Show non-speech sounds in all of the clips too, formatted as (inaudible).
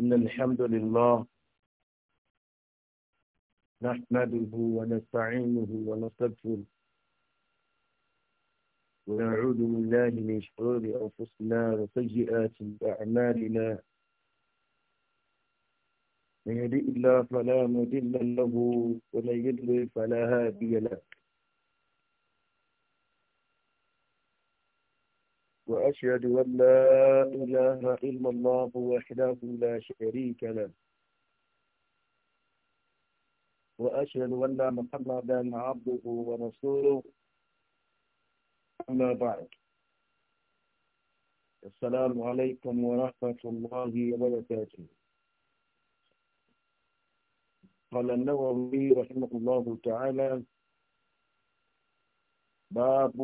إن الحمد لله نحمده ونستعينه ونستغفره ونعوذ بالله من شرور أنفسنا وسيئات أعمالنا من يهدئ الله فلا مضل له ومن يضلل فلا هادي له وأشهد أن لا إله إلا الله وحده لا شريك له وأشهد أن محمدا عبده ورسوله أما بعد السلام عليكم ورحمة الله وبركاته قال النووي رحمه الله تعالى باب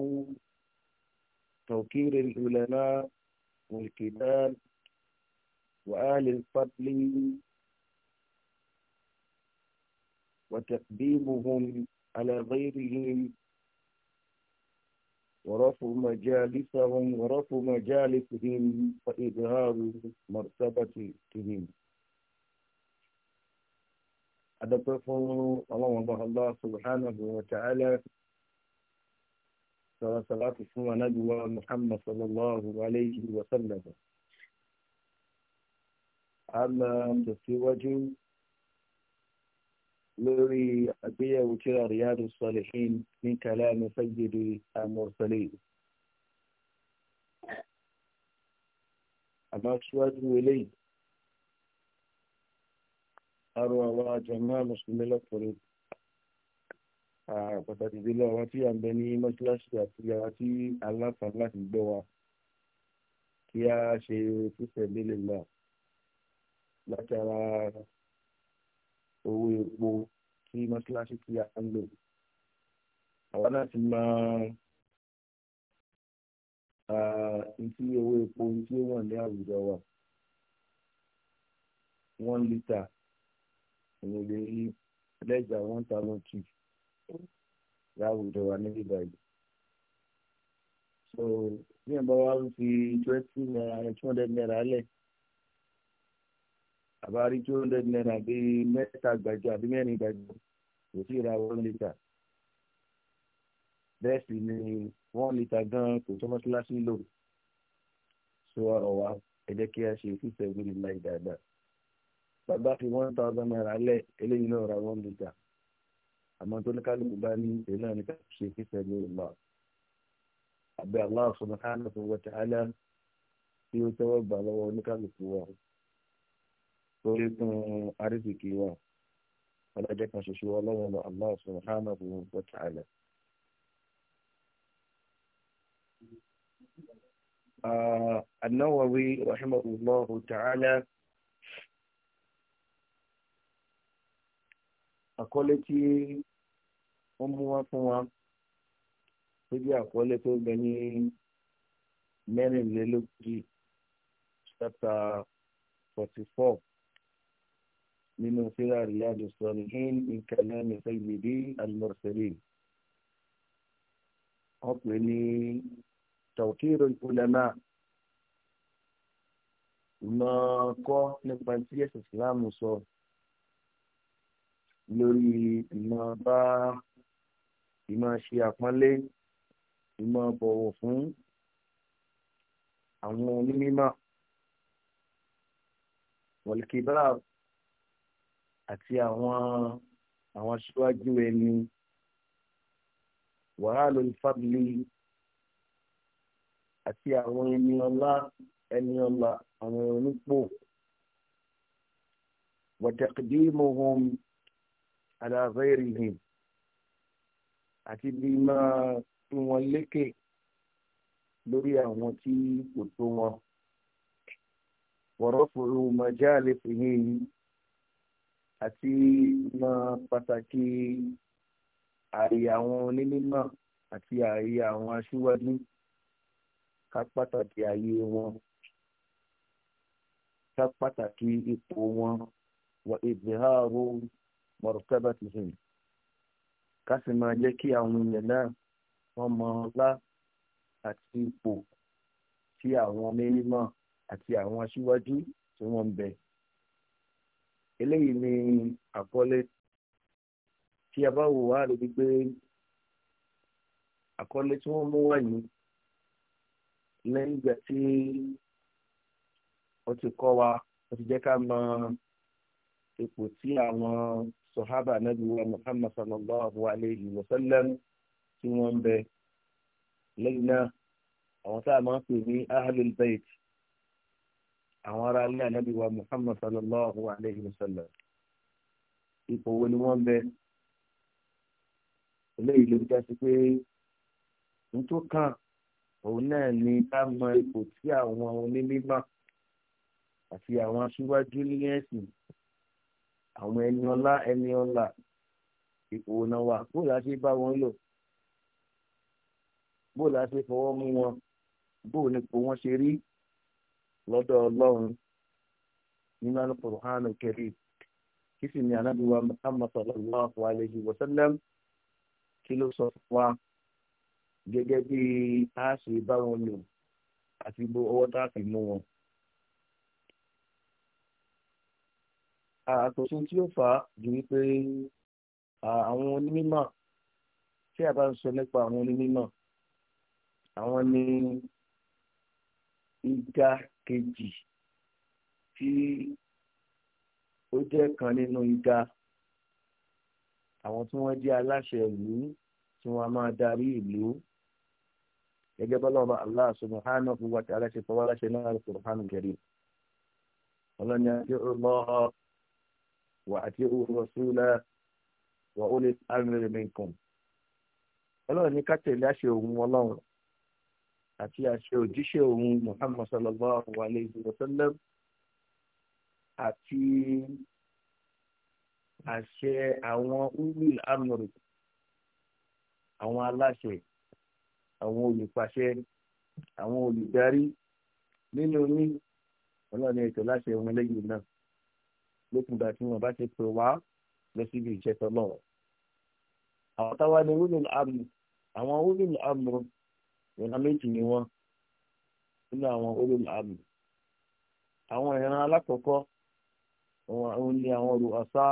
توقير العلماء والكتاب وأهل الفضل وتقديمهم على غيرهم ورفع مجالسهم ورفع مجالسهم وإظهار مرتبتهم أدفعوا الله سبحانه وتعالى صلوات الصلاة محمد صلى الله عليه وسلم أما تتوج لوري أبي وكرا رياض الصالحين من كلام سيد المرسلين أما شواد ولي أروى جمال مسلم الله pàtàkì ìdílé àwa tí à ń bẹ ní mọ́ṣáláṣí àti àwa tí aláǹfààní láti gbọ́ wa kí a ṣe fífẹ́ lélẹ̀ náà látara owó epo tí mọ́ṣáláṣí tí a ń lò àwa láti máa ntí owó epo tí ó wọ̀n ní àwùjọ wa one litre ìrìnlẹ̀ lẹ́jà one thousand two láwùjọ wa níbí báyìí so bí ẹ bá wá fi twenty naira two hundred naira lẹ̀ àbárí two hundred naira bí mẹ́ta gbàjọ àbí mẹ́rin gbàjọ kò sí ra one litre bẹ́ẹ̀ sì ni one litre gan kò tó mọ́tíláṣí lò so ọ̀rọ̀ wa kí a ṣe fífẹ́ gbé ní láì dáadáa bàbá fi one thousand naira lẹ̀ eléyìí náà ra one litre àmọ́ tó ní kálukú bá ní èyí náà ní ká ṣe kí sẹ́ni ìlú àbẹ́ Allah subhanahu wa ta'ala tí ó tẹ́wọ́ gbà lọ́wọ́ oníkálukú wa lórí fún àrísìkí wa ọlọ́jẹ́ kan ṣoṣo ọlọ́run lọ Allah subhanahu wa ta'ala. النووي رحمه الله تعالى àkọlé tí wọ́n mú wá fún wa tó jẹ́ àkọlé tó gbẹ ní mẹ́rìnlélógójì chapter forty four nínú síra Riyadus Salihin min kalami sayyidi al-mursalin wọ́n pè ní tawqirul ulama mọ̀ ọ́ kọ́ nípa tí ẹ̀sìn Islam sọ. So lórí ìmọ̀ bá ìmọ̀ ṣe àpọ́nlé ìmọ̀ bọ̀wọ̀ fún àwọn onímọ̀ wọ̀lùkìbára àti àwọn àwọn aṣíwájú ẹni wàhálà olùfàbílì àti àwọn ẹni ọlá ẹni ọlá àwọn onípò wọ̀tẹ̀kìdí mọ̀hún ala ghayrihim àti bí máa tún wọn lékè lórí àwọn tí kò tó wọn wọ̀rọ̀ fòrò màjá lè fi hìn àti máa pàtàkì ààyè àwọn onímọ̀ àti ààyè àwọn aṣíwájú ká pàtàkì ààyè wọn ká pàtàkì ipò wọn wà ìbíhárò martabatihim ká sì máa jẹ́ kí àwọn èèyàn náà wọ́n mọ ọlá àti ipò tí àwọn mímọ́ àti àwọn aṣíwájú tí wọ́n ń bẹ. eléyìí ni àkọlé tí a bá wò wá rí wípé àkọlé tí wọ́n mú wá yìí lẹ́yìn ìgbà tí wọ́n ti kọ́ wa wọ́n ti jẹ́ ká mọ ipò tí àwọn sọ̀hábà nàbí wa muhammad sallallahu alayhi wa sallam tí wọ́n ń bẹ lẹ́yìn náà àwọn tá a máa ń pè ní ahlul bayt àwọn ará ilé ànábì wa muhammad sallallahu alayhi wa sallam ipò wo ni wọ́n ń bẹ eléyìí ló já sí pé n tó kàn òun náà ni ká mọ ipò tí àwọn onímọ̀ àti àwọn aṣíwájú ní ẹ̀sìn àwọn ẹni ọlá ẹni ọlá ipò náà wà bó la ṣe bá wọn lò bó la ṣe fọwọ́ mú wọn bó ni kò wọ́n ṣe rí lọ́dọ̀ ọlọ́run nínú Al-Qur'an Al-Karim kí sì ni anábìwá Muhammad sallallahu alayhi wa sallam kí ló sọ fún wa gẹ́gẹ́ bí a ṣe bá wọn lò àti bó ọwọ́ tá a fi mú wọn. àtòsí tí ó fà á ju wípé àwọn onímọ̀ tí a bá ń sọ nípa àwọn onímọ̀ àwọn ni ìdá kejì tí ó jẹ́ kan nínú ìdá àwọn tí wọ́n jẹ́ aláṣẹ ìlú tí wọ́n máa darí ìlú gẹ́gẹ́ bọ́lá ọba Allah subhanahu wa ta'ala ṣe fọwọ́ aláṣẹ náà al-Qur'an al ọlọ́ni àti ọlọ́ọ̀. وأطيعوا الرسول وأولي الأمر منكم ọlọ́run ní ká tẹ̀lé àṣẹ òun ọlọ́run àti àṣẹ òjíṣẹ́ òun muhammad sallallahu alayhi wa sallam àti àṣẹ àwọn ulul amri àwọn aláṣẹ àwọn olùpàṣẹ àwọn olùdarí nínú ní ọlọ́run ní ètò láṣẹ òun lẹ́yìn náà lókun ìgbà tí wọn bá ti pè wá lọ ìjẹta náà. àwọn táwa ni wúlò àmì àwọn wúlò àmì ìran méjì ni wọn nínú àwọn wúlò àmì. àwọn ìran alákọ̀ọ́kọ́ òun ni àwọn olùwàsá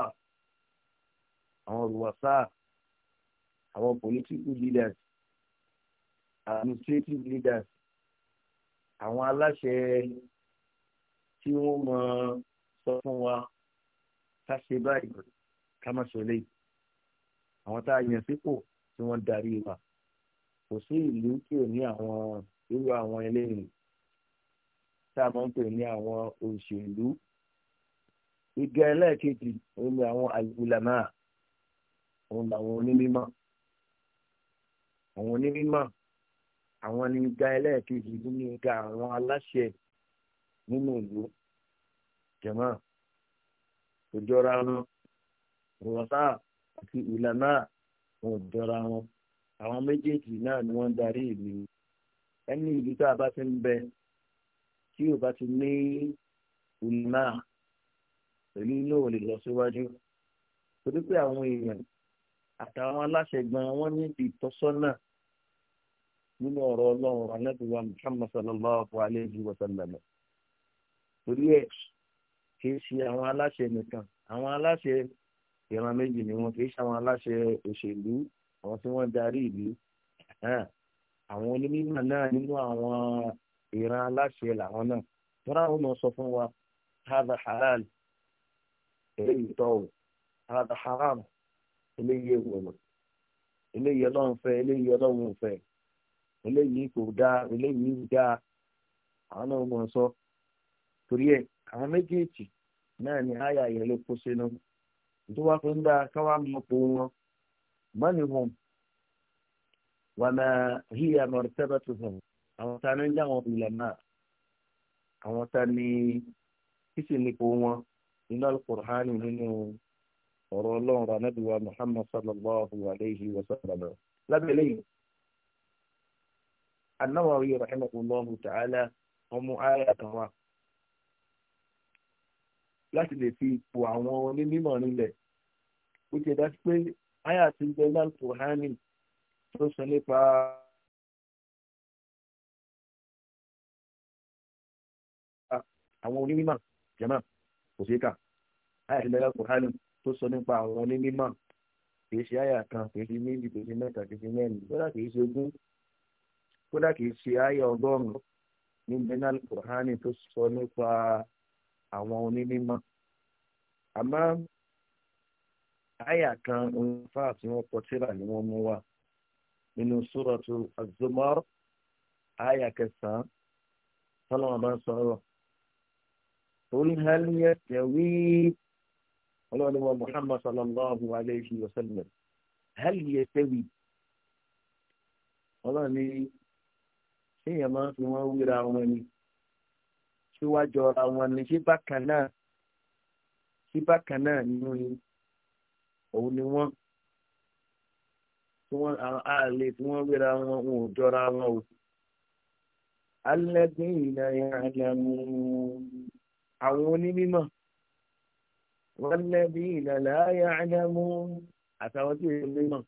àwọn olùwàsá àwọn political leaders administrative leaders àwọn aláṣẹ tí wọ́n mọ sọ fún wa ká ṣe báyìí ká má ṣe lé àwọn tá a yàn sípò tí wọ́n darí wa kò sí ìlú tí ò ní àwọn irú àwọn eléyìí tá a máa ń pè ní àwọn òṣèlú ìgẹ ẹlẹ́ẹ̀kejì òun ni àwọn àlùlámà òun làwọn onímọ̀ àwọn onímọ̀ àwọn ni ìgẹ ẹlẹ́ẹ̀kejì nínú ìgẹ àwọn aláṣẹ nínú ìlú jẹ̀mọ́ kò jọra wọn rọ̀tà àti ìlànà wọn jọra wọn àwọn méjèèjì náà ni wọ́n ń darí ìlú ẹni ìlú tá a bá ti ń bẹ tí ò bá ti ní ìlànà ìlú náà ò lè lọ síwájú torí pé àwọn èèyàn àtàwọn aláṣẹ gan wọn ní ìtọ́sọ́nà nínú ọ̀rọ̀ ọlọ́run anábìwá muhammad sallallahu alayhi wa sallam torí ẹ̀ kì í ṣe àwọn aláṣẹ nìkan àwọn aláṣẹ ìran méjì ni wọn kì í ṣe àwọn aláṣẹ òṣèlú àwọn tí wọn darí ìlú àwọn onímọ̀ náà nínú àwọn ìran aláṣẹ làwọn náà tọ́ra àwọn náà sọ fún wa hada halal eléyìí tọ́ o hada haram eléyìí èwọ̀lọ̀ eléyìí ọlọ́run fẹ́ eléyìí ọlọ́run fẹ́ eléyìí kò dáa eléyìí dáa àwọn náà mọ̀ sọ torí ẹ̀ àwọn méjèèjì náà ni àyà yẹn ló kó sínú tó wá fún dáa káwá mọ pò wọn mọ́nì hùn wàmà híyà mọ̀rẹ́tẹ́bẹ̀ tó hùn àwọn tá a ní ń jáwọn ilẹ̀ náà àwọn tá a ní kìsì ní pò wọn nínú alukur'ani nínú ọ̀rọ̀ ọlọ́run rà nàbí wa muhammad sallallahu alayhi wa sallam lábẹ́ lẹ́yìn anáwó àwọn yorùbá ẹ̀mọ́ kò ọmọ ayé àtàwọn láti lè fi ipò àwọn onímọ̀ nílẹ̀ ó ti dá sí pé aya ti ń bẹ náà tó hánì tó sọ nípa. àwọn onímọ̀ jẹ́mọ̀ kò sí kà aya ti ń bẹ náà tó hánì tó sọ nípa àwọn onímọ̀ kì í ṣe àyà kan kì í ṣe méjì kì í ṣe mẹ́ta kì í ṣe mẹ́rin kódà kì í ṣe ogún kódà kì í ṣe àyà ọgọ́rùn-ún ní bẹ́nàlì kùránì tó sọ nípa àwọn onímọ̀ àmọ́ àyà kan onífà tí wọ́n kọ tírà ni wọ́n mú wá nínú súrọ̀tù Az-Zumar àyà kẹsàn-án tọ́lọ́wọ́n bá ń sọ̀rọ̀ قل هل يستوي ọlọ́run wa muhammad sallallahu alayhi wa sallam hal yastawi ọlọ́run ni ṣéyàn máa ń fi wọ́n wíra wọn ni tí wàá jọra wọn ní ṣé bákan náà ṣé bákan náà nínú yín òun ni wọ́n tí wọ́n àlè tí wọ́n wéra wọn wọn ò jọra wọn o. alẹ́gbẹ́ ìlà ìrànlẹ́mú àwọn onímọ̀ wọ́n lẹ́bí ìlà láàyè àtàwọn tí èèyàn mímọ̀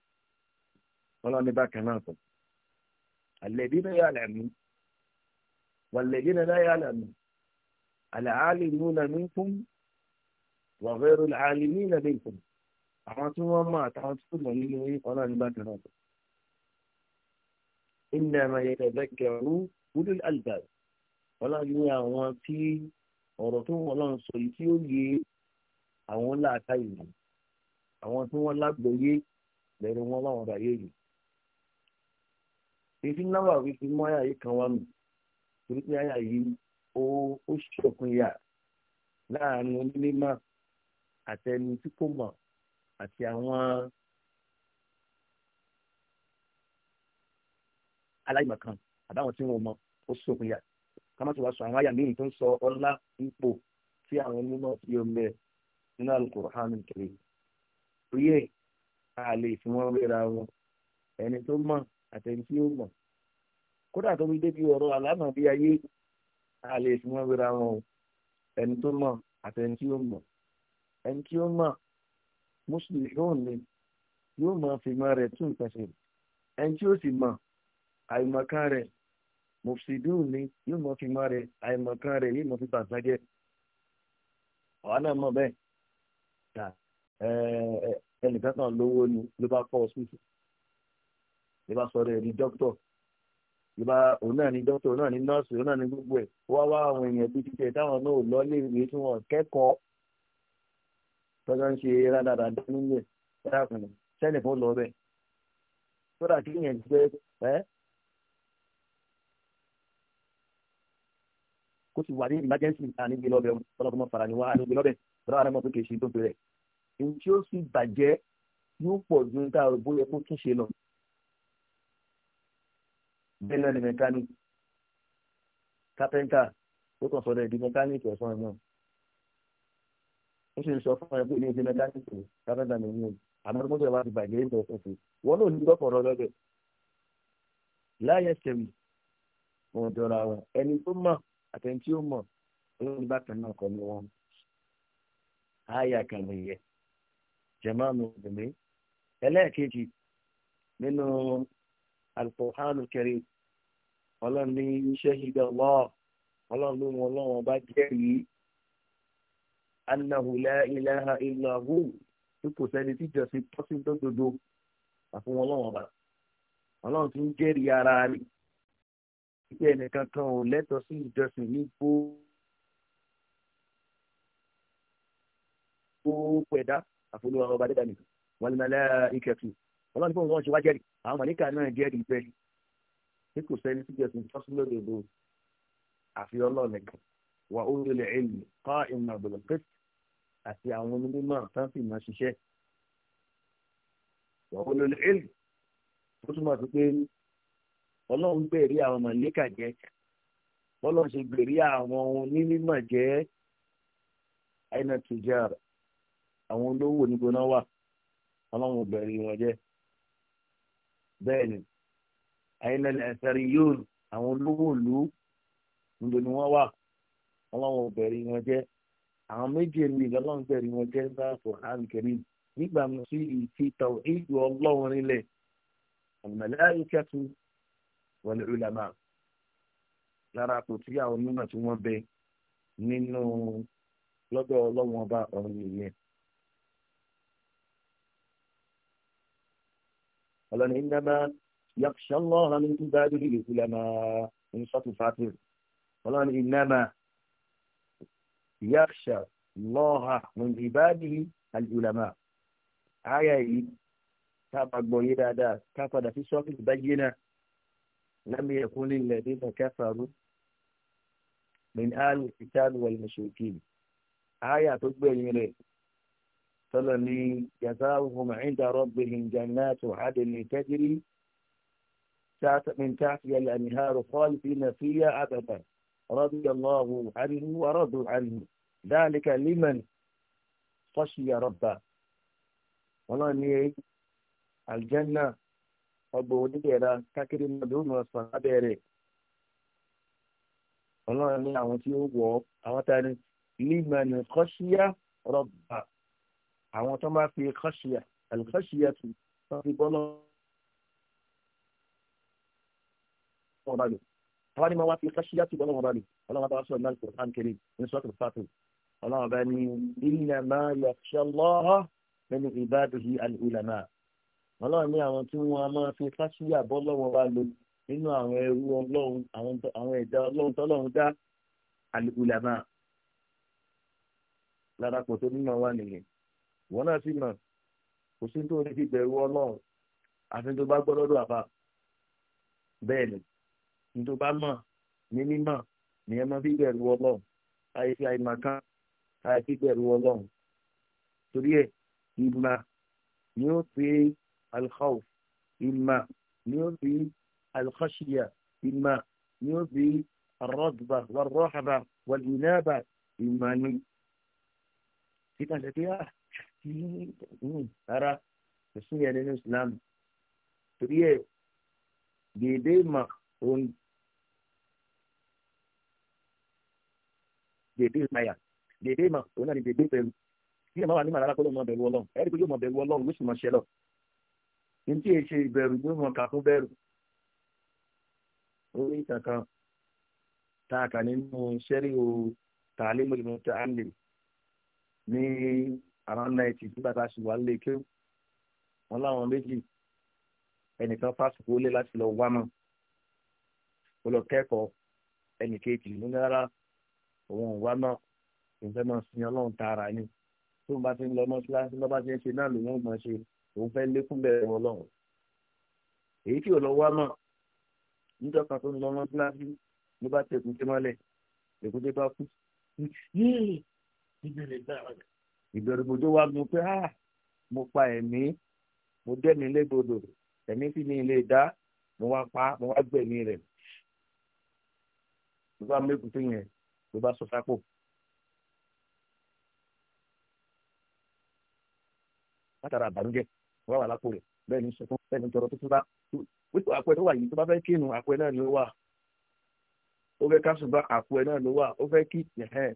ọlọ́ni bákan náà náà yà lẹ́mú wọ́n lẹ́bí náà yà lẹ́mú al-alimuna minkum wa ghayru al-alimina minkum àwọn tí wọ́n mọ̀ àtàwọn tí kò mọ̀ nínú yín ọ̀nà nígbà kan náà. innama yatadhakkaru ulul albab ọlọ́run ní àwọn tí ọ̀rọ̀ tó wọ́n lọ́n sọ yìí tí ó yé àwọn láàká ìlú àwọn tí wọ́n lágbóyé lẹ́nu wọn láwọn ọ̀dàyé yìí. èyí náwó àfi mọ́ àyà yìí kan wá mi torí pé àyà yìí ó ṣòpinya láàrin onímọ̀ àtẹni tí kò mọ̀ àti àwọn aláìmọ̀kan àbáwọn tí wọn mọ̀ ó ṣòpinya kama tí wàá àwọn àyà míì tó ń sọ ọlá ipò tí àwọn onímọ̀ fi omi nínú kiri a lè fi wọ́n wéra wọn ẹni tó mọ̀ àtẹni tí ó mọ̀ kódà tó fi débi ọ̀rọ̀ àlámọ̀ bí ayé a lè fi wọ́n wéra wọn o ẹni tó mọ̀ àti ẹni tí ó mọ̀ ẹni tí ó mọ̀ mùsùlùmí yóò ní yóò mọ fìmọ̀ rẹ̀ tún nǹkan ṣe ẹni tí ó sì mọ̀ àìmọ̀kan rẹ̀ mùsùlùmí ní yóò mọ fìmọ̀ rẹ̀ àìmọ̀kan rẹ̀ yóò mọ fi bàtà jẹ́ ọ̀hán náà mọ̀ bẹ́ẹ̀ ta ẹnìkan kan lówó ni ló bá kọ́ hospital ló bá sọ rẹ̀ ní dókítọ̀ ìbá òun náà ní dókítà òun náà ní nọ́ọ̀sì òun náà ní gbogbo ẹ̀ wá wá àwọn èèyàn bíi títẹ̀ táwọn náà lọ léèwé tí wọ́n kẹ́kọ̀ọ́ tọ́jọ́ ń ṣe rádaràdá nílẹ̀ ẹ̀rákùnrin sẹ́ni fún lọ bẹ́ẹ̀ sódà kí yẹn gbé ẹ́ kó sì wà ní emergency àníbi lọ́bẹ̀ ọlọ́kùnrin fara ni wá àníbi lọ́bẹ̀ ọlọ́wà náà mọ̀ pé tó bẹ̀rẹ̀ bẹ́ẹ̀ náà ni mẹkáníìkì kápẹ́ńtà ó kàn sọ̀rọ̀ ìdí mẹkáníìkì ọ̀sán ẹ̀ náà ó sì ń sọ fún ẹ pé ilé iṣẹ́ mẹkáníìkì kápẹ́ńtà ni yín o àmọ́ tó mọ́tò ẹ̀ bá ti bàjẹ́ ìjọ òfin wọn náà ní gbọ́kọ̀ ọ̀rọ̀ lọ́dẹ̀ láyé ṣèwì wọn jọra wọn ẹni tó mọ̀ àtẹni tí ó mọ̀ olórí bákan náà kọ́ ni wọn áyà jẹ̀mọ́ alukóhánù kẹrin ọlọ́run ní iṣẹ́ ìdá lọ́ ọlọ́run ló wọn lọ́wọ́ bá jẹ́rìí annahu la ilaha illa hu tí kò sẹ́ni tí jọ̀sìn tọ́sí tó dodo àfún wọn lọ́wọ́ bá ọlọ́run ti ń jẹ́rìí ara rẹ̀ ìgbẹ́ ẹnìkan kan ò lẹ́tọ̀ọ́ sí ìjọsìn ní gbogbo ẹ̀dá àfọlùwọ̀n ọba dídá nìkan wọn ni màlẹ́ ìkẹtù ọlọ́run fún wọn ṣe wá jẹ́rìí àwọn mọ̀lẹ́kà náà jẹ́rìí bẹ́ẹ̀ tí kò sẹ́ni tí jẹ́sìn tọ́sí lóde ìlú àfi ọlọ́ọ̀lẹ̀ kan wà ó lè ẹ̀yìn kọ́ ìmọ̀ àbẹ̀lẹ̀ pé àti àwọn onímọ̀ tán fi máa ṣiṣẹ́ wà ó lè ẹ̀yìn tó túmọ̀ sí pé ọlọ́run gbèrè àwọn mọ̀lẹ́kà jẹ́ bọ́lọ́run ṣe gbèrè àwọn onímọ̀ jẹ́ ẹ̀nà tìjà àwọn olówó nígbóná wà ọlọ́run gbèrè wọn jẹ́ bẹ́ẹ̀ ni àyìnlẹ̀ ẹ̀sẹ̀rì yóò àwọn olówó ìlú níbo ni wọ́n wà ọlọ́run bẹ̀rẹ̀ wọn jẹ́ àwọn méjì èmi lọ́lọ́run bẹ̀rẹ̀ wọn jẹ́ láàfọ̀ àǹkẹ́rì nígbà mi sí ìfità ìjù ọlọ́run nílẹ̀ al-malaikatu wal-ulama lára kò tí àwọn onímọ̀ tí wọ́n bẹ nínú lọ́dọ̀ ọlọ́run ọba ọ̀run nìyẹn. ọlọ́ni ìnáma yàtúṣàlọ́ ọ̀hánú tó bá dúró ìlú lẹ́mà ní sọ́tù fatir ọlọ́ni ìnáma yàtúṣàlọ́ ọ̀hánú tó bá dúró ìlú lẹ́mà àyà yìí tá a bá gbọ́ yé dáadáa ká padà sí sọ́tù báyìí لم يكن الذين كفروا من آل الكتاب والمشركين آية تقبل من سلمي جزاؤهم عند ربهم جنات عدن تجري من تحتها الانهار خالدين فيها ابدا رضي الله عنه ورضوا عنه ذلك لمن خشي ربه والله اني الجنه رب ودير تكريم مدون وصابري والله اني اوتي وو اوتاني لمن خشي ربه àwọn tó máa fi kọ́ṣíà àlùkọ́ṣíà tù tó fi bọ́ lọ́wọ́ ọba lò àwọn ni máa wá fi kọ́ṣíà tù bọ́ lọ́wọ́ ọba lò ọlọ́wọ́ bá sọ̀rọ̀ náà kùrán kiri ní sọ́kùn fàtó ọlọ́wọ́ bá ní ilẹ̀ máa yọ ṣẹlọ́ọ́ nínú ìbádùhí alùlámà ọlọ́run ní àwọn tí wọ́n máa fi kọ́ṣíà bọ́ lọ́wọ́ ọba lò nínú àwọn ẹrú ọlọ́run àwọn ẹ̀dá ọlọ́run tọ́lọ́run dá wọn náà sì mọ̀ kò sí tó ní fi bẹ̀rù ọlọ́run àfi tó bá gbọ́ lọ́dọ̀ àbá bẹ́ẹ̀ ni ní tó bá mọ̀ ní mímọ̀ ní ẹ máa fi bẹ̀rù ọlọ́run àyè fi àyè máa kán àyè fi bẹ̀rù ọlọ́run torí ẹ̀ ìmà ni ó fi alkhawf ìmà ni ó fi alkhashiya ìmà ni ó fi arọ́dùbà wàrọ́hàbà wàlúùnábà ìmà ni. Títà ṣe ah Ara kò sí yẹn nínú islam torí ẹ gèdè mà òun gèdè mayà gèdè mà òun náà ni gèdè bẹ̀rù kí ẹ má wà ní màlára kó ló mọ bẹ̀rù ọlọ́run ẹ rí i pé yóò mọ bẹ̀rù ọlọ́run ló sì mọ ṣẹlọ ní tí èyí ṣe ìbẹ̀rù ló mọ kà fún bẹ̀rù orí kankan tá a kà nínú sẹ́rí o tàlímù ìmọ̀ta àlè ní around ninety nígbà tá a ṣì wà lé kéwù wọn láwọn méjì ẹnìkan fásitì ó lé láti lọ wá mọ ó lọ kẹ́kọ̀ọ́ ẹnì kejì ní rárá òun ò wá náà ìfẹ́ náà sin ọlọ́run tààrà ni tó ń bá ti ń lọ náà síláṣí lọ́ba ti ń ṣe náà lòun ò mọ̀ ṣe òun fẹ́ lékún bẹ̀rẹ̀ wọn lọ́run èyí tí ò lọ wá náà níjọ́ kan tó ń lọ náà síláṣí ló bá tẹkùn tí mọ́lẹ̀ tẹkùn tí bá kú yéè ìbẹ̀rùbòjò wa gun pé ah mo pa ẹ̀mí mo dẹ́mi légbodò ẹ̀mí sì ni ilé dá mo wá pa mo wá gbẹ̀mí rẹ̀ ló bá mẹ́kùn tó yẹn ló bá sọ sápò. látara àbànújẹ́ wà wà lápò rẹ̀ bẹ́ẹ̀ ni sọfún bẹ́ẹ̀ ni tọrọ tuntun bá wípé àpò ẹ̀ tó wà yìí tó bá fẹ́ kínu àpò ẹ̀ náà ni ó wà ó fẹ́ káṣùbà àpò ẹ̀ náà ló wà ó fẹ́ kí ẹ̀hẹ́n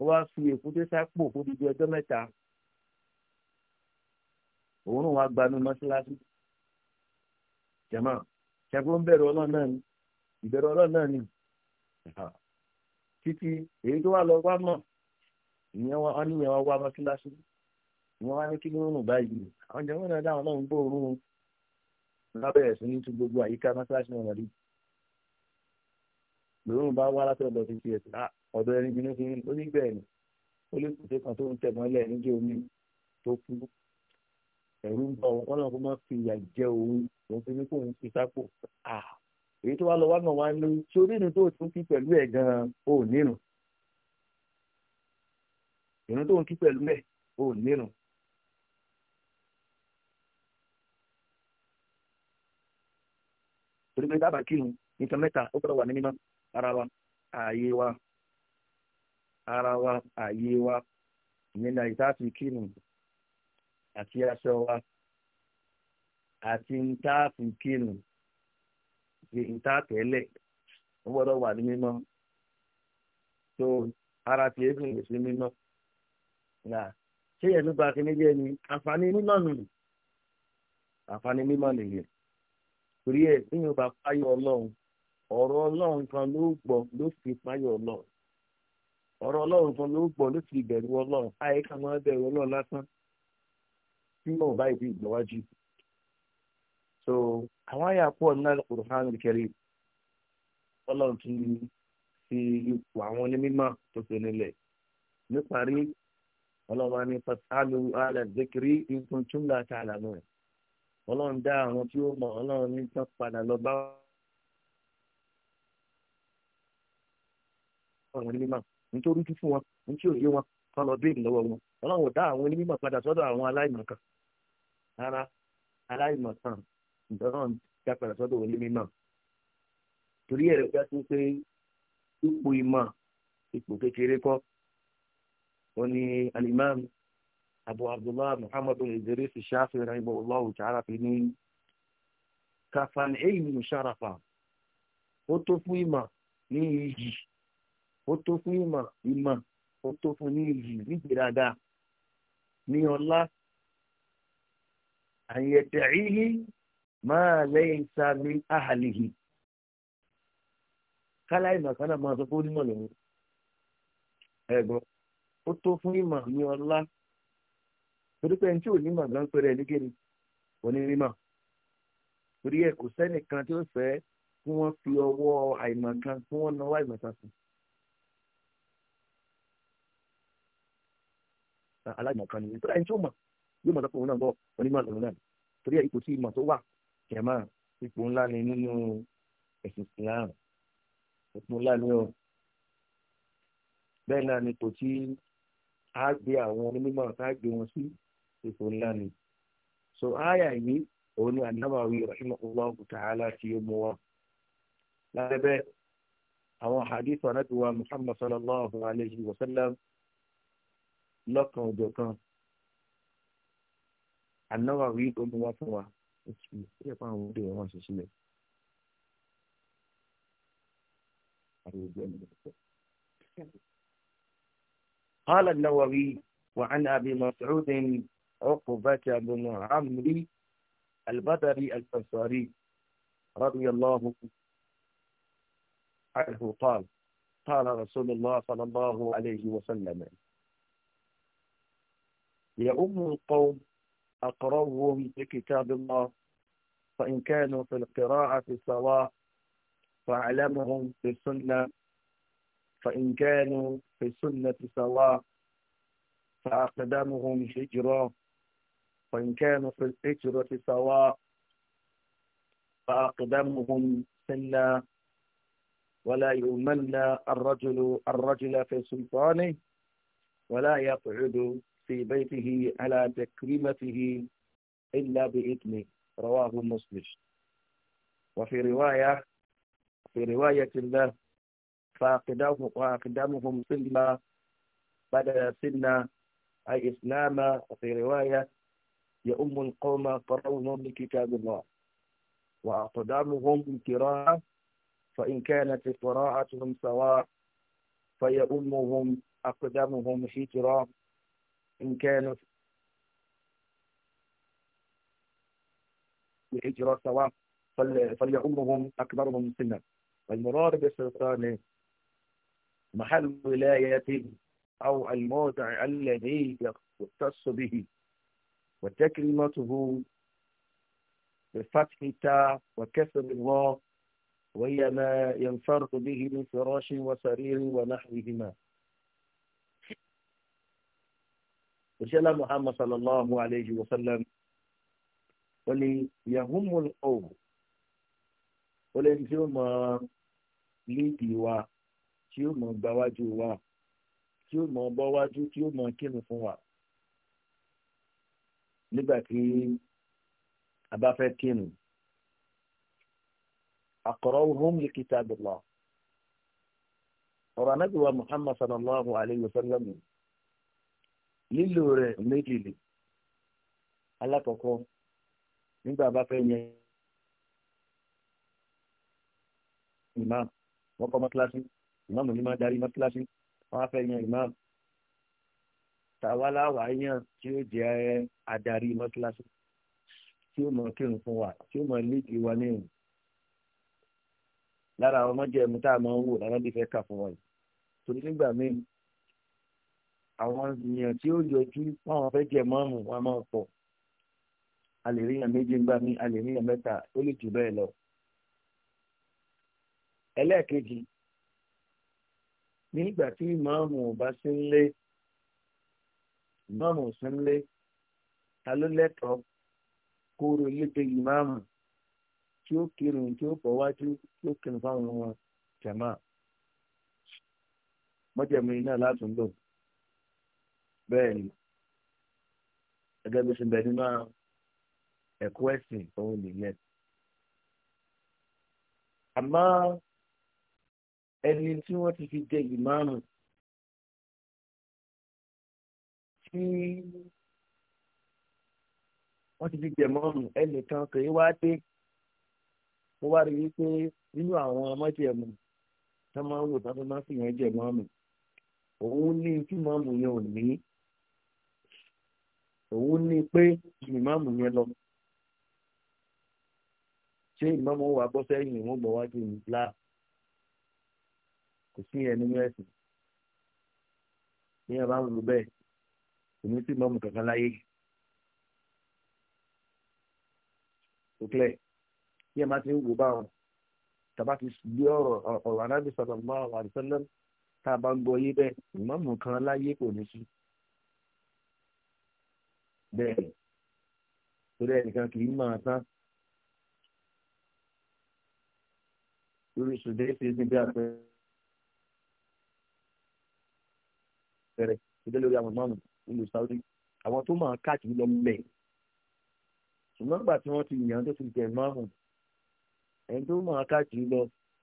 ó wá fi èkúté sápò fún dídí ọjọ́ mẹ́ta òun náà wá gbanú mọ́ṣáláṣí jẹ̀mọ́ ṣẹ́gun ń bẹ̀rù ọlọ́run náà ni ìbẹ̀rù ọlọ́run náà ni títí èyí tó wà lọ wá mọ̀ ìyẹn wọn ní ìyẹn wọn wá mọ́ṣáláṣí wọn wá ní kí ló ń rùn báyìí àwọn jẹ̀mọ́ náà dáhùn náà ń gbóòórùn lábẹ́rẹ̀ sí ní tún gbogbo àyíká mọ́ṣáláṣí náà rí lòun bá wá látọ̀ lọ sí ti ẹ̀sìn náà ọ̀dọ̀ ẹni bínú fi ó ní bẹ́ẹ̀ ni ó lè kùtẹ́ kan tó ń tẹ̀ mọ́lẹ̀ níjẹ́ omi tó kú ẹ̀rú ń bọ̀ wọn náà kó má fi ìyà jẹ òun òun fi ní kó òun fi sápò èyí tó wá lọ wá náà wá ní sórí ìrìn tó tún kí pẹ̀lú ẹ̀ gan-an ò nírun ìrìn tó ń kí pẹ̀lú ẹ̀ ò nírun. torí pé dábàá kírun nǹkan mẹ́ta ó gbọ́dọ̀ wà ní mímọ́ ara wa ààyè wa ara wa ààyè wa ìyẹn àyíká ti kírun wa àti níta fi kírun ṣe níta tẹ́lẹ̀ ó gbọ́dọ̀ wà ní mímọ́ ara ti é fún ìṣe mímọ́ ṣé yẹn ló ba kíní jẹ́ ni àǹfààní mímọ́ nù àǹfààní mímọ́ nìyẹn torí ẹ̀ níyàn bá páyọ̀ ọlọ́run ọ̀rọ̀ ọlọ́run kan ló gbọ́ ló fi ọ̀rọ̀ ọlọ́run kan ló ń gbọ́ ló ti bẹ̀rù ọlọ́run ayé ká máa bẹ̀rù ọlọ́run lásán tí wọn bá ìdí ìgbọ́wájú. so àwọn àyà pọ̀ ní al-Qur'an al-Karim ọlọ́run tún fi ipò àwọn onímọ̀ tó fi nílẹ̀ níparí ọlọ́run ní fasalu ala zikiri in kuntum la ta'lamun ọlọ́run dá àwọn tí ó mọ̀ ọlọ́run ní tán padà lọ bá àwọn onímọ̀ nítorí ojú fún wọn ní tí òye wọn kọ́ lọ béèrè lọ́wọ́ wọn ọlọ́run ò dá àwọn onímọ̀ padà sọ́dọ̀ àwọn aláìmọ̀kan rárá aláìmọ̀kan ìdọ́rọ̀n dá padà sọ́dọ̀ onímọ̀ torí ẹ̀rọ já sí pé ipò ìmọ̀ ipò kékeré kọ́ ó ní alimami abu abdullah muhammadu idris shafi rahimu allah ta'ala fi ní kafan eyín sharafa ó tó fún ìmọ̀ ní iyì ó tó fún ìmọ̀ ìmọ̀ tó fún ní iyì nígbèrágà ní ọlá àyẹ̀tẹ̀ ìhí máa lẹ́yìn sábẹ́ àhàlìhì káláì màkánà máa sọ ma ó nímọ̀ lòun ẹ̀gbọ́n ó tó fún ìmọ̀ ní ọlá torí pé ẹni tí ò ní fi aláìmọ̀kan nìyí tọ́lá ẹni tí ó mọ̀ yóò mọ̀ lọ́pọ̀ òun náà bọ̀ onímọ̀ lòun náà torí ẹ̀ ipò tí ìmọ̀ tó wà jẹ̀mọ́ ipò ńlá ni nínú ẹ̀sìn Islam ipò ńlá ni ó bẹ́ẹ̀ náà ni ipò tí a gbé àwọn onímọ̀ tá a gbé wọn sí ipò ńlá ni so àyà yìí òun ni An-Nawawi rahimahullahu ta'ala tí ó mú wa lábẹ́ bẹ́ẹ̀ àwọn hadith wa Muhammad sallallahu alayhi wa lọ́kàn ọ̀dọ̀ kan ànáwà rí omi wá fún wa oṣù yẹ fún àwọn òde wọn ṣe sílẹ̀. قال النووي وعن أبي مسعود عقبة بن عمرو البدري الأنصاري رضي الله عنه قال قال رسول الله صلى الله عليه وسلم يؤم القوم أقرؤهم لكتاب الله فإن كانوا في القراءة سواء فأعلمهم في السنة فإن كانوا في السنة سواء فأقدمهم هجرة وإن كانوا في الهجرة سواء فأقدمهم سنة ولا يؤمن الرجل الرجل في سلطانه ولا يقعد في بيته على تكريمته إلا بإثمه رواه مسلم وفي رواية في رواية الله فأقدامهم سلما بدأ سنة أي إسلام وفي رواية يؤم القوم قرون لكتاب الله وأقدامهم كراء فإن كانت قراءتهم سواء فيؤمهم أقدامهم حجرا إن كانوا الهجرة سواء فليعمهم أكبرهم سنا والمراد بالسلطان محل ولاية أو الموضع الذي يختص به وتكلمته بفتح تاء وكسر الله وهي ما ينفرد به من فراش وسرير ونحوهما òṣèlá muhammad sallallahu alayhi wa sallam ó ní yahumul ow ó lé tí ó mọ líìdì wa tí ó mọ gbáwájú wa tí ó mọ bọ́wájú tí ó mọ kírun fún wa nígbà tí a bá fẹ́ kírun aqra'uhum li kitabillah ọ̀rọ̀ anábìwá muhammad sallallahu alayhi wa sallam yìí lílò rẹ̀ méjì lè alákọ̀ọ́kọ́ nígbà bá fẹ́ yẹn imam wọ́n kọ́ mọ́tíláṣí imam ní máa darí mọ́tíláṣí wọ́n á fẹ́ yẹn imam tàwa láwàá tí ó jẹ́ adarí mọ́tíláṣí tí ó mọ kírun fún wa tí ó mọ líìgì wa ní ìrìn lára àwọn ọmọ jẹ́ ẹ̀mú tá a máa ń wò lára bí fẹ́ kà fún wa yìí torí nígbà míì àwọn èèyàn tí ó yọjú fáwọn fẹ́ jẹ mọ́ọ̀mù wọn máa pọ̀ a lè rí èèyàn méjì ńgbà mí a lè rí èèyàn mẹ́ta ó lè jù bẹ́ẹ̀ lọ. ẹlẹ́ẹ̀kejì nígbà tí mọ́ọ̀mù ò bá sí ńlé mọ́ọ̀mù ò sí ńlé ta ló lẹ́tọ̀ọ́ kóró lédè ìmáàmù tí ó kírun tí ó bọ̀ wájú tí ó kírun fáwọn ọmọ jàmáà mọ́jẹ̀mú iná látúndò. bẹ́ẹ̀ ni gẹ́gẹ́ bí ó ṣe bẹ nínú ẹ̀kọ́ ẹ̀sìn òun nìyẹn. àmọ́ ẹni tí ti fi jẹ ìmáàmù tí ti jẹ mọ́ọ̀mù ẹnìkan kì í wá dé mo wá i nínú àwọn ọmọdéẹmù tó máa ń wò tó máa ń fi yẹn òun ní pé ju ìmáàmù yẹn lọ ṣé ìmáàmù wà bọ́ sẹ́yìn wọ́n gbọ́ wájú ìlà kò sí ẹni ní ẹ̀sìn ní ẹ̀bá ń bẹ́ẹ̀ òun sì mọ́mù kankan láyé òkèlè bí ẹ máa ti ń wò báwọn tàbá ti gbé ọ̀rọ̀ ọ̀rọ̀ anábì mọ́ àwọn àdìsẹ́lẹ̀ tá a bá ń gbọ́ yé bẹ́ẹ̀ ìmáàmù kan láyé kò ní sí. bẹ́ẹ̀ ni torí ẹnìkan kì í máa tán lórí ṣùdẹ́ ṣe ní bí àwọn márùn nílùú Saudi àwọn tó máa káàkiri tí wọ́n ti yàn ẹni tó máa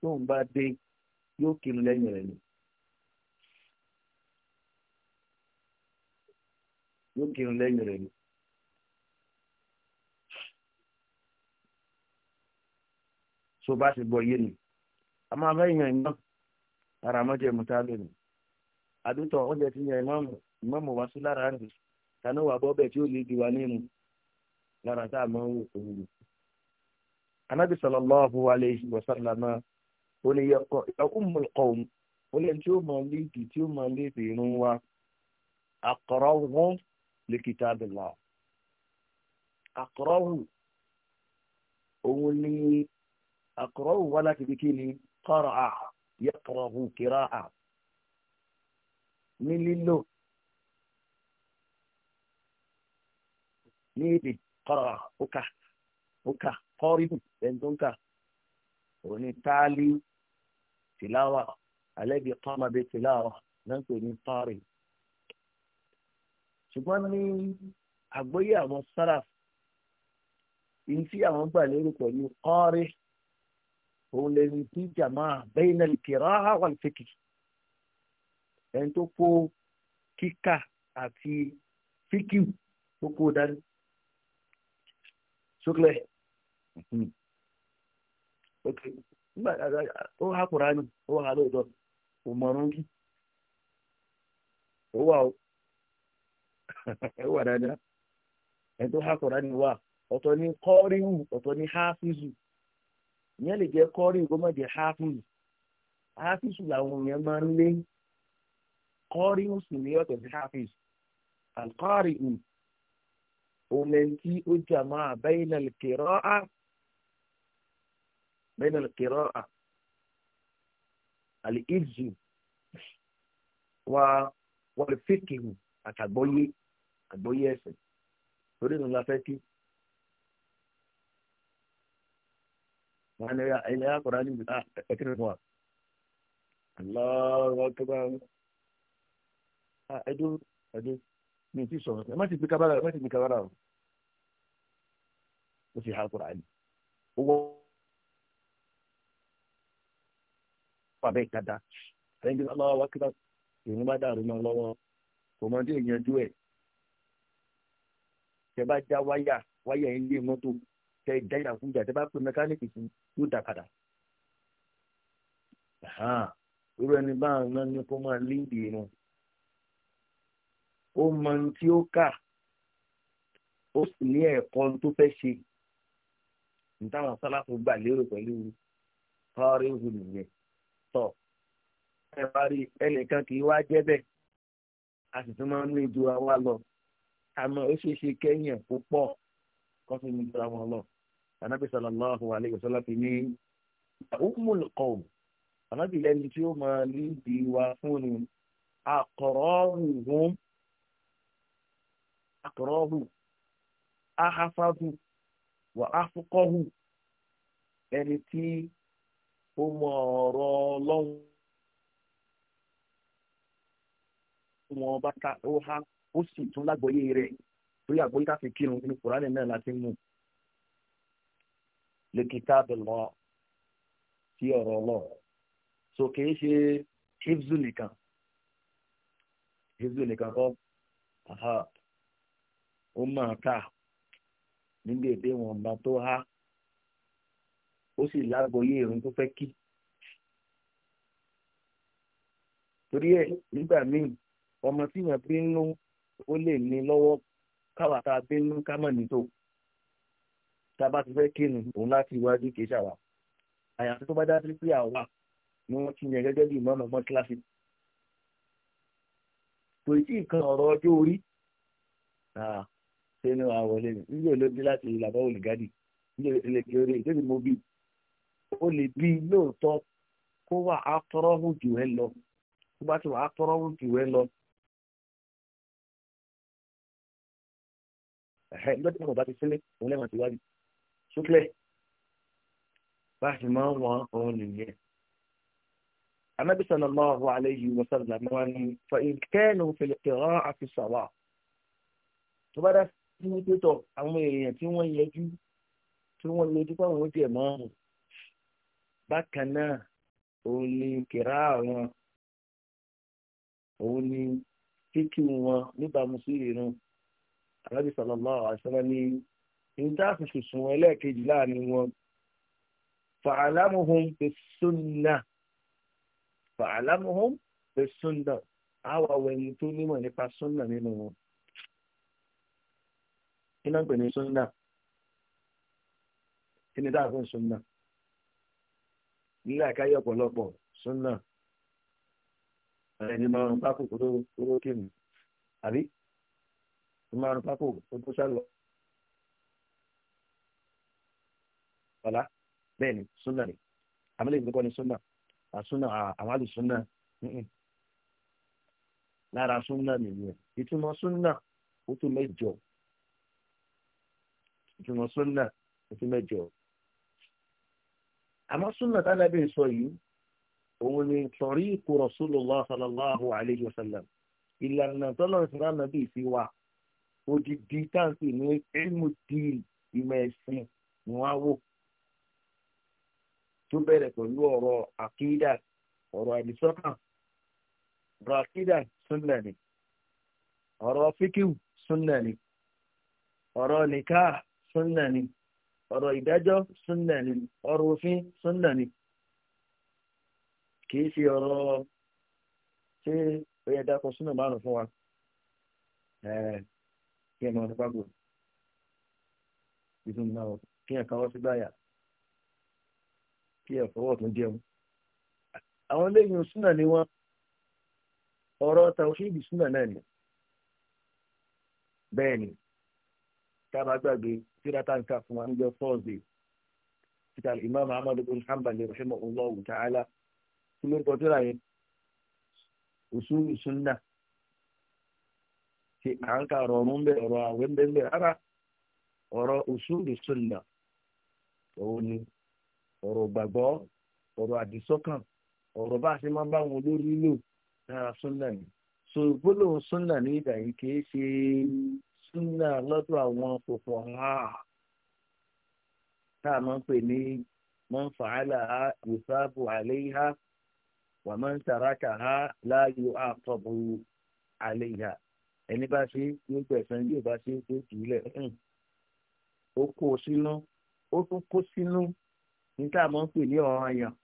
lọ bá yóò kiri lẹ́yìn rẹ̀ ni. yóò kiri lẹ́yìn rẹ̀ ni. so bá ṣe gbọ́ yé ni a máa fẹ́ yan ìmọ̀ ara mọ́ jẹ́ mọ́tà lónìí àdúntọ̀ oúnjẹ ti yan ìmọ̀mù ìmọ̀mù wá sí lára rẹ̀ tani wà bọ́ bẹ́ẹ̀ tí ó lè di wa nínú lára tá a máa ń wò fún mi. anábì sallallahu alayhi wa sallam ó ní yaqumul qawm ó lẹ́ni tí ó máa léèdì tí ó máa léèdì irun wa aqra'uhum li kitabillah aqra'u òun ní àkọ́rọ́ wà láti fi kí ni kọ́rọ̀ à yẹ kọ́rọ̀ hù kíra à ní lílò ní èdè kọ́rọ̀ à ó kà ó kà kọ́rìbù ẹni tó ń kà òun ni táálí tìláwà alẹ́ bí tìláwà náà pè ní kọ́rìbù ṣùgbọ́n ní àgbóyé àwọn sára ìyí àwọn gbà lérò pẹ̀lú ọ́rẹ́ òun lè ní kí jàmá bẹ́yìn ìkìrá wal fìkì ẹni tó kó kíkà àti fìkì tó kó dání sókè mm-hmm. ok nígbà tó ha kura ni ó ha lóòótọ́ kò mọ̀rún kí ó wà ó (laughs) ó wà dáadáa ìyẹn lè jẹ́ kọ́rí ìgbọ́mọ̀dé hafiz hafiz làwọn yẹn máa ń lé kọ́rí sùn ní ọ̀tọ̀ sí hafiz alkọ́rí ù òmẹ̀ntì ó jàmọ́ àbẹ́yìnà kìrọ́ à bẹ́yìnà à àlìkìjì wa wọ́n fi àtàgbọ́yé àgbọ́yé ẹ̀sìn torí nù la kí. wọn ni ilé akọ̀rọ̀ ni ẹ̀kíni fún wa aláwọ̀ tó bá ẹdú ẹdú mi ti sọ̀rọ̀ ẹ má ti gbé kábàrà ẹ o ó ha akọ̀rọ̀ ni ó wọ́ pàbẹ́ ìkadà ẹni aláwọ̀ akíkà èyí má dàrú náà lọ́wọ́ kò mọ yóò Haa, irú ẹni báà náà ní kó máa líǹdì irun e ó mọ ohun tí ó kà ó sì ní ẹ̀kọ́ tó fẹ́ ṣe nítawọn sálàfù gbà lérò pẹ̀lú kọ́rí hù nìyẹn tọ́ ẹ bá rí ẹnìkan kì í wá jẹ́ bẹ́ẹ̀ a sì tún máa lọ àmọ́ ó ṣeé ṣe lọ. anábì sallallahu alayhi wa sallam ní umul qawm anábì lẹ́ni tí ó máa ní ìdí wa fún ni aqrabuhum aqrabu ahafazu wa afqahu ẹni tí ó mọ ọ̀rọ̀ ọlọ́run wọn bá ta ó há ó sì tún lágbóyé rẹ̀ torí àgbóyé ká kírun inú kùránì náà láti mú un. لكتاب الله tí ọ̀rọ̀ ọlọ́run so kìí ṣe hifzu nìkan hifzu nìkan kọ́ ó máa kà nígbà èdè wọn bá tó há ó sì lágbóyè irun tó fẹ́ kí torí ẹ̀ nígbà míì ọmọ tí yàn bínú ó lè ní lọ́wọ́ káwàtà bínú ká mọ̀ nítòkù tá a bá ti fẹ́ kínu òun láti iwájú kì í ṣàwà àyàfi tó bá dá sí pé àwa ni wọ́n ti yàn gẹ́gẹ́ bí ìmọ̀ọ́nà ọgbọ́n kíláàsì kò tí ì kan ọ̀rọ̀ ọjọ́ orí ṣe ni wàá wọlé mi nílò ló dé láti ìlàbọ̀ olùgádì nílò ìlẹ̀kẹ̀ orí ìdébí mo bí o lè bí lóòótọ́ kó wà á tọrọ hù jù ẹ lọ tó bá ti wà á tọrọ hù jù ẹ lọ ẹ̀hẹ́ lọ́dún bá ti sílé òun lẹ́wọ̀n ti wájú sókè bá a sì máa ń wọn òun nìyẹn. النبي صلى الله عليه وسلم فإن كانوا في القراءة في الصلاة tọ́bádá tí wọ́n tẹ́tọ̀ àwọn èèyàn tí wọ́n yẹjú tí wọ́n lójú fáwọn oúnjẹ mọ́ọ̀mù bákan náà òun ni kẹ̀rá wọn òun ni kíkì wọn níbàámu sí ìrun alábìsọ̀lọ́lá àṣọ́lá ní ìtàfífì sùn wọn ẹlẹ́ẹ̀kejì láàrin wọn fàálámùhùn bẹ́sùnà fàálámùhùn bẹ́sùnà àwọn àwọn ẹni tó nímọ̀ nípa sùnà nínú wọn. kí náà ń pè ní sùnà kí ni dáàfin sùnà nílé àkáyé ọ̀pọ̀lọpọ̀ sùnà ẹni máa ń pákó kó tó kí ni àbí máa ń pákó kó tó sálọ. ọ̀la bẹ́ẹ̀ ni súnà ni àmọ́lẹ̀ ìgbẹ́kọ̀ ni súnà àsúnà àwọn àlùsúnà lára súnà nìyẹn ìtumọ̀ súnà ó tún mẹ́jọ ìtumọ̀ súnà ó tún mẹ́jọ àmọ́ súnà tánàbí sọ yìí òun ni sọ̀rí ikú Rasulullah sallallahu alayhi wa sallam ìlànà tọ́lọ̀ ìsìnká nàbí sí wa odidi táǹkì ní ẹ̀mùdí ìmọ̀ ẹ̀sìn ni wọ́n á wò tó bẹ̀rẹ̀ pẹ̀lú ọ̀rọ̀ àkídà ọ̀rọ̀ àdìsọ́kàn ọ̀rọ̀ àkídà súnà ni ọ̀rọ̀ fíkìw súnà ni ọ̀rọ̀ nìkà súnà ni ọ̀rọ̀ ìdájọ́ súnà ni ọ̀rọ̀ òfin súnà ni kì í ṣe ọ̀rọ̀ ṣé ó yẹ dákọ̀ súnà márùn fún wa kí ẹ máa nípa gbòòrò ìdùnnú kí ẹ káwọ́ sí báyà kí ẹ fọwọ́ tún jẹun àwọn eléyìí súnà ni wọn ọ̀rọ̀ tàwíṣíìdì súnà náà ni bẹ́ẹ̀ ni tábà gbàgbé tíra tá n ká fún wa ń jẹ fọ́ọ̀sì títà ìmáàmù ahmadu bin hanbali rahimahullahu ta'ala kí ló ń kọ tíra yẹn usulu sunna ti à ń ka ọ̀rọ̀ ọ̀run bẹ́ẹ̀ ọ̀rọ̀ àwẹ̀ bẹ́ẹ̀ rárá ọ̀rọ̀ usulu sunna òun ni ọ̀rọ̀ gbàgbọ́ ọ̀rọ̀ àdìsọ́kàn ọ̀rọ̀ bá a ṣe máa ń bá wọn lórí lò lára súnà ni so gbólóhùn súnà ní ìgbà yìí kì í ṣe súnà lọ́dọ̀ àwọn fòfò ha tá a máa ń pè ní man ha yusabu alayha wa man ha la yu'aqabu alayha ẹni bá ṣe yóò gbẹ̀sán yóò bá ṣe yóò jùlẹ̀ ó kó sínú ó tún kó sínú níta mọ̀ ń pè ní ọ̀ràn yàn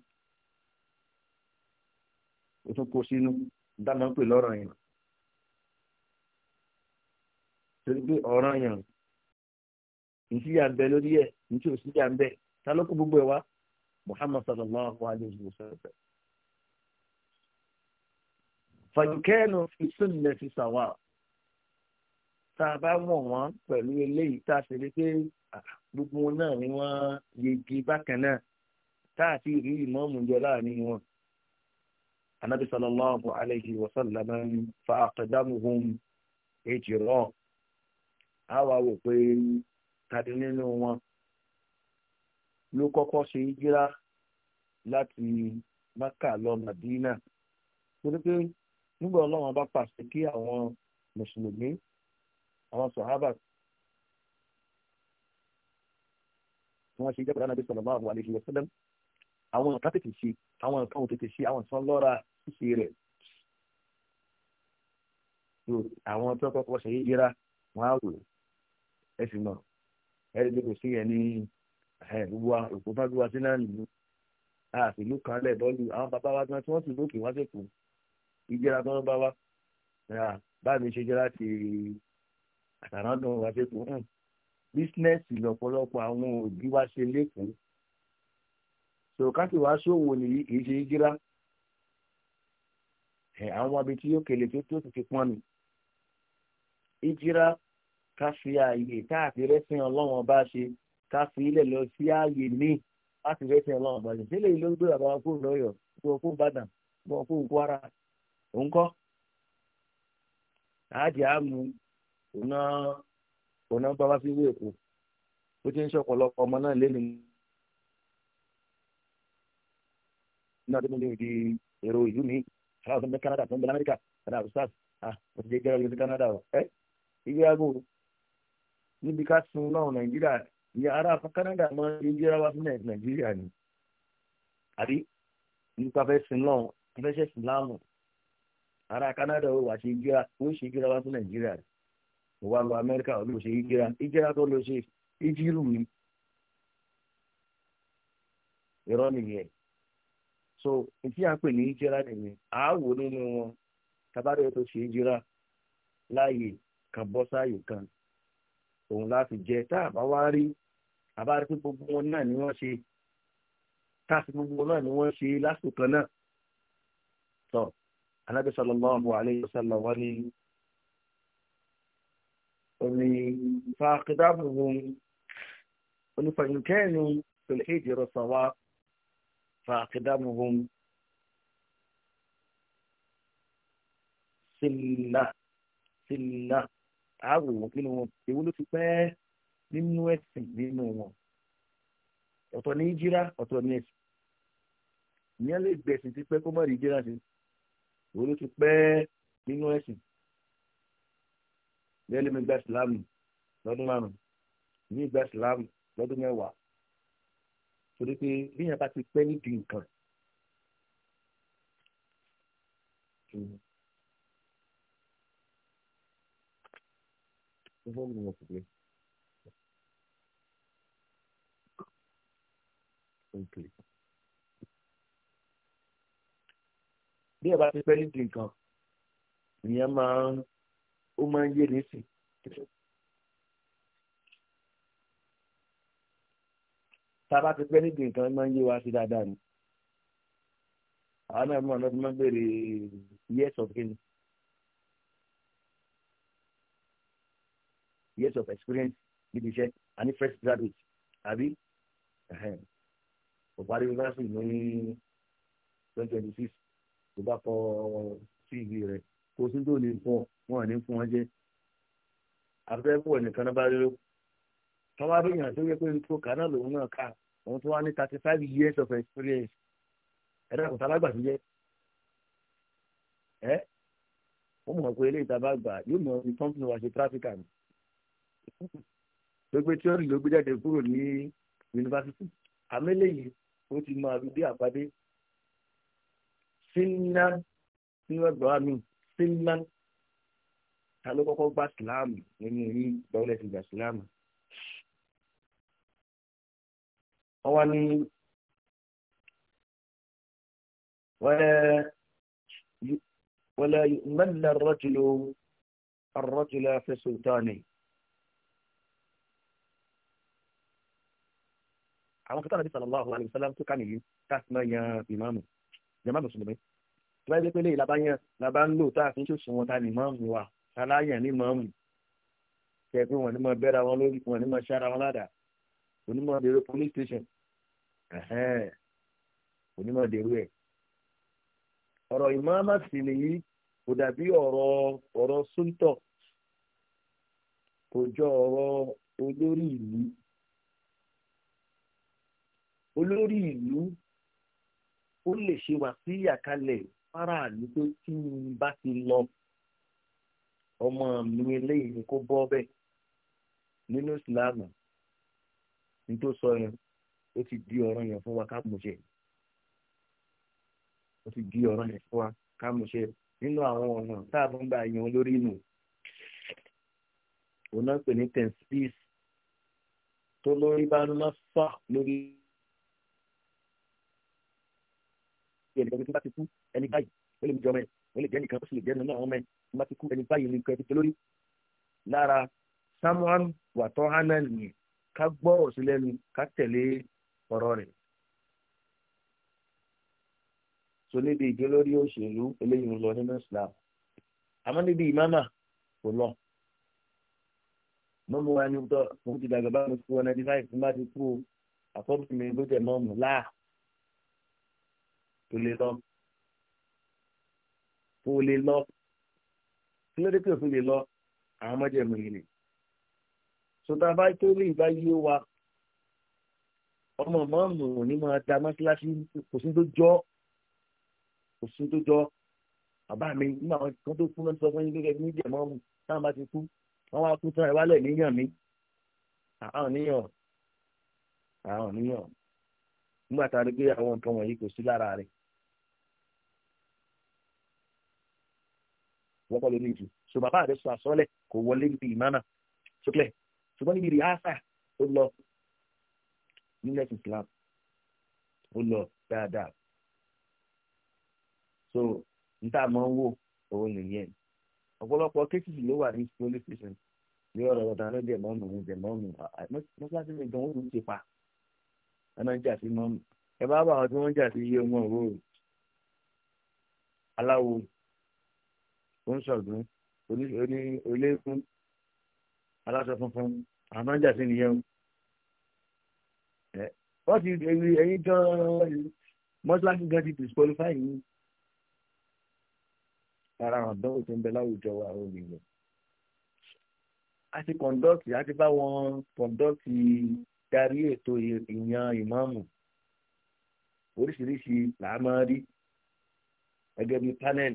o tún kó sínú níta mọ̀ ń pè lọ́rọ̀ yàn torí pé ọ̀ràn yàn ìsíyà ń bẹ lórí ẹ̀ nítorí òsíyà ń bẹ ta ló kó gbogbo ẹ̀ wá Muhammad sallallahu alayhi wa sallam. fàdùkẹ́ẹ̀nù fi súnlẹ̀ fi sàwà tá a bá wọ̀n wọ́n pẹ̀lú eléyìí tá a ṣe lé pé àrà gbogbo wọn náà ni wọ́n yege bákan náà táàtì rí ìmọ̀ọ́mù jọ láàrin wọn. anabi sallallahu alayhi wa sallam fa aqdamuhum ejirọ́ a wá wò pé tàbí nínú wọn ló kọ́kọ́ ṣe hijira láti Mákà lọ Màdínà torí pé nígbà ọlọ́run bá pàṣẹ kí àwọn mùsùlùmí àwọn sàhábà wọ́n ṣe jẹ́pẹ̀rẹ́ anábì sallallahu alaihi wa sallam àwọn nǹkan tètè ṣe àwọn nǹkan ò tètè ṣe àwọn nǹkan lọ́ra ṣíṣe rẹ̀ àwọn tó kọ́kọ́ ṣe yíra wọn á wò ẹsìn náà ẹni tó kò sí yẹn ní gbogbo òkú bá gbé wa sí náà nìyí àfìlú kan lẹ̀ bọ́ọ̀lù àwọn bàbá wa gan tí wọ́n sì lókè wá sèkú ìjẹ́ra tó ń bá wa báyìí ṣe jẹ́ láti àtàràndùn wa sèkú hmm. bísínẹ́sì lọpọlọpọ àwọn òbí wa ṣe so sòkátì wàá ṣòwò nìyí kì í ṣe jíra ẹ àwọn abi tí yóò tó tó ti pọn ni ààyè káàkiri rẹ́sìn ọlọ́wọ́n bá ṣe fi ilẹ̀ lọ sí ààyè míì láti rẹ́sìn ọlọ́wọ́n bá ṣe sílẹ̀ ìlú gbé bàbá wa lọ́yọ̀ kó Ìbàdàn òun náà bá wá sí ìwé èkó ó ti ń ṣe ọ̀pọ̀lọpọ̀ ọmọ náà lé nínú náà tó di èrò ìlú mi aláwọ̀ tó ń bẹ Canada tó ń bẹ Amẹ́ríkà Canada tó sars ah ó ti jẹ́ gẹ́rẹ́ ìlú Canada ọ̀ ẹ́ ìwé aago níbi ká sun náà Nàìjíríà ìyá ará Canada máa ń wá sí Nàìjíríà ni àbí nípa fẹ́ sin náà fẹ́ ṣẹ̀sìn láàmù ará Canada ó wà ṣe gíra ó ṣe gíra wá sí Nàìjíríà rẹ̀ kò wá lọ amẹ́ríkà ó lọ ṣe ìjẹ́ra ìjẹ́ra tó lọ ṣe ìjírù mi irọ́ nìyẹn so ìtí à ń pè ní ìjẹ́ra nìyẹn àáwò nínú wọn tabarẹ́ tó ṣe ìjẹ́ra láàyè kan bọ́ sáàyè kan òun láti jẹ tá a bá wá rí a bá rí pé gbogbo wọn náà ni wọ́n ṣe tá a sì gbogbo wọn náà ni wọ́n ṣe lásìkò kan náà tọ́ anábẹ́sọ̀lọ́mọ́ àwọn àlejò sálọ wọ́n ní omi fàákìdá bùbùn onífàyìnkẹ́ẹ̀nù tòlẹ́ẹ̀dì rọ̀sàwá fàákìdá bùbùn sílá sílá àárò wọn kí ni wọn èwo ló ti pẹ́ nínú ẹ̀sìn nínú wọn ọ̀tọ̀ ní jíra ọ̀tọ̀ ní ẹ̀sìn ìyẹn ti pẹ́ kó má rí jíra sí èwo ti pẹ́ nínú ẹ̀sìn bẹ́ẹ̀ lèmi gba ìsìlámù lọ́dún márùn ní ìgbà ìsìlámù lọ́dún mẹ́wàá torí pé bíyàn bá ti pẹ́ níbi nǹkan bí ẹ bá ti pẹ́ níbi nǹkan ìyẹn máa ń ó máa ń yé ní sìn. tá a bá ti pẹ́ níbi nǹkan máa ń yé wa sí dáadáa ni àwọn náà mọ̀ lọ́dún máa ń béèrè years of gain years of experience níbi iṣẹ́ àní fresh graduate àbí òparí university ní twenty twenty six tó bá kọ CV rẹ̀ kò sí tó lè fún wọn ò ní fún ọ jẹ afẹ́fọ́ nìkan náà bá rí lóko wọn bá bẹ̀yàn tó yẹ pé tó kà lòun náà kà òun tó wá ní thirty five years of experience ẹ̀dá kò sálágbà tó jẹ́ ẹ́ wọ́n mọ̀ pé eléyìí tá a bá gbà yóò mọ̀ ní company wa ṣe traffic àmì tó tíọ́rì ló gbé jáde kúrò ní yunifásitì àmẹ́lẹ́yìí ó ti máa bí àpàdé sínú náà sínú ẹgbẹ̀rún àmì sílmán ta ló kọ́kọ́ gba síláàmù nínú yín gbọ́dọ̀ ti gba síláàmù. wọ́n wá ní wala yu'manna ar-rajulu ar-rajula fi sultanihi. àwọn kẹta nàbí sallallahu alaihi wasallam tó kà nìyí káàsì máa yan ìmáàmù jàmáà mùsùlùmí tó bá yẹ pé léyìí labá yàn labá ń lò tá a fi ń ṣòṣù wọn ta ni mọ́ọ̀mù wa aláyàn ní mọ́ọ̀mù kẹ pé wọn ni mo bẹ́ra wọn lórí wọn ni mo ṣára wọn ládàá onímọ̀ dèrò police station onímọ̀ dèrò ẹ̀ ọ̀rọ̀ ìmọ̀ọ́mà sì nìyí kò dàbí ọ̀rọ̀ ọ̀rọ̀ sóńtọ̀ kò jọ ọ̀rọ̀ olórí ìlú olórí ìlú ó lè ṣe wà sí ìyàkálẹ̀ fáráàlú pé tí mi bá ti lọ ọmọ mi eléyìí ni kó bọ́ bẹ́ẹ̀ nínú ìsìláàmù ní tó sọ yẹn ó ti di ọ̀rọ̀ yẹn fún wa ká mú ṣe ó ti di ọ̀rọ̀ yẹn fún wa ká mú ṣe nínú àwọn ọ̀nà tá a fún gba yan lórí nù òun náà pè ní ten six tó lórí bá ló máa fà lórí ìyẹn nígbà tó bá ti kú ẹni báyìí ó lè mi jọ ọmọ ẹ ó lè jẹ́ nìkan ó sì lè jẹ́ nínú àwọn ọmọ ẹ tí wọ́n ti kú ẹni báyìí ní nǹkan tètè lórí. lára samuel wàtọ́ hánà nìyẹn ká gbọ́ ọ̀rọ̀ sí lẹ́nu ká tẹ̀lé ọ̀rọ̀ rẹ̀. so níbi ìjọ lórí òṣèlú eléyìí ń lọ nínú Islam àmọ́ níbi ìmáàmà kò lọ mọ́mú wa ní tọ́ fún ti dàgbà bá mi fún one ninety five má ti kú àkọ́bí ló tẹ̀ mọ́mù láà tó lè lọ́mù kó o lè lọ kí ló dé pé òfin lè lọ àwọn májẹ̀mú yìí ni sọta bá tó lè bá yé wa ọmọ mọ́ọ̀mù ní máa da mọ́síláṣí kò sí tó jọ kò sí tó jọ bàbá mi nígbà wọn kan tó kú náà sọ fún yín gẹ́gẹ́ ní ìjẹ̀ mọ́ọ̀mù táwọn bá ti kú wọn wá kú tán ẹ̀ wálẹ̀ níyàn mi àwọn níyàn àwọn níyàn nígbà tá a rí pé àwọn nǹkan wọ̀nyí kò sí lára rẹ̀ wọ́pọ̀ lórí ìdù so bàbá rẹ̀ sọ àsọ́lẹ̀ kò wọlé níbi ìmánà sókè ṣùgbọ́n níbi rìhásà ó lọ nílẹ̀ Islam ó lọ dáadáa so níta máa ń wò òun nìyẹn ọ̀pọ̀lọpọ̀ kéṣìṣì ló wà ní police station ní ọ̀rọ̀ ọ̀dà ló dẹ̀ mọ́mù ní dẹ̀ mọ́mù mọ́sálásí mi gan oòrùn ti pa ẹ̀nà ń jà sí mọ́mù ẹ bá bá àwọn tí wọ́n ń jà sí iye ọmọ òwúrò aláwo oníṣọ̀gbìn oníléèkún aláṣọ funfun àmájà sí nìyẹn wọ́n ti ẹyin jọ mọ́ṣáláṣí gan ti disqualify yìí ara àwọn àdánwò tó ń bẹ láwùjọ wa àwọn ènìyàn a ti kọ̀ǹdọ́tì a ti bá wọn kọ̀ǹdọ́tì darí ètò ìyan ìmáàmù oríṣiríṣi là á máa rí gẹ́gẹ́ bí panel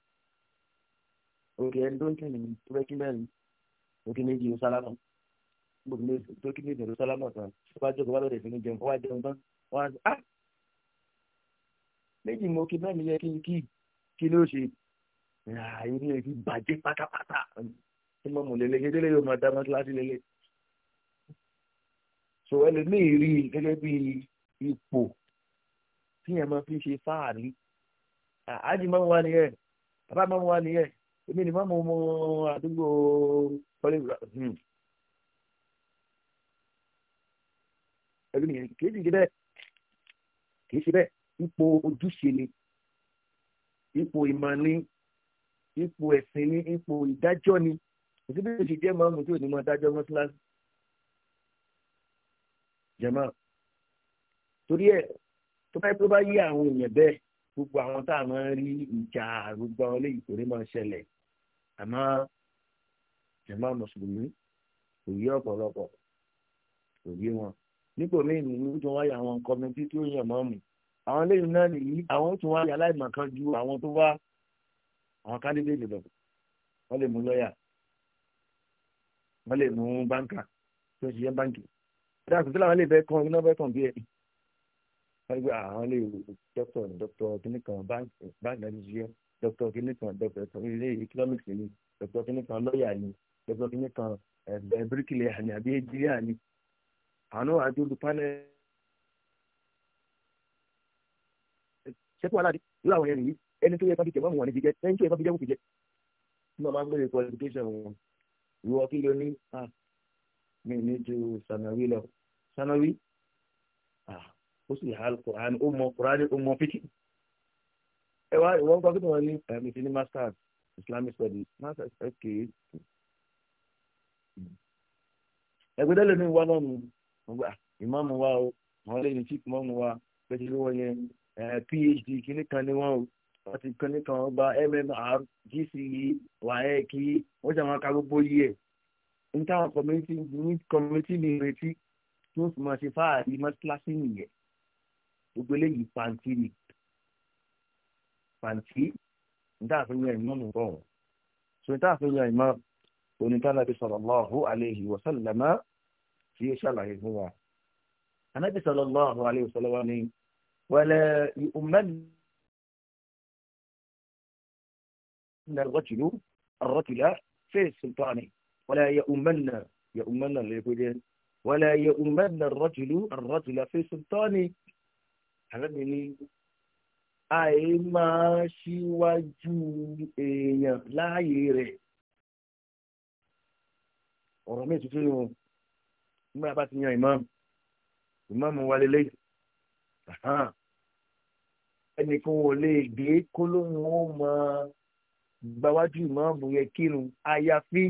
òkè ẹni tó ń kí nìyí tó fẹ́ kí mẹ́rin òkè méjì ló sálámà gbogbo tó kí méjì ló sálámà kan tó bá jókòó wá lóde ìfìní jẹun wá jẹun tán wá sí á ah! méjì mo kí mẹ́rin yẹ kí n kí kí ló ṣe ààyè ní èyí bàjẹ́ pátápátá tí mo mọ̀ lélẹ́ kékeré yóò máa dá mọ́ kíláàsì lélẹ́ so ẹlòmíì rí gẹ́gẹ́ bí ipò tí yẹn máa fi ṣe fáàrí àájì máa ń wá nìyẹn bàbá máa ń wá nìyẹn èmi ni mọ́mú mu àdúgbò pọ́lẹ́wùrà hmm. ẹ̀rí nìyẹn kì í bẹ́ẹ̀ kì í bẹ́ẹ̀ ipò ojúṣe ni ipò ìmọ̀ ni ipò ẹ̀sìn ni ipò ìdájọ́ ni òsì bí o ṣe jẹ́ mọ́mú tí ò ní mọ dájọ́ mọ́síláṣí jẹ̀mọ́ torí ẹ̀ tó bá yí àwọn èèyàn bẹ́ẹ̀ gbogbo àwọn tá a máa ń rí ìjà gbogbo àwọn eléyìí kò ní máa ṣẹlẹ̀ àmọ́ jàmá mùsùlùmí kò yí ọ̀pọ̀lọpọ̀ kò yí wọn nípò míì ní tó wáyà àwọn kọmitì tó yàn mọ́ mi àwọn eléyìí náà nìyí àwọn tó wáyà aláìmọ̀kan ju àwọn tó wá àwọn kandidate lọ wọ́n lè mú lọ́ọ̀yà wọ́n lè mú báńkà tó ń ṣiṣẹ́ báńkì. ìdá àkùtì làwọn lè fẹ́ kàn iná fẹ́ kàn bí ẹ̀ wọ́n gbé ah, àwọn ilé ìwòsàn dókítà dókítà kìnnìkan báńkì báńkì náà ti ṣiṣẹ́ dókítà kìnnìkan dókítà ilé economics ni dókítà kìnnìkan lọ́ọ̀yà ni dókítà kìnnìkan eh, bíríkìlẹ̀ àní àbí ẹ̀jíríà ni àwọn àjọ olùpánẹ́ ṣẹ́kù aláàdì irú àwọn ẹ̀rìn yìí ẹni tó yẹ ká fi jẹ̀mọ́ wọn ni fi jẹ́ ẹni tó yẹ ká fi jẹ́ kò fi jẹ́ ní ọmọ agbèrè qualification wọn ìwọ kí ló ní ah, mi ní ju sanawi lọ ah, ó sì há kùránì ó mọ kùránì ó mọ fíkì ẹ wá ìwọ gbọ́ kí wọ́n ní ẹ̀mí ní masters islamic studies masters ok ẹgbẹ́dẹ́ lómi wá náà nù ọgbà ìmáàmù wa o àwọn lẹ́yìn chief mọ́mù wa pẹ̀lú ìlú yẹn phd kìíní kan ní wọn o wọ́n ti kàn e, e, ní kan ọba mmr gce waec wọ́n jà wọn ká gbogbo yìí ẹ̀ n táwọn community ní community ní ìrètí tí wọ́n fi máa ṣe fáàrí mọ́tíláṣí nìyẹn gbogbo eléyìí pàǹtí ni pàǹtí níta àfihàn ìmọ̀ nìkan ọ̀hún so níta àfihàn ìmọ̀ onítànàbí sallallahu alayhi wa sallama tí ó ṣàlàyé fún wa anábì sallallahu alayhi wa sallama ni wẹ́lẹ́ ìhùmẹ́ni na rọ́tìlú rọ́tìlá fẹ́ẹ̀ sultani wẹ́lẹ́ ìhùmẹ́ni ìhùmẹ́ni lè kó ìhùmẹ́ni rọ́tìlú rọ́tìlá fẹ́ẹ̀ àrẹ́bí ni àì máa ṣíwájú èèyàn láàyè rẹ̀ ọ̀rọ̀ mi tuntun yìí o nígbà bá ti yan ìmáàmù ìmáàmù wa lélẹ́yìn ẹnìkan ò lè gbé kólóhùn ó máa gbáwájú ìmáàmù yẹn kírun àyàfi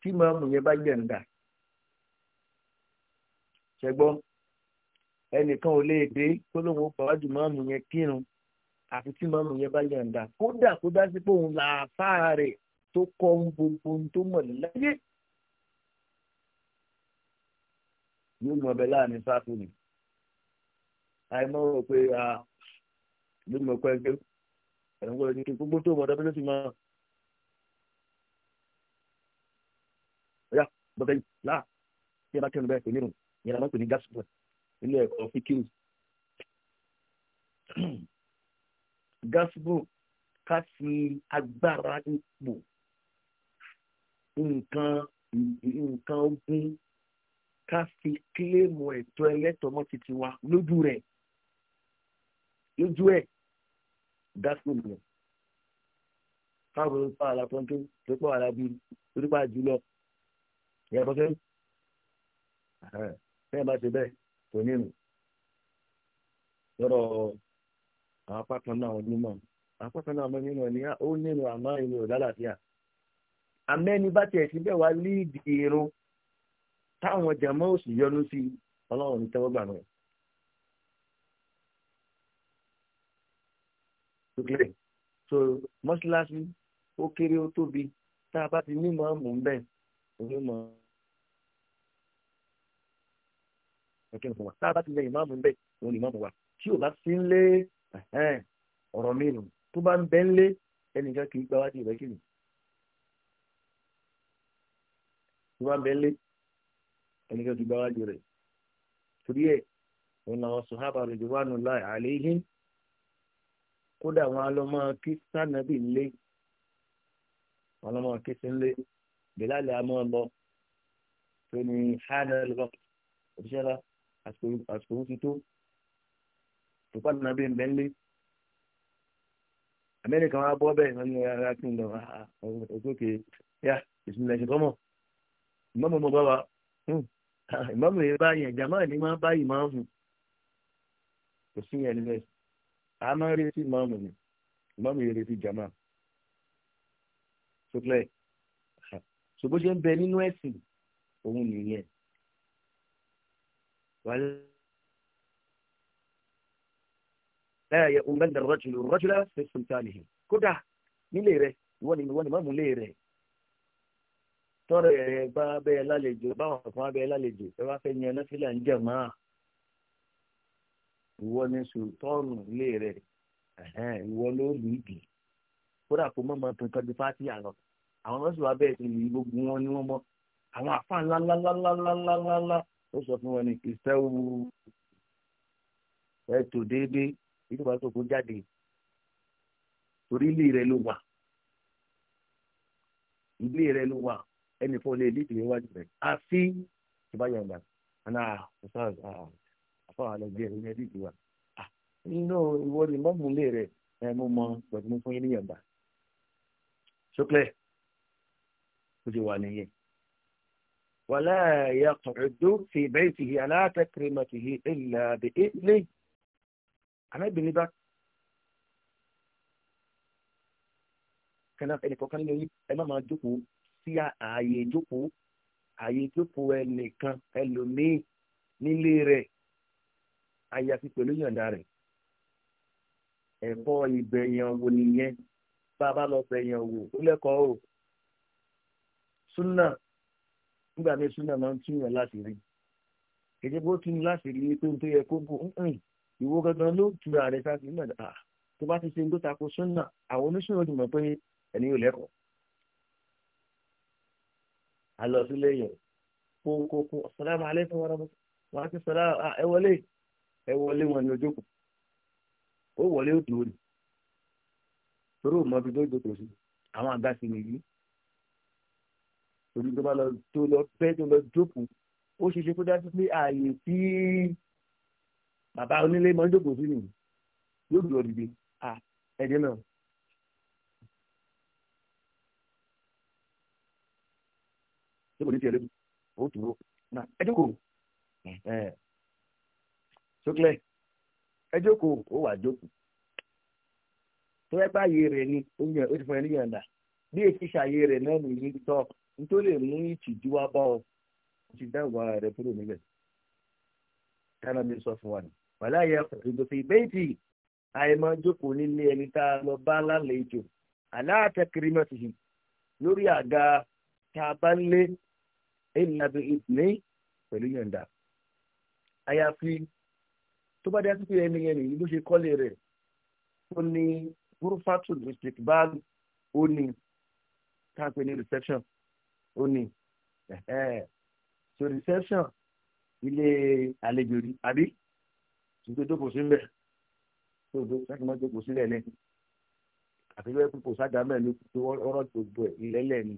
tí ìmáàmù yẹn bá yẹ̀ǹda ṣẹgbọ́n ẹnìkan ò lè dé tó lóun ó bàbá jù máàmù yẹn kírun àfi tí máàmù yẹn bá yọ̀ǹda kódà kó dá sí pé òun làáfàá rẹ̀ tó kọ́ ohun gbogbo ohun tó mọ̀ láyé yóò mọ ọbẹ̀ láàrin sáfù ni àìmọ́ rò pé a ló mọ pé ẹgbẹ́ ẹ̀rọ ní kí gbogbo tó mọ̀ dábẹ́lẹ́ sí máa ọ̀yà bọ́tẹ́ láà tí ẹ bá kẹ́nu bẹ́ẹ̀ pé nínú ìyẹn la máa ń pè ní gáàsì nínú ẹ̀kọ́ fíkìrù (clears throat) gasbo ká fi agbára ipò nǹkan nǹkan ogun ká fi kílèmù ẹ̀tọ́ ẹlẹ́tọ̀ọ́ mọ́ títí wa lójú rẹ̀ lójú ẹ̀ gasbo nìyẹn káwọn olùkọ́ àlàfọ́ńtò tó pọ̀ àlàbí onípa jùlọ ìyàbọ̀ fẹ́ bẹ́ẹ̀ bá ṣe bẹ́ẹ̀. kò ní nù lọ́rọ̀ àwọn apá kan náà onímọ̀ náà ni ó nínú àmọ́ ìlú ọ̀làlàfíà amẹ́ni bá tiẹ̀ síbẹ̀ wá líìdì irun táwọn jàmọ́ òsì yọnu sí ọlọ́run ní tẹ́wọ́ náà. so mọ́ṣáláṣí ó kéré ó tóbi tá a bá ti ní kí ni fún wa tá a bá ti lẹ ìmáàmù ńbẹ òun ni ìmáàmù wa tí ò bá sí ń lé ọ̀rọ̀ mi nù tó bá ń bẹ ń lé ẹnìkan kì í gba wájú ìrẹ́kì nì tó bá ń bẹ ń lé ẹnìkan kì í gba wájú rẹ̀ torí ẹ̀ òun làwọn sọ̀hábà rẹ̀ ti wà nù láì àléhìn kódà àwọn alọ́mọ kí sànàbì ń lé àwọn alọ́mọ kí sí ń lé bẹ́lá lè amọ́ lọ tó ní hánà lọ́pọ̀ òṣìṣẹ́ àsìkò ń fi tó tòpá nàbí mbẹ́lẹ́ amẹ́ríkà wọn bọ́ bẹ́ẹ̀ wọn ní ara ah, ah, kí n lọ òkè yá ìsinmi ẹ̀sìn kọ́mọ̀ ìmọ̀mọ̀ mọ̀ bá wa hmm, ah, ìmọ̀mọ̀ yẹn bá yẹn jàmá ni máa bá yìí máa ń hùn kò sí yẹn nílẹ̀ a máa ń retí ìmọ̀mọ̀ ni ìmọ̀mọ̀ yẹn retí jàmá sókè ṣòbó ṣe ń bẹ nínú ẹ̀sìn òun nìyẹn ولا يؤمن الرجل الرجل في سلطانه كده nílé rẹ ìwọ ni ìwọ ni tọrọ ẹ bá bẹ́ẹ̀ lálejò báwọn kan bẹ́ẹ̀ lálejò ẹ bá fẹ́ yan nọ́fìlà ń jẹ̀ máa ìwọ ni sùtọ́ọ̀nù lé rẹ ó sọ fún wọn ní ìṣẹ́wó ẹ tò déédéé ìjọba tó kó jáde torí ilé rẹ ló wà ilé rẹ ló wà ẹnì fún olè lídìí níwájú rẹ àfi ìbáyọ̀ ọ̀gbà àná àfọwọ́ àlọ́ díẹ̀ ní ẹbí ìdíwà nínú ìwọ ni mọ́mú ilé rẹ ẹ mú mọ pẹ̀lú fún yín níyànjú sókè ó ti wà nìyẹn. ولا يقعد في بيته على تكريمته إلا بإذنه أنا ابن بك كان ẹnì kọ̀ọ̀kan nínú yín ẹ má máa jókòó sí ààyè jókòó ààyè jókòó ẹnìkan ẹlòmíín nílé rẹ̀ àyàfi pẹ̀lú yọ̀ǹda rẹ̀ ẹ̀kọ́ ìbẹ̀yàn wò nìyẹn bá a bá lọ bẹ̀yàn wò ó lẹ́kọ̀ọ́ o súnà nígbà tí súnà máa ń túyàn láti rí kété bó tún láti rí pé n tó yẹ kó bó ìwọ gangan ló tura rẹ sáfì nígbà tó bá ti ṣe ń tó tako súnà àwọn oníṣòwò ti mọ̀ pé ẹni yóò lẹ́kọ̀ọ́ alọsílẹ yẹn kókókó asalaamu aleykum wa rahmatulah wọn ti sọlá ẹ wọlé ẹ wọlé wọn ni ojú kù ó wọlé ó dùn ó ní torí òun mọ ibi tó jókòó sí àwọn àgbà sì nìyí torí tó bá lọ tó lọ bẹ́ẹ̀ tó lọ jókòó ó ṣeé ṣe kó dájú pé ààyè tí bàbá onílé máa ń jókòó sí nìyí yóò dúró dìde à ẹ̀jẹ̀ náà. ṣé kò ní tiẹ̀ lébù ó dúró náà ẹ jókòó ṣókè ẹ jókòó ó wà jókòó tó yẹ pé ààyè rẹ̀ ni ó ti fún ẹ níyànjú bí èsì ṣàyè rẹ̀ náà nìyí tọ́ọ̀kù nítorí lè mú ìtìjú wá bá ọ ti dá ìwà rẹ kúrò níbẹ̀ kánà mi sọ fún wa ni wàlá yẹ ìdòfin ìbéèdì àìmọ jókòó nílé ẹni tá a lọ bá lálejò aláàtẹkiri náà ti hì lórí àga tá a bá lé ìlànà ìdílé pẹ̀lú yọ̀ǹda àyàfi tó bá dé pípé ẹni yẹn nìyí ló ṣe kọ́lé rẹ̀ ó ní gúrúfàtù district bank ó ní tá a pè ní reception ó ní so reception ilé àlejò rí àbí ṣùgbọ́n tó kò sí mbẹ̀ tó tó sáàkì máa tó kò sílẹ̀ lẹ́nu àti bẹ́ẹ̀ kò sáàkì àmì ẹ̀mí tó ọ̀rọ̀ tó gbọ̀ ẹ̀ lẹ́lẹ̀ ni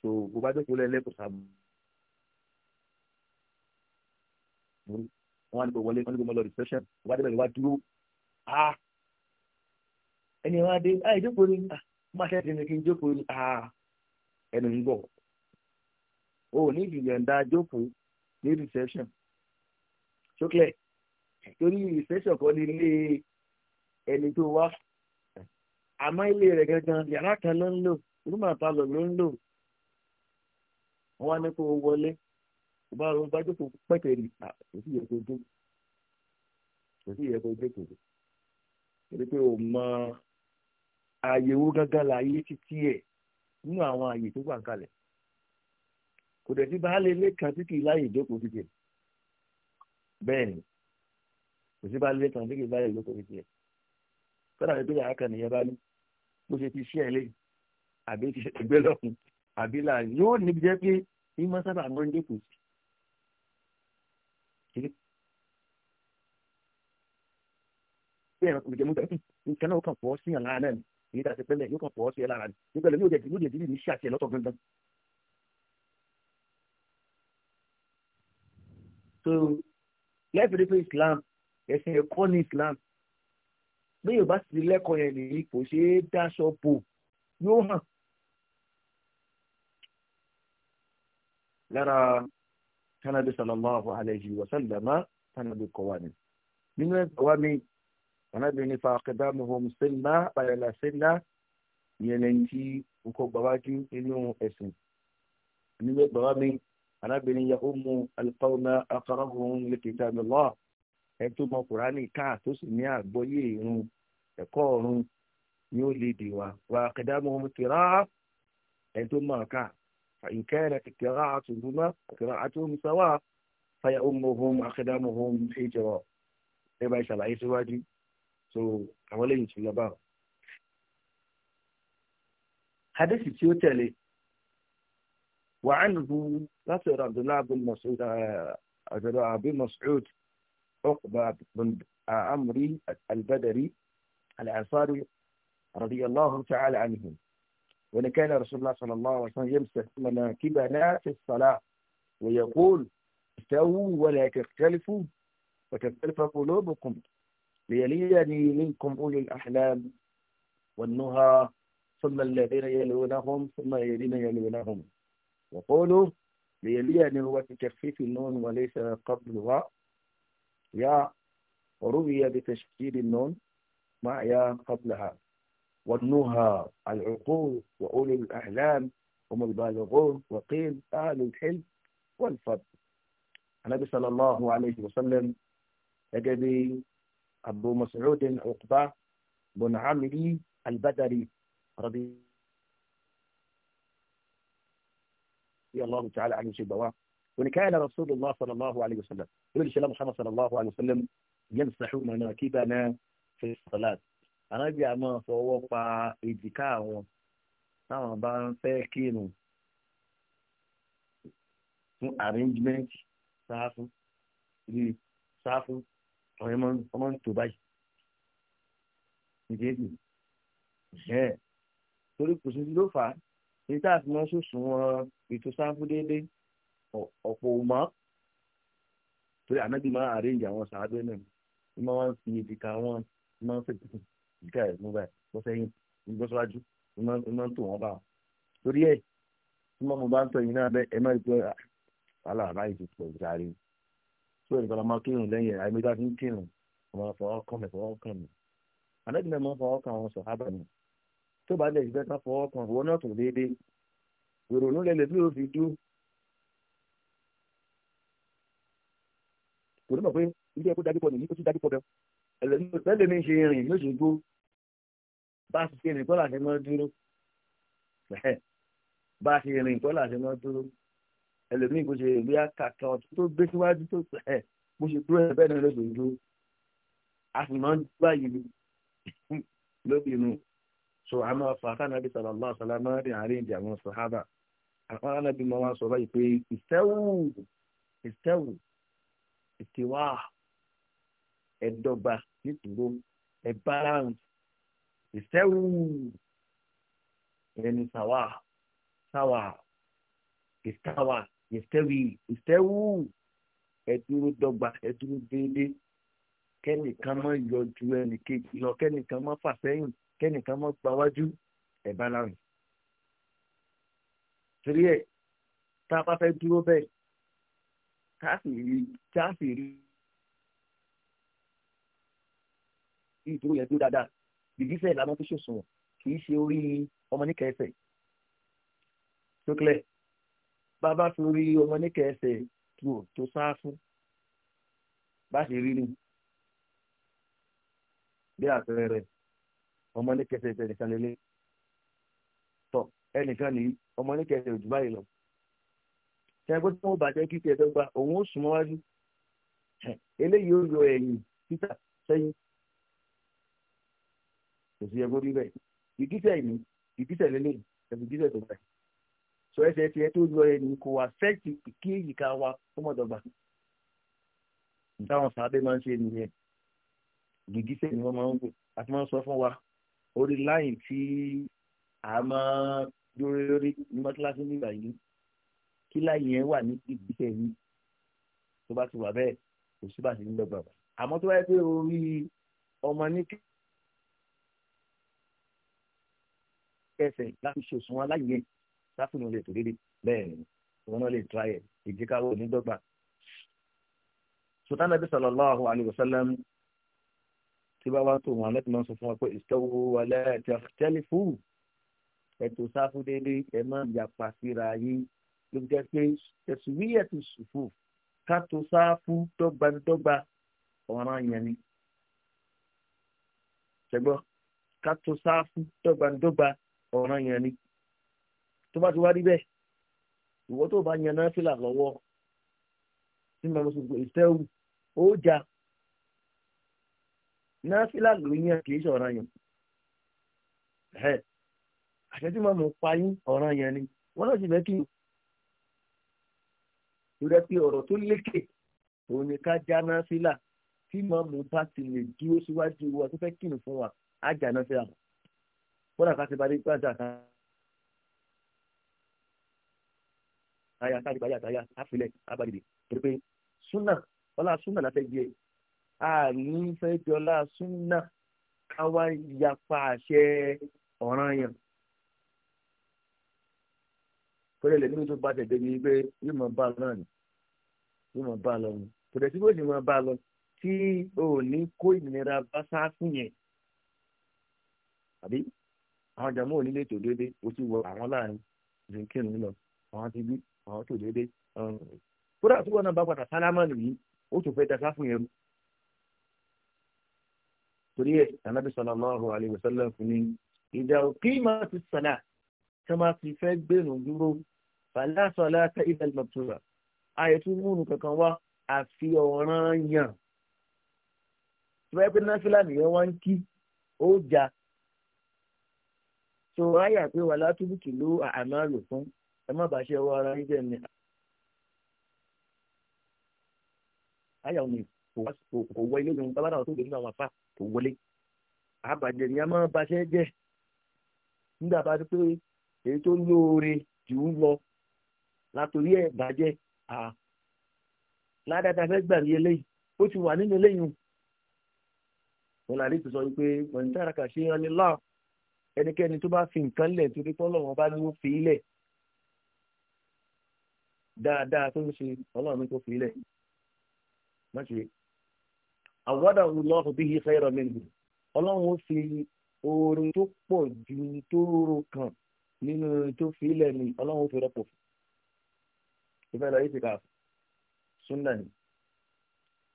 so bó bá dẹ́kun lẹ́lẹ́ kò sáàmù. wọ́n á ní kò wọlé wọ́n ní kò mọ lọ reception wọ́n á débẹ̀ lọ́wọ́ dúró ah ẹni wọn á dé ah ìjókòó ni ah máa ṣe é ti ní kí n jókòó ni ah ẹnu ń bọ̀ o ò ní ìyọ̀ǹda jókòó ní reception ṣókè torí reception kan ní ilé ẹni tó wá àmọ́ ilé rẹ̀ gangan yàrá kan ló ń lò rúmà palọ̀ ló ń lò wọ́n á ní kó wọlé ìbá ló bá jókòó pẹ̀tẹ̀ rí kò sí yẹ kó jókòó kò sí yẹ kó jókòó torí pé o mọ àyèwò gangan láàyè títí ẹ̀ nínú àwọn àyè tó wà kalẹ̀ kò dẹ̀ sí baálé ilé kan tí kì í láyè ìjókòó títì bẹ́ẹ̀ ni kò sí baálé ilé kan tí kì í láyè ìjókòó títì ẹ̀ kọ́dà pé yàrá kan nìyẹn bá ní bó ṣe ti ṣe ẹ̀lẹ́ àbí ti ẹgbẹ́ lọ́kùn àbí là yóò níbi jẹ́ pé ìmọ̀ sábà ń rán jókòó sí bẹ́ẹ̀ ọ̀pọ̀ ìjẹ̀mú tẹ̀sí nǹkan náà kàn fọ́ sí àlàyé náà ní ìdásẹ́pẹ́lẹ̀ yóò kàn fọ́ sí ẹ̀ lára ní ìpẹ́lẹ̀ ní ṣàṣẹ so lẹ́ẹ̀fẹ̀ẹ́ pé islam ẹ̀sìn ẹ̀kọ́ ní islam bí yorùbá sì ti lẹ́kọ̀ọ́ yẹn nìyí kò ṣeé dáṣọ bò yóò hàn lára tánàbí sallallahu alayhi wa sallama tánàbí kọ̀wánì nínú ẹ̀kọ́ wa mi tánàbí ní faqdamuhum sinna bayala sinna ìyẹn lẹ́yìn tí nǹkan gbàwájú nínú ẹ̀sìn nínú ẹ̀kọ́ wa mi arábìnrin yahumu alifáwọnà afárahùn lẹkìtà mílọ ẹni tó mọ kùránì ká tó sì ní àgbọ́yé ìrun ẹ̀kọ́ ọ̀run ni ó lè dè wá wà kẹdàmú kìrá ẹni tó mọ ká fàyínkẹrẹ kìrá àtúntúmọ kìrá àtúntúmọ fàyà ọmọhùn akẹdàmọhùn ìjọ ẹ bá ṣàlàyé síwájú so àwọn lẹ́yìn tí lọ bá tí ó tẹ̀lé wàá لا عبد الله بن مسعود آه، عبد الله بن مسعود عقبه بن عمري البدري الانصاري رضي الله تعالى عنه وان كان رسول الله صلى الله عليه وسلم يمسح مناكبنا في الصلاه ويقول استووا ولا تختلفوا فتختلف قلوبكم ليليني منكم اولي الاحلام والنهى ثم الذين يلونهم ثم الذين يلونهم وقولوا ليليني هو بتخفيف النون وليس قبلها يا روي بتشكيل النون مع يا قبلها والنهى العقول وأولي الأحلام هم البالغون وقيل أهل الحلم والفضل النبي صلى الله عليه وسلم يجب أبو مسعود عقبة بن عمري البدري رضي رضي الله تعالى عنه شبواه وان كان رسول الله صلى الله عليه وسلم يقول الشيخ محمد صلى الله عليه وسلم يمسح مناكبنا في الصلاة أنا بي أما فوقع إدكاء أما بان فاكين fún arrangement sáfù rí sáfù ọmọ ń tò báyìí nígbèsì ẹ̀ torí kò sí ló fà á èyí tá a fi mọ́ sòsùn wọn ètò sáfù déédéé ọ̀pọ̀ ò mọ́ torí ànábì máa àrèǹjì àwọn sàádọ́ náà ni wọ́n máa ń fi ìdíkà wọn ni wọ́n máa ń fi ìdíkà rẹ̀ mú báyìí bọ́ sẹ́yìn ní bọ́ síwájú ni wọ́n ń tò wọ́n bá wọn. torí ẹ̀ tí wọ́n mú bá ń tọ́ yìí náà bẹ́ẹ̀ ẹ má rí pé ah, wàhálà àbáyé ti pọ̀ járe tó ẹ̀ nìkan máa kírun lẹ́yìn àìmọ́ta fi ń kírun ọmọ fọwọ́ kàn mí fọwọ́ kàn mí ànábì náà máa fọwọ́ kàn àwọn sọ̀hábà tó bá lè jùlọ kan fọwọ́ kan ìwọ náà tó déédéé ìrònú lẹ́lẹ̀ tí yóò fi dú kò ní mọ̀ pé ilé ẹ̀kọ́ dájú pọ̀ nìyí kó tún dájú pọ̀ bẹ́ẹ̀ ẹlẹ́mi ṣe rìn ní oṣù gbó bá a ti ṣe rìn kọ́ làṣẹ mọ́ dúró bá a ṣe rìn kọ́ làṣẹ mọ́ dúró ẹlẹ́mi kò ṣe ìlú àkàkà ọ̀tún tó gbé síwájú tó bó ṣe dúró ẹ̀ bẹ́ẹ̀ náà lóṣù gbó a sì máa ń dúró àyè (laughs) lóbi inú so àmọ́ fàtà nàbí sallallahu alaihi wasallam ní àárín ìdí àwọn sàhábà àwọn anábì máa wá sọ báyìí pé ìsẹ́wù ìsẹ́wù ìtìwá ẹ̀dọ́gba nítorí ẹ̀ balance ìsẹ́wù ẹni sàwà sàwà ìsàwà ìsẹ́wì ìsẹ́wù ẹ̀dúró dọ́gba ẹ̀dúró déédéé kẹ́nìkan máa yọjú ẹnìkejì lọ kẹ́nìkan máa fà sẹ́yìn kẹ́nìkan mọ́ pawájú ẹ̀bá láwìn. torí ẹ̀ tá a bá fẹ́ dúró bẹ́ẹ̀ ká sì rí ká sì rí ìdúró yẹn dúró dáadáa ìgbésẹ̀ ìlànà tó ṣòṣùwọ̀n kì í ṣe orí ọmọ níkẹẹsẹ̀ tókẹ́lẹ̀ bàbá fi orí ọmọ níkẹẹsẹ̀ tó tó sáá fún bá ṣe rí ni bí àpẹẹrẹ ọmọ ní kẹsẹ̀ ìtẹ̀ nìkan lélẹ̀ tọ ẹnìkan nìyí ọmọ ní kẹsẹ̀ òjò báyìí lọ ṣẹ́gbẹ́ tí wọ́n bàjẹ́ kí tiẹ̀ dọ́gba òun ó sùn mọ́wájú eléyìí ó yọ ẹ̀yìn títà sẹ́yìn kò sí ẹgbẹ́ rí bẹ́ẹ̀ ìdísẹ̀ ìní ìdísẹ̀ lélẹ̀ ẹ̀fì ìdísẹ̀ tó bẹ̀ sọ ẹsẹ̀ tiẹ̀ tó yọ ẹ̀yìn kò wá fẹ́ẹ̀tì kí èyíká wa ó mọ̀ dọ́gba máa ń ṣe nìyẹn gìgísẹ̀ ni wọ́n máa ń gbò àti máa ń sọ fún wa orí láyìn tí a máa dúró lórí ní mọ́tíláṣí nígbà yìí kí láyìn yẹn wà ní ìgbésẹ̀ yìí tó bá ti wà bẹ́ẹ̀ kò sí bá ti ń dọ́gba àmọ́ tó wáyé pé orí ọmọ ní kẹsẹ̀ láti ṣòṣùn wọn láyìn yẹn láfún ìwọ̀n lè tó dédé bẹ́ẹ̀ ni wọn náà lè tra ẹ̀ ìdíkàwọ́ onídọ́gba. sùtánà bí sallallahu alaihi wasallam tí bá wá tó wọn alẹ́ tí wọ́n sọ fún wa pé ìṣòwò alẹ́ ẹ̀tẹ̀ tẹ́lifù ẹ̀tọ́ sáfù déédéé ẹ̀ máa yàpá síra yín ló jẹ́ pé ẹ̀sùn wíyẹ̀ ti sùfù ká tó sáfù dọ́gbadọ́gba ọ̀ràn yẹn ni. ṣẹgbọ́n ká tó sáfù dọ́gbadọ́gba ọ̀ràn yẹn ni. tó bá ti wá rí bẹ́ẹ̀ ìwọ tó bá yan náà fìlà lọ́wọ́ tí màmá sọ pé ìṣẹ́wù ó náfìlà ló yàn kì í ṣe ọ̀ranyàn àṣẹ tí màmú payín ọ̀ranyàn ni wọ́n náà sì fẹ́ kí ìrẹ́ pé ọ̀rọ̀ tó lékè òun ni ká já náfìlà tí màmú bá ti lè dúró síwájú wa tó fẹ́ kírun fún wa á jà náfìlà kódà ká ti bá dé gbàjà kan. Aya káàdì báyà táyà á filẹ̀ á bá dìde. Pèrèpè súnà ọlá súnà láfẹ́ gbé àní fẹ́ fi ọlá súnà ká wá yapa àṣẹ ọ̀ràn yẹn. Fẹ́rẹ́ lè ní tó bá tẹ̀dé ni pé yóò máa bá a náà ni yóò máa bá a lọ ni. Kò dẹ̀ sí bó ṣe máa bá a lọ tí o ò ní kó ìnira bá sáfún yẹn. Àbí àwọn jàmọ́ ò ní lè tò déédé o ti wọ àwọn láàrin zinkirun lọ àwọn ti bí àwọn tò déédé. Kódà tí náà bá padà sálámà nìyí ó tún fẹ́ da sáfún yẹn torí ẹ̀ ànábì sallallahu alaihi wasallam fún ni ìjà òkè máa ti sàlá tí wọ́n ti fẹ́ gbẹ̀rù dúró fàlá sọlá tẹ ilẹ̀ mọ̀tòrà àyètú múnú kankan wá àfi ọ̀ràn yàn tí wọ́n pẹ́ náfìlà nìyẹn wá ń kí ó jà tó ráyà pé wà látúbùkì ló àmà rò fún ẹ má bàa ṣe ọwọ́ ara yín jẹ́ ni. Ayọ̀ ni kò wọ ilé ìgbìmọ̀ tábàdà tó gbèmí àwọn àfa kò wọlé àbàjẹ́ ni a máa baṣẹ́ jẹ́ nígbà bá ti pé èyí tó lóore jù ú lọ látòrí ẹ̀ bàjẹ́ à ládàtà fẹ́ gbàgbé eléyìí ó ti wà nínú eléyìí wọn là ní ti sọ wípé pọ̀nìtàrà kà ṣe ìrànlẹ́ láà ẹnikẹ́ni tó bá fi nǹkan lẹ̀ torí pọ́nlọ́ wọn bá ní ó fi í lẹ̀ dáadáa tó ń ṣe ọlọ́run tó fi í lẹ̀ má ṣe àwọ̀dà Allahu bihi khayran minhu ọlọ́run ó fi orin tó pọ̀ ju tó rò kàn nínú tó fi ilẹ̀ ni ọlọ́run ó fi rọ́pò fún ìfẹ́ lọ yìí ti kà súnà ni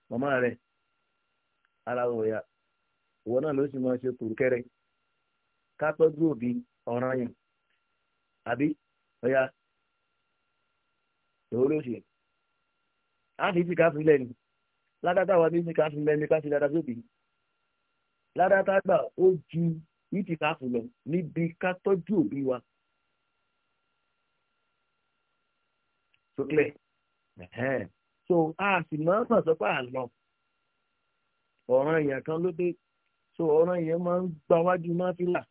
màmá rẹ̀ ara wò ya ìwọ náà ló sì máa ṣe kùrùkẹ́rẹ́ ká òbí ọ̀ràn yẹn àbí ọ̀ya èwo ló ṣe á fi ti ká fi ilẹ̀ ni ládàtà wà ní ká fún lẹ́ni ká sí dáadáa sóbì ládàtà gbà ó ju ìtì ká fún lọ níbi ká tọ́jú òbí wa. sókè so a sì máa ń sọ pé àlọ ọ̀ràn èèyàn kan ló dé so ọ̀ràn èèyàn máa ń gbáwájú máa fi là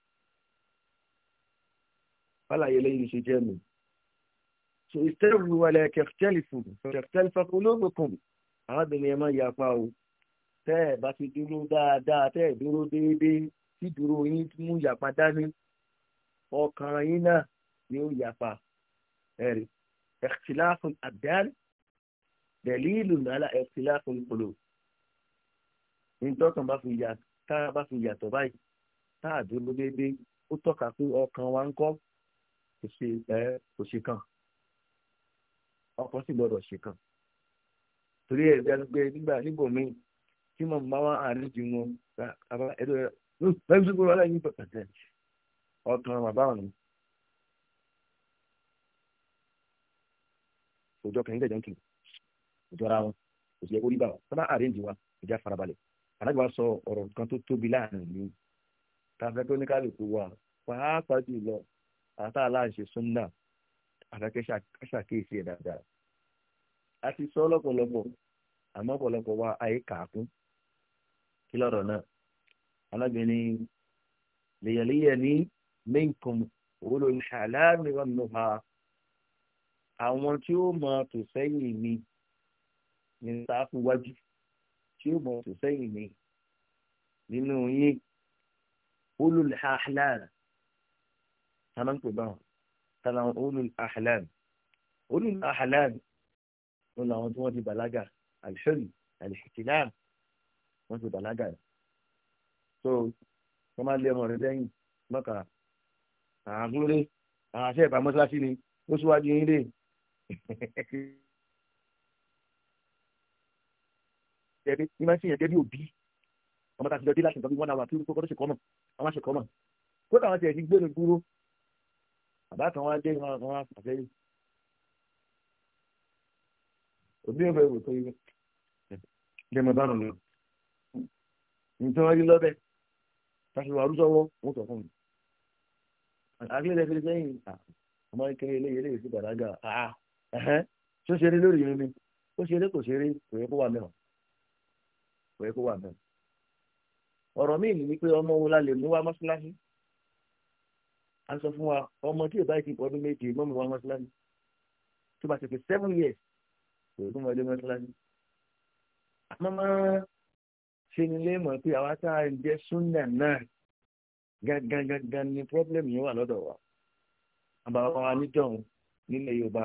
fàlàyé lẹ́yìn ìṣe jẹ́ mi so ìṣẹ́rù wàlẹ̀ kẹ̀kẹ́lì fún kẹ̀kẹ́lì fún olóògbé kan arábìnrin ẹ má yapa o tẹ́ ẹ bá ti dúró dáadáa tẹ́ ẹ dúró déédéé tí dúró yín mú yapa dání ọkàn yín náà ni ó yapa ẹ̀rí ẹ̀kìtìláfù àdáàlì dẹ̀líìlù nàlá ẹ̀kìtìláfù ìpolò nítọ́kàn bá fi yà tá a bá fi yàtọ̀ báyìí tá a dúró déédéé ó tọ́ka pé ọkàn wa ń kọ́ kò ṣe ẹ̀ kò ṣe kàn ọkàn sì gbọ́dọ̀ ṣe kàn torí ẹ̀ dájú pé nígbà níbò mí tí mo máa wá àárín ju wọn bàbá ẹ̀rọ bẹ́ẹ̀ bí wọ́n láyé pẹ̀pẹ̀tẹ̀ ọ̀tún bàbá ọ̀nà. òjò kẹ́yìn dẹ̀jọ́ ń kì òjò ara wọn kò sí ẹ orí bá wọn sábà àárín ju wa ìjà farabalẹ̀ alágbà sọ ọ̀rọ̀ kan tó tóbi láàrin ìlú tàbí tó ní kálukú wa pàápàá jùlọ àtàlà ìṣesúnnà àtàkẹ́sàkíyèsí ẹ̀ dáadáa a ti sọ lọ́pọ̀lọpọ̀ àmọ́ ọ̀pọ̀lọpọ̀ wa ayé kàákún kí lọ́rọ̀ náà alábìnrin lèyẹ̀lẹ́yẹ̀ ní minkum òwúlò ìṣàlàyé wọn nù ha àwọn tí ó mọ tò sẹ́yìn mi ní sáfù wájú tí ó mọ tò sẹ́yìn mi nínú yín ulul ahlan tánà ń pè báwọn tánà ulul ahlan ulul ahlan wọn làwọn tí wọ́n ti bàlágà àìsàn àìsìkìlá wọ́n ti bàlágà rẹ̀ so wọ́n máa lé ọmọ rẹ̀ lẹ́yìn mọ́kà àgúnlé àwọn àṣẹ ìpamọ́síláṣí ni ó síwájú yín dé (laughs) ẹbí ní máa ń ṣèyàn débi òbí ọmọ tá a ti lọ dé láti nǹkan bí one hour kí kókó tó ṣe kọ́mọ̀ àwọn àṣẹ kọ́mọ̀ kódà àwọn ti ẹ̀ ti gbé ní dúró bàbá kan wá dé wọn wá òbí ẹ̀fọ́ ìwò tó yẹ jẹ́ mọ̀ bá rùn nǹkan rí lọ́bẹ̀ tàbí wà rúṣọ́wọ́ wọ́n sọ fún mi àgbélẹ̀ fi sẹ́yìn àmọ́ ìkéré eléyìí eléyìí sí gbàdágà ṣó ṣeré lórí yẹn ni ó ṣeré kò ṣeré kò yẹ kó wà mẹ́wọ̀n kò yẹ kó wà mẹ́wọ̀n ọ̀rọ̀ míì ní pé ọmọ wo la lè mú wá mọ́ṣáláṣí a sọ fún wa ọmọ tí ì bá ti pọ̀ ọdún méje mọ́mú wá mọ́ṣáláṣí tó bá ti fi seven years kò tó mọdé mọ́sálásí. àmọ́ máa ṣe ni lé mọ̀ pé àwa tá a jẹ́ súnà náà gangan ni pọ́blẹ́mù yẹn wà lọ́dọ̀ wa. àbàwọ̀ wa níjọ̀hún nílẹ̀ Yorùbá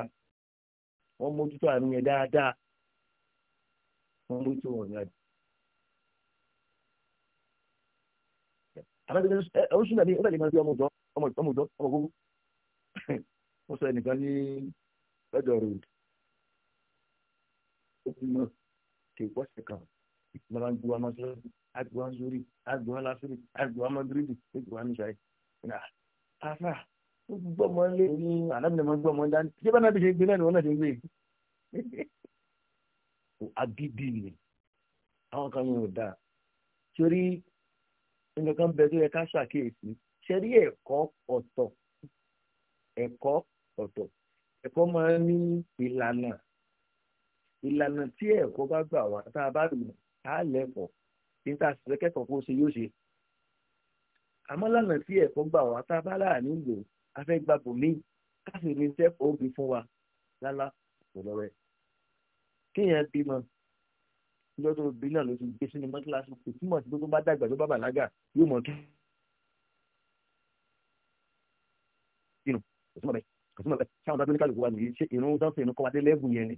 wọ́n mójútó àrùn yẹn dáadáa wọ́n mójútó wọn yàrá. àbájáde ọ̀hún súnà ní ọ̀dàlẹ̀ máa ń fi ọmọ ọ̀dọ́ ọmọ ọ̀dọ́ ọmọ ọ̀gbọ́n. wọ́n sọ ẹnìkan ní lọ́jọ́ ròdù Ah, ó ti mọ̀ kì í wọ́sẹ̀ kan ìmọ̀ràn ju amásọ́lọ́dún àgbọ̀ azórí àgbọ̀ alásórí àgbọ̀ amadúrídì ètò àmìṣáì àfà ó gbọ́mọ lé ní àdámìnàmọ́ gbọ́mọ dání ṣé bá nábì ṣe gbé náà ni wọ́n náà ṣe gbé agídí ni àwọn kan yẹn ò dáa torí nǹkan kan bẹ tó yẹ ká ṣàkíyèsí ṣe rí ẹ̀kọ́ ọ̀tọ̀ ẹ̀kọ́ ọ̀tọ̀ ẹ̀kọ́ máa ń ní ìlànà ìlànà tí ẹ̀kọ́ bá gbà wá tá a bá lò á lẹ́kọ̀ọ́ tí tá a sì kẹ́kọ̀ọ́ kó ṣe yóò ṣe àmọ́ lànà tí ẹ̀kọ́ gbà wá tá a bá láàánú lò a fẹ́ gba bòmí ká sì ní iṣẹ́ òbí fún wa lálá kò lọ rẹ kéèyàn bímọ lọ́jọ́ tó bí náà ló ti gbé sínú mọ́tíláṣí kò túmọ̀ sí pé tó bá dàgbà tó bá bàlágà yóò mọ̀ kí. kò túmọ̀ bẹ́ẹ̀ kò túmọ̀ bẹ́ẹ̀ sáwọn tábìlì kálukú wa nìyí ṣe ìrún sáfẹ́ ìrún kọ́wádé lẹ́gùn yẹn ni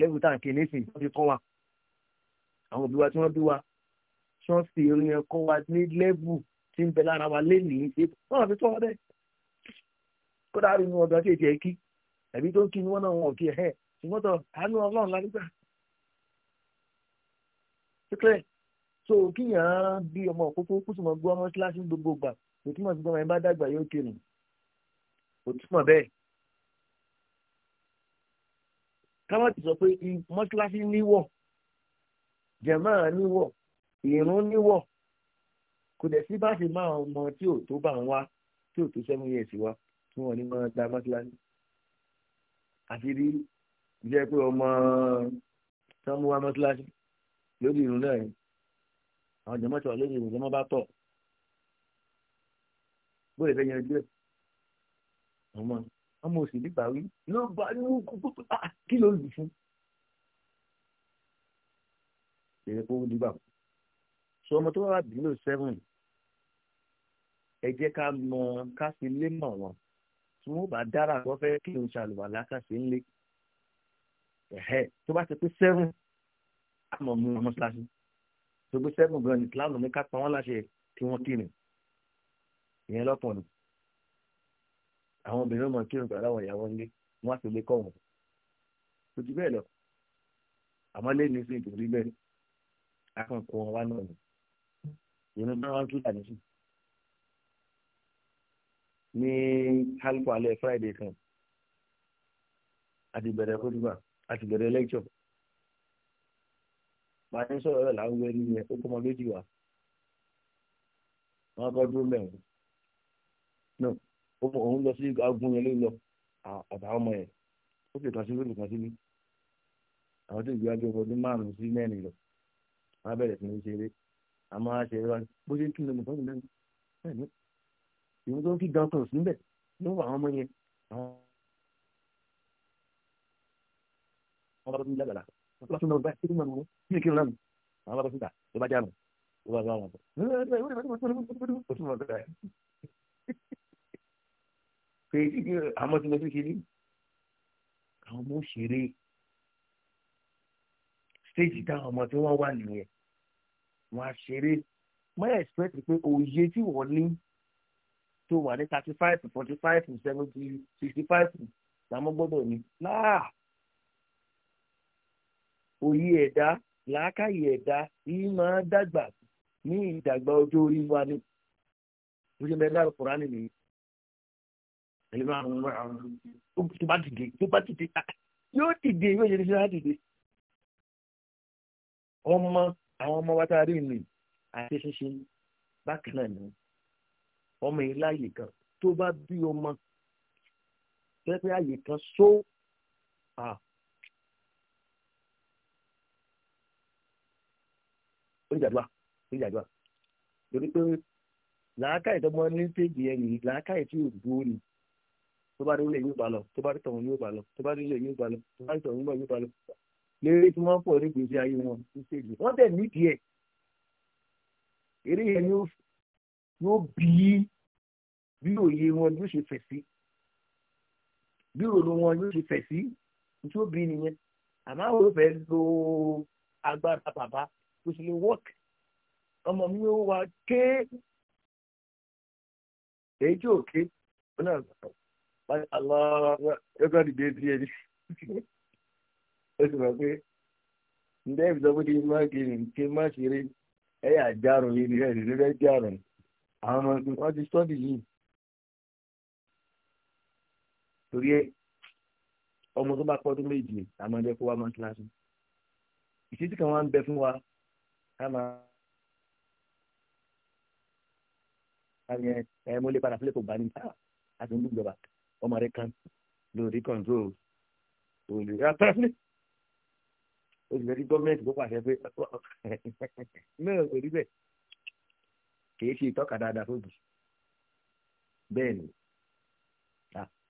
lẹ́gùn tá à ń ké nísìn wọ́n fi kọ́ wa àwọn òbí wa tí wọ́n bí wa tí wọ́n fi orin yẹn kọ́ wa ní lẹ́bù tí ń bẹ lára wa lénìí ṣe wọ́n àfi tọ́ ọ bẹ́ẹ̀ kódà rí inú ọdọ tí èdè ẹ tó ń kí ni wọ́n náà wọ́n kí ẹ ṣùgbọ́n tó àánú ọlọ́run lágbègbà síkírẹ̀ so kíyàn bí ọmọ òkókó kó sì mọ gbọ́ ọmọ síláṣí gbogbo gbà kò túmọ̀ káwọn ti sọ pé mọ́ṣáláṣí níwọ̀ jẹ̀mọ́ níwọ̀ ìrún níwọ̀ kò dẹ̀ sí bá ṣe máa ọmọ tí ò tó bá ń wá tí ò tó sẹ́mu yẹn sí wa tí wọ́n ní máa da mọ́ṣáláṣí àti rí jẹ́ pé ọmọ sọ́mu wá mọ́ṣáláṣí lórí ìrún náà yìí àwọn jẹ̀mọ́ ti wà lórí ìrún jẹ́mọ́ bá tọ̀ bóyá ìfẹ́ yẹn ojú ọmọ ọmọ òsì nígbà wí ló bá ní kókó ah, ah, kí ló lù fún. lèrè kó wọ́n dìgbà so ọmọ tó wà bí ló seven ẹ jẹ́ ká mọ ká sì lé mọ̀ wọn tí wọ́n bá dára wọ́n fẹ́ kí n ṣàlùwàlá ká sì ń lé ẹ̀hẹ́ tó bá ti pé seven á mọ̀ mú ọmọ síláṣí tó pé seven gan ni kíláàmù ní ká pa wọ́n láṣẹ kí wọ́n kí ìyẹn lọ́pọ̀ ni àwọn obìnrin ọmọ kírun pẹ̀lú àwọn ìyàwó ńlé wọn á sì lé kọ́ wọn kò jù bẹ́ẹ̀ lọ àmọ́ lẹ́nu sí ìtòrí bẹ́ẹ̀ akọ̀kọ̀ wọn wá náà ni ìrún bá wọn kíkà nísìn ní kálífù alẹ́ friday kan àti bẹ̀rẹ̀ kódùbà àti bẹ̀rẹ̀ lẹ́kṣọ̀ màá ní sọ̀rọ̀ rẹ̀ láwùjọ ẹni yẹn ó kọ́mọ méjì wá wọn kọ́ dúró mẹ́rin náà òun lọ sí agun yẹn ló lọ àtàwọn ọmọ yẹn ó sì kàn sí lórí kan sí ní àwọn tó ìgbé wájú ọdún márùn sí mẹ́rin lọ wọn á bẹ̀rẹ̀ sí ní ṣeré àmọ́ a ṣe wá bó ṣe ń kí lómi fún mi lẹ́nu bẹ́ẹ̀ ni ìwọ tó ń fi gan kan síbẹ̀ ló wà àwọn ọmọ yẹn àwọn ọmọ tó ń jágàlà wọn tó bá tún náà báyìí tó tún náà wọn kí ni kí ni lánàá àwọn bá tún tà ló bá jáàmù ló bá bá wọn bọ̀ pé kíkí àmọ́ tí mo tún ṣe rí àwọn ọmọ òṣèré stéèjì táwọn ọmọ tí wọ́n wà nìyẹn wọ́n á ṣeré má expect pé òye tí wọ́n ní tó wà ní thirty five forty five seventy sixty five làwọn gbọ́dọ̀ ní láà òye ẹ̀dá làákàyè ẹ̀dá yìí máa dàgbà ní ìdàgbà ọjọ́ orí wa ni. Bó ṣe bẹ dárò nìyí ẹ̀lẹ́ máa ń wá àwọn tó bá dìde tó bá dìde ah, yóò dìde yóò yẹ ní sinadá dìde. ọmọ àwọn ọmọ wa tá a rí ìlú àti ṣinṣin bákan náà ni ọmọ yìí láàyè kan tó bá bí ọmọ pẹ́pẹ́ àyè kan só oníjàdúrà oníjàdúrà torí pé làákàyè tó mọ ní stéèjì yẹn nìyí làákàyè tí ò dúró ni tó bá rí ilé yóò bá lọ tó bá rí tọ̀hún yóò bá lọ tó bá rí ilé yóò bá lọ tó bá rí tọ̀hún yóò bá lọ lérí tí wọ́n pọ̀ ní gbèsè ayé wọn ní sèjì wọ́n tẹ̀ nídìí ẹ̀ eré yẹn yóò bí bí òye wọn yóò ṣe fẹ̀ sí bí òòlù wọn yóò ṣe fẹ̀ sí tí ó bí nìyẹn àmọ́ àwọn olùfẹ́ lo agbára bàbá kò sì lè wọ́ọ̀kì ọmọ mi yóò wá ké èyí tí ò ké ó náà báyìí aláwọ̀ ẹgbẹ́ dìde díẹ̀ ni ó sì mọ̀ pé ǹdẹ́ ìbùdó pé kí n má kí n kí n má ṣeré ẹ yà járun yìí ni ẹ̀rì ló fẹ́ járun àwọn ọmọ ẹgbẹ́ wọn ti sọ́ọ̀dì yìí torí ẹ ọmọ tó bá pọ́ ọdún méjì àmọ́ ẹgbẹ́ kó wá mọ́ kíláàsì ìṣètì kan wá ń bẹ fún wa ká máa. Ẹ mo lè padà sílẹ̀ kó bá ní sáà àti ń dùn ìjọba ọmọ rẹ kan lórí control olè àtàlẹ́ olùdarí gọ́ọ̀mẹ̀ntì tó pàṣẹ pé (laughs) náà kò rí bẹ́ẹ̀ kì í ṣe ìtọ́ka dáadáa fún mi bẹ́ẹ̀ ni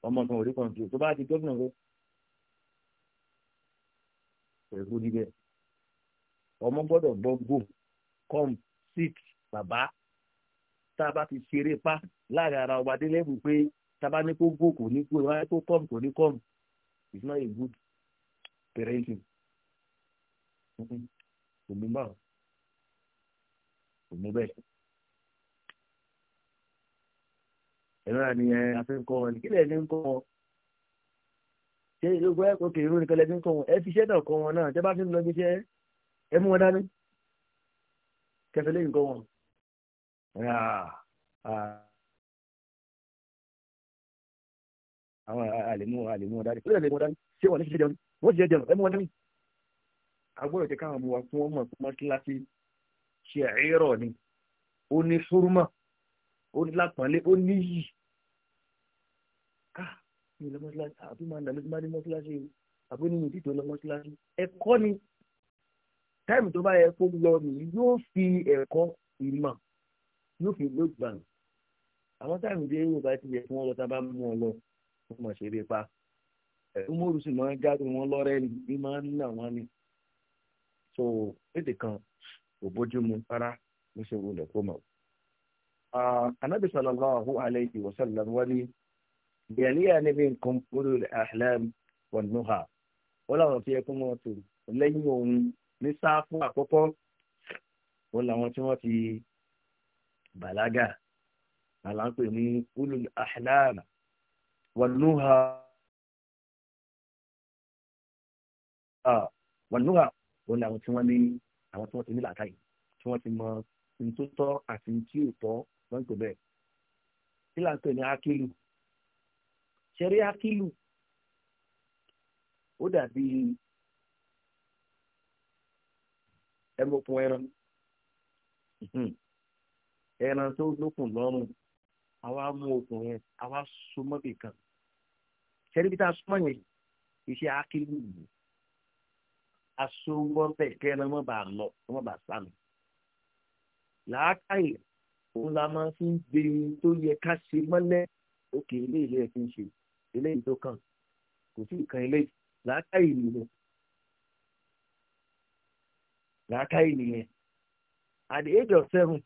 ọmọ kan ò rí control tó bá ti gómìnà rẹ ẹ̀rú níbẹ̀ ọmọ gbọ́dọ̀ gbọ́ngbò com six bàbá tá a bá ti ṣeré pa láàrin ara ọba délẹ́bù pé sábà ní kó gò kò ní kó ìwà tó kọ́m kò ní kọ́m it's not a good parenting kò mú bá kò mú bẹ́ẹ̀. ẹ̀rọ àni ẹ̀ àfihàn wọn kí lẹ́yìn ń kọ́ wọn ṣé ìlúgbọ ẹ̀kọ́ kì í rún nìkan lẹ́yìn ń kọ́ wọn ẹ fi iṣẹ́ náà kọ́ wọn náà tẹ́ bá fi ń lọ iṣẹ́ ẹ mú wọn dání kẹfẹ́ lẹ́yìn kọ́ wọn. àwọn àlèmú àlèmú ọ̀dá ìpínlẹ̀ lè mú ọ̀dá ṣé wọ́n ní ṣe jẹun wọ́n ṣe jẹun ẹ mú ọ̀dá mi. agbọ́dọ̀ jẹ́ káwọn ọmọ wa fún ọmọ fún mọ́tíláṣí ṣe àìrọ̀ ni ó ní súrúmọ̀ ó ní lápọ̀nlé ó ní yì. ká ah, mi lọ mọ́tíláṣí àbí máa ń dàlú máa ní mọ́tíláṣí àbí nínú ìdí tó lọ mọ́tíláṣí ẹ̀kọ́ ni táìmù tó bá yẹ kó lọ nìyí yóò fi ẹ̀kọ́ ìmọ̀ yóò fi lóògbà àwọn táìmù tó yẹ kó bá ti wọ́n mọ̀ ṣe é pa umoru sì máa ń jáde wọn lọ́rẹ́ ni bí máa ń nà wọ́n ni so ètè kan kò bójú mu rárá ló ṣe wọlé kó mọ̀. anabi sallallahu alayhi wa sallam wọ́n ní yẹ̀líyà ni bí nǹkan kúrò ahlam wọn nù ha wọ́n làwọn fi ẹkún wọn tó lẹ́yìn òun ní sáfù àkọ́kọ́ wọ́n làwọn tí wọ́n ti bàlágà àlàǹpẹ̀ ní ulul ahlam wọnúhà wọnúhà òun làwọn tí wọ́n ní àwọn tí wọ́n ti ní làákàyè tí wọ́n ti mọ ní tó tọ́ àti ní tí ò tọ́ wọ́n ń pè bẹ́ẹ̀ kí là ń pè ní akílù ṣeré akílù ó dàbí ẹmọkùn ẹran ẹran tó lókun lọ́rùn àwa mú okùn yẹn àwa so mọ́bì kan ṣẹ́ríbi tá a súnmọ́ yẹn iṣẹ́ akílù yìí asomgbọ́n bẹ́ẹ̀ kẹ́ ẹ má bàa lọ ẹ má bàa sàmì làákàyè òun la máa fi ń gbé tó yẹ ká ṣe mọ́lẹ̀ òkè eléyìí lè fi ń ṣe eléyìí tó kàn kò sí nǹkan eléyìí làákàyè nìyẹn làákàyè nìyẹn at the age of seven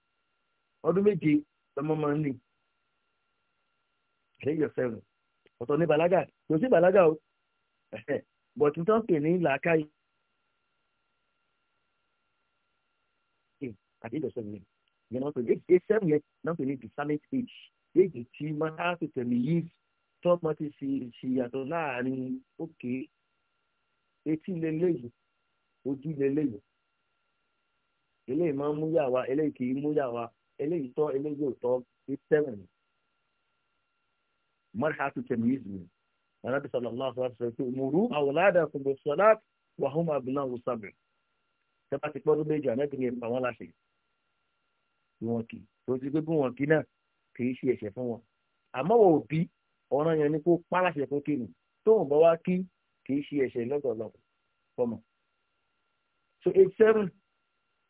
ọdún méje lọmọ máa ń lè behave yourself ọ̀tọ̀ ní balaga. kò sí bàlágà o but n tán pè ní làákàyè àti ìjọsìn mi yẹn náà pè ní eight seven yẹn náà pè ní summit age éèjì tí máa fi tẹ̀lé yìí tọ́mọ ti ṣìyàtọ̀ láàrin òkè etí lélẹ́yìn ojú lélẹ́yìn eléyìí máa ń múyà wá eléyìí kì í múyà wá eléyìí tọ́ eléyìí ò tọ́ eight seven marhatu tẹmíìsì anábì sallallahu alaihi wasallam pé mùrú àwòládà kùnbẹ sọlá wàhùn àbúlá òsàbẹ tẹpá ti pọdún méjì anábì ní ẹgbẹ àwọn aláṣẹ bí wọn kì tó ti gbé bí wọn kì náà kì í ṣe ẹ̀ṣẹ̀ fún wọn àmọ́ wọn ò bí ọ̀ràn yẹn ni kó pálàṣẹ fún kí ni tóun bá wá kí kì í ṣe ẹ̀ṣẹ̀ lọ́gọ̀ọ̀lọ́gọ̀ fọmọ so eight seven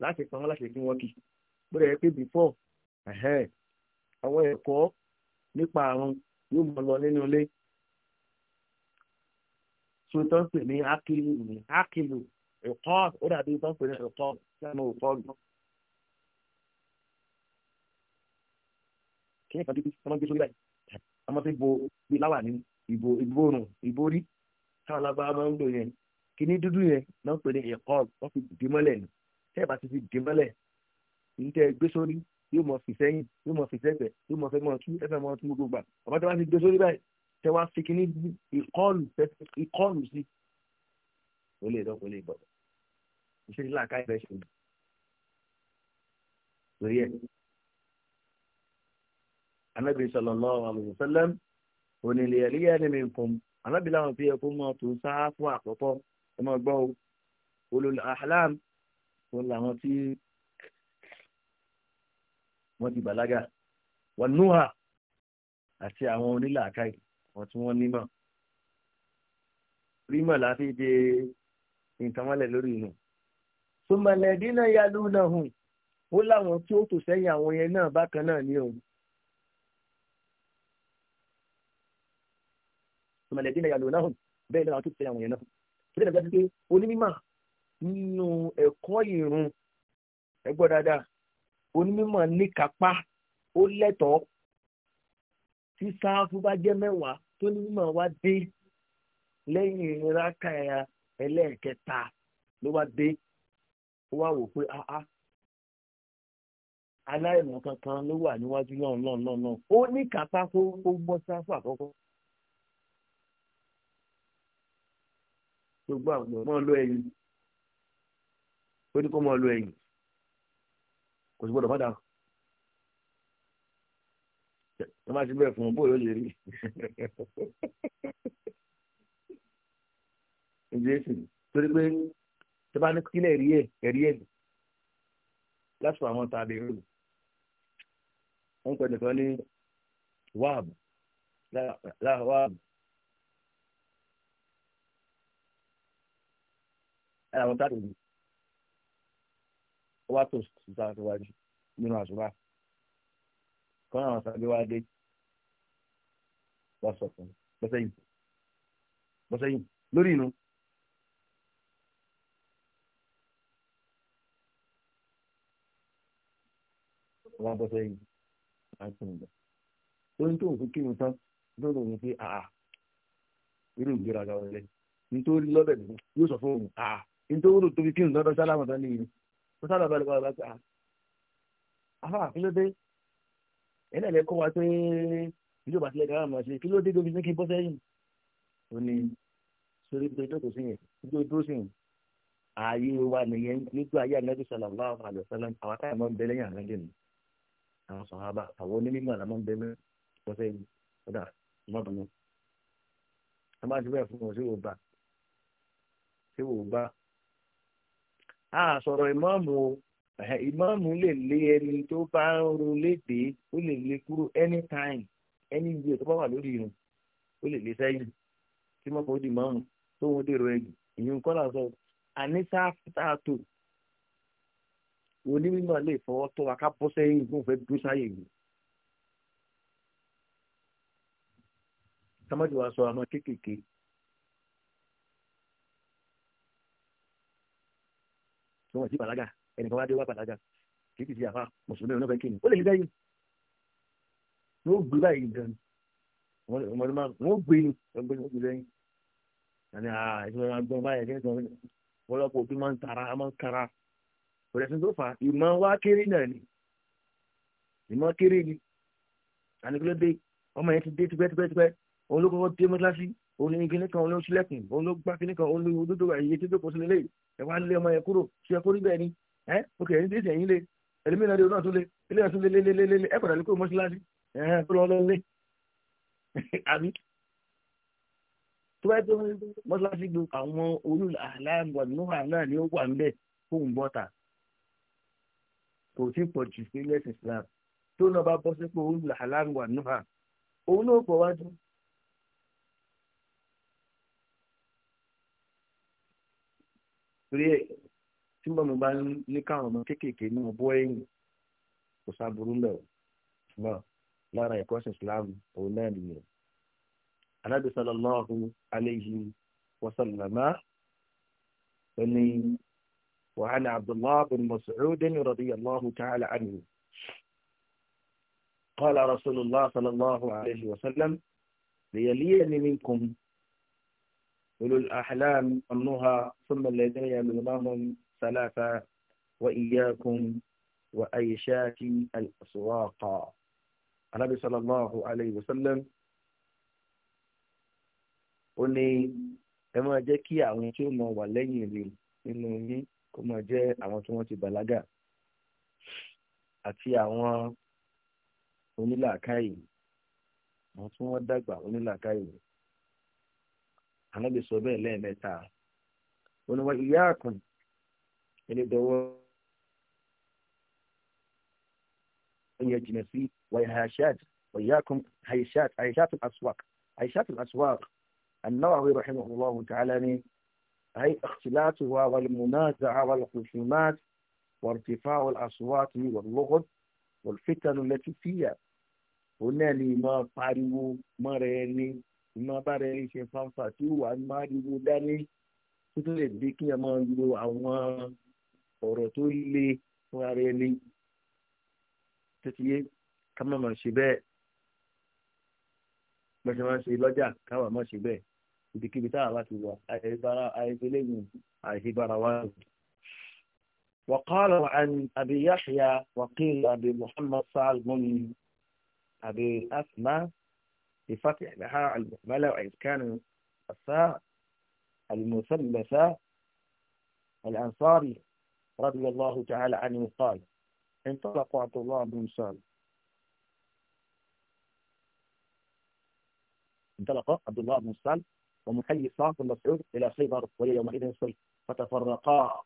láti pa wọn láṣẹ kí wọn kì bó dẹ̀ yẹ pé before àwọn ẹ̀kọ́ nípa àrùn yóò mọ̀ lọ nínú ilé so tó ń pè ní ákìlù ní ákìlù ẹ̀kọ́ ó dàbí tó ń pè ní ẹ̀kọ́ sẹ́nu ìfọ́lù. kí ni kàdé tó ń gbé sórí báyìí ọmọ tó bo bí láwà ní ìbò ìbòrùn ìbórí táwọn alágbára máa ń lò yẹn kí ni dúdú yẹn náà ń pè ní ẹ̀kọ́ wọ́n fi dìímọ́lẹ̀ ní tẹ́ẹ̀ bá ti fi dìímọ́lẹ̀ ní tẹ́ gbé sórí yóò mọ fi sẹ́yìn yóò mọ fi sẹ́gbẹ̀ yóò mọ fẹ́ mọ tú ẹ̀fẹ̀ mọ tú gbogbo gbà bàbá tó bá ti gbé sórí báyìí tẹ wá fi kíní ìkọlù ìkọlù sí ó lè dán kó lè bọ̀dọ̀ iṣẹ́ ńlá ká ẹ̀fẹ̀ ṣe lórí ẹ̀. anábì sallallahu alaihi wasallam onílé ẹlẹ́yà ni mi fún anábì láwọn fi ẹkún mọ́ tó sáà fún àkọ́kọ́ ẹ mọ́ gbọ́ olùlọ àhàlám òun làwọn tí wọ́n ti bàlágà wọ́n núhà àti àwọn onílàákàyè wọ́n tí wọ́n nímọ̀ rímọ̀ láti de nǹkan mọ́lẹ̀ lórí inú sọmọlẹ́dínà yálù náà hùn ó láwọn tí ó tò sẹ́yìn àwọn yẹn náà bákan náà ní òun sọmọlẹ́dínà yálù náà hùn bẹ́ẹ̀ náà tó sẹ́yìn àwọn yẹn náà tó dẹ̀ dájú pé onímọ̀ nínú ẹ̀kọ́ ìrun ẹgbọ́ dáadáa onímọ̀ níkápá ó lẹ́tọ̀ọ́ tí sáfù bá jẹ́ mẹ́wàá tó nímọ̀ wá dé lẹ́yìn ìraka ẹlẹ́ẹ̀kẹta ló wá dé ó wá wò pé áá ah, ah. aláìmọ̀ kankan ló wà níwájú náà náà náà náà ó ní kó ó bọ́ sáfù àkọ́kọ́. gbogbo àwọn ọmọ lọ ẹ̀yìn ó ní kó mọ lọ ẹ̀yìn kò sí gbọ́dọ̀ mọ́dà ẹ má ti bẹ̀rẹ̀ fún un bóyá ó lè rí jésù torí pé tí bá ní kílẹ̀ rí ẹ̀ ẹ̀rí ẹ̀ láti fún àwọn tàbí rú wọn pẹ̀lú kan ní wáàbù láà wáàbù àwọn tàbí rú ó wá tò síta síwájú nínú àṣùbà kọ́nà àwọn sábẹ́ wá dé wá sọ fún bọ́sẹ̀yìn bọ́sẹ̀yìn lórí inú. wọ́n bọ́ sẹ́yìn láti ń bọ̀. ó ní tóun fún kírun tán ló lòun pé àà irú ìgbéraga ọ̀rẹ́ ní tó lọ́bẹ̀ nìkan yóò sọ fún òun àà ní tó wúlò tóbi kírun tán lọ́sálàmù tán nìyí tó sábà bá lọ́wọ́ bá gbà á. afá kí ló dé ẹ̀yìn náà lè kọ́ wa pé ìlú bàtí ẹ̀ka àmọ̀ ṣe kí ló dé gómìnà kí n bọ́ sẹ́yìn. ó ní sórí pé jókòó sí yẹn ìjọ dúró sí yẹn ààyè wa nìyẹn nígbà ayé anabi sallallahu alayhi wa sallam àwọn táyà máa ń bẹ lẹ́yìn àrẹ́gẹ́ mi àwọn sọ̀hábà àwọn onímọ̀ àlà ń bẹ lẹ́yìn bọ́ sẹ́yìn ọ̀dà a máa ti bẹ́ẹ̀ fún wọn sí wò a sọ̀rọ̀ ìmáàmù o ìmáàmù lè lé ẹni tó bá ń ro léde ó lè lé kúrò anytime ẹni ibi tó bá wà lórí irun ó lè lé sẹ́yìn tí mọ́kàn ó di ìmáàmù tó wọn dèrò ẹ̀yìn ìyẹn kọ́ là sọ àníṣà tààtò onímọ̀ lè fọwọ́ tó wa ká bọ́ sẹ́yìn fún òfẹ́ dúró sáyè yìí. kámọ́jú sọ àwọn kéékèèké tí wọ́n ti bàlágà ẹnìkan wá dé wá bàlágà kì í ti di àfa mùsùlùmí ọ̀nà bẹ́ẹ̀ kìíní ó lè ní dẹ́yìn ní ó gbé báyìí gan wọ́n ọmọdé máa wọ́n gbé ní ọgbẹ́ ní ojú lẹ́yìn àní àìsàn máa gbọ́n báyìí kí nìkan wọ́lọ́pọ̀ òbí máa ń tara a máa ń kara kò lẹ́sìn tó fà á ìmọ̀ wá kéré náà ni ìmọ̀ kéré ni àníkúlódé ọmọ yẹn ti dé tipẹ́tipẹ́tipẹ́ òun ló kọ́kọ́ dé mọ́tíláṣí òun ní kíní kan òun ló ṣílẹ̀kùn òun ló gbá kíní kan òun ló dúdú ẹ̀yẹ tí tó kó sílé lẹ́yìn ẹ̀ wá lé ọmọ yẹn kúrò ṣe é kó rí bẹ́ẹ̀ ni ẹ́ òkè ẹ̀yìn tí ìṣẹ̀yìn lé ẹlẹ́mìnira lé onáà tún lé ilé ẹ̀ tún lé lélélélé ẹ̀ padà lé kúrò mọ́ṣáláṣí ẹ̀ tó lọ́ lọ́lé (laughs) àbí. tó bá yẹ pé mọ́ṣáláṣí gbé àwọn olùl àhàlà náà ni ó wà ń bẹ̀ fóun bọ́ta kò tí pọ̀ jù sí ilẹ̀ ìsìlám tó náà bá bọ́ sípò olùl àhàlà òun náà pọ̀ wájú torí ẹ tí mọ̀mọ́ bá ní káwọn ọmọ kéékèèké náà bọ́ ẹ̀yìn kò sábúrú lẹ̀ o ṣùgbọ́n lára ẹ̀kọ́ ṣe ìsìláàmù òun náà nìyẹn. anábì sallallahu alayhi wa sallama ẹni wàhánà abdullahi bin mas'ud radiyallahu ta'ala anhu. قال رسول الله صلى الله عليه وسلم ليليني منكم أولو الأحلام والنهى ثم الذين يبلغهم ثلاثة وإياكم وأيشاك الأسواق النبي صلى الله عليه وسلم ó ní ẹ máa jẹ́ kí àwọn tí ó mọ wà lẹ́yìn rẹ̀ nínú yín kó máa jẹ́ àwọn tí wọ́n ti bàlágà àti àwọn onílàákàyè àwọn tí wọ́n dàgbà onílàákàyè أنا sọ bẹ́ẹ̀ lẹ́ẹ̀mẹ́ta oníwà ìyá àkùn ẹni dọwọ́ ẹni ẹ̀jìnà sí هيشات wàyíhàkùn àyíṣáàt àyíṣáàt aswak àyíṣáàt aswak رحمه الله تعالى هي اختلاتها والمنازعة والخصومات وارتفاع الأصوات واللغز والفتن التي فيها هنا ما فعلوا مريني máa bá rẹ ṣe fanfa tí wàá máa riwo dání tó tó lè dé kí ẹ máa lo àwọn ọ̀rọ̀ tó le fún ara ẹni títí yé ká má máa ṣe bẹ́ẹ̀ gbọ́dọ̀ máa ṣe lọ́jà káwa máa ṣe bẹ́ẹ̀ ibikíbi táwa bá ti wà àìsílẹ̀yìn àìsíbára wa. وقال عن أبي يحيى وقيل أبي محمد سعد أبي أسماء بفتح لها المهملة كان الساء المثلثة الأنصاري رضي الله تعالى عنه قال انطلق عبد الله بن سالم انطلق عبد الله بن سالم ومحيي صاف بن مسعود إلى خيبر وهي يومئذ صلح فتفرقا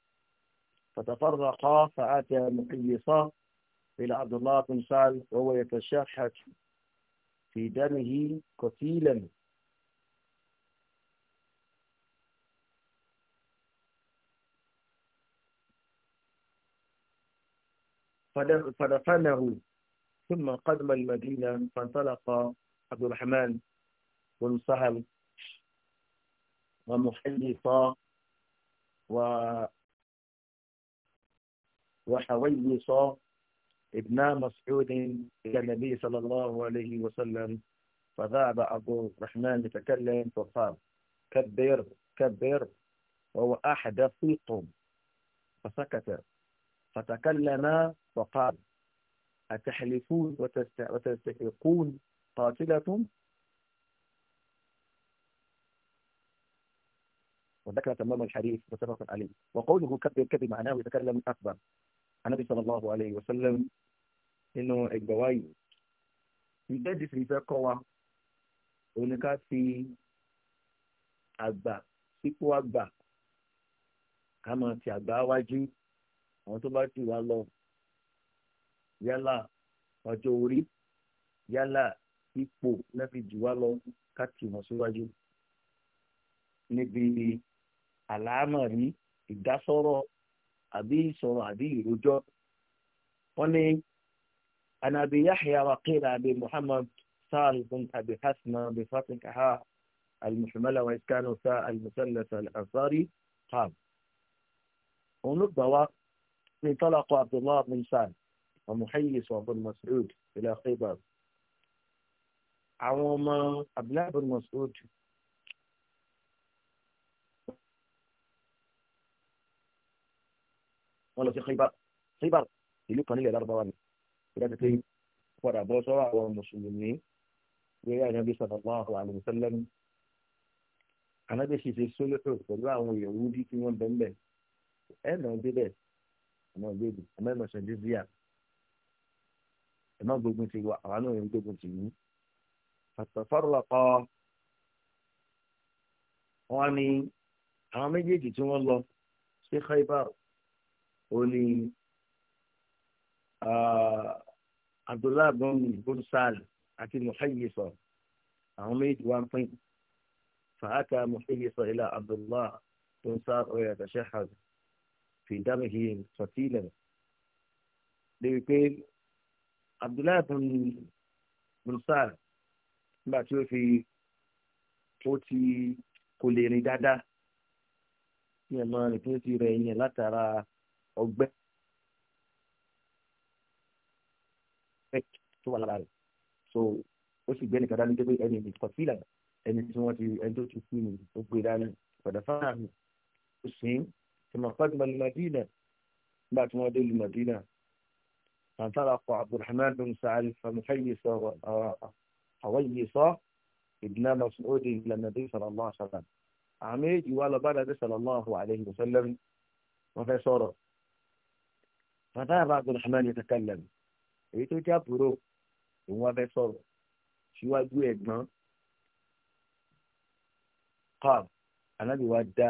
فتفرقا فأتى محيي صاف إلى عبد الله بن سالم وهو يتشحت في دمه قتيلا فدفنه ثم قدم المدينة فانطلق عبد الرحمن بن سهل ومحلصا و وحويصا ابن مسعود إلى النبي صلى الله عليه وسلم فذهب أبو الرحمن يتكلم فقال كبر كبر وهو أحدثكم فسكت فتكلم فقال أتحلفون وتستحقون قاتلكم وذكر تمام الحديث متفق عليه وقوله كبر كبر معناه يتكلم أكبر anabi sallallahu alayhi wa sallam nínú ẹgbẹ́ wa yìí ǹjẹ́ dìsì ìfẹ́ kọ́ wa òun ni ká fi àgbà sípò àgbà ká máa ti àgbà wájú àwọn tó bá ti wá lọ yálà ọjọ́ orí yálà ipò náà jù wá lọ ká tì síwájú níbi àlámọ̀rí ìdásọ́rọ̀ أبي سورة أبي رجوع وني أنا أبي يحيى وقيل أبي محمد صالح بن أبي حسن بفتح المحملة وإذ كانوا ساء المثلث الأنصاري قال ونبدأ انطلق عبد الله بن سعد ومحيص وابن مسعود إلى خيبر عوام أبناء بن مسعود wọ́n lọ sí Khaybar Khaybar ìlú kan nílẹ̀ lárúbáwá ni ìdá ti pé hmm. padà bọ́ sọ́wọ́ àwọn mùsùlùmí wíwá ìnábi sallallahu alaihi wasallam anábì sì ti sólótò pẹ̀lú àwọn Yẹhudi tí wọ́n bẹ̀m̀bẹ̀ ẹ̀ náà débẹ̀ ọmọ ìgbèbí ọmọ ìmọ̀sán dídíà ẹ̀ má gbógun ti wà àwọn náà gbógun ti yìí fàtàfàrọ̀lọ́kọ́ wọn ni àwọn méjèèjì tí wọ́n lọ sí Khaybar ó ní abdullahi abdulmi bursal àti muhayyisa àwọn méjì wá ń pín fàákà muhayyisa ilà abdullahi bursal ó yàtọ̀ shahad fi dámihì fatilẹ̀ débi pé abdullahi abdulmi bursal nígbà tí ó fi ó ti kò lè rìn dáadáa ní ẹ̀mọ́ rẹ̀ tó ti rẹ̀ yẹn látara ọgbẹ́ tó wà lára rẹ̀ so ó sì gbé nìkan dání pé ẹni ìkọ̀ sílẹ̀ ẹni tí wọ́n ti ẹni tó ti kú ni ó gbé dání padà fáwọn àmì ó sì ń tìmọ̀ pàtó balẹ̀ Madina nígbà tí wọ́n dé lu Madina فانطلق عبد الرحمن بن سعد فمحيص حويص ابن مسعود الى النبي صلى الله عليه وسلم عميد ولا بلد صلى الله عليه وسلم وفي صورة fàtàbà abdulrahman yatakallam èyí tó já àbúrò òun wá fẹ́ sọ̀rọ̀ síwájú ẹ̀gbọ́n qab anabi wa da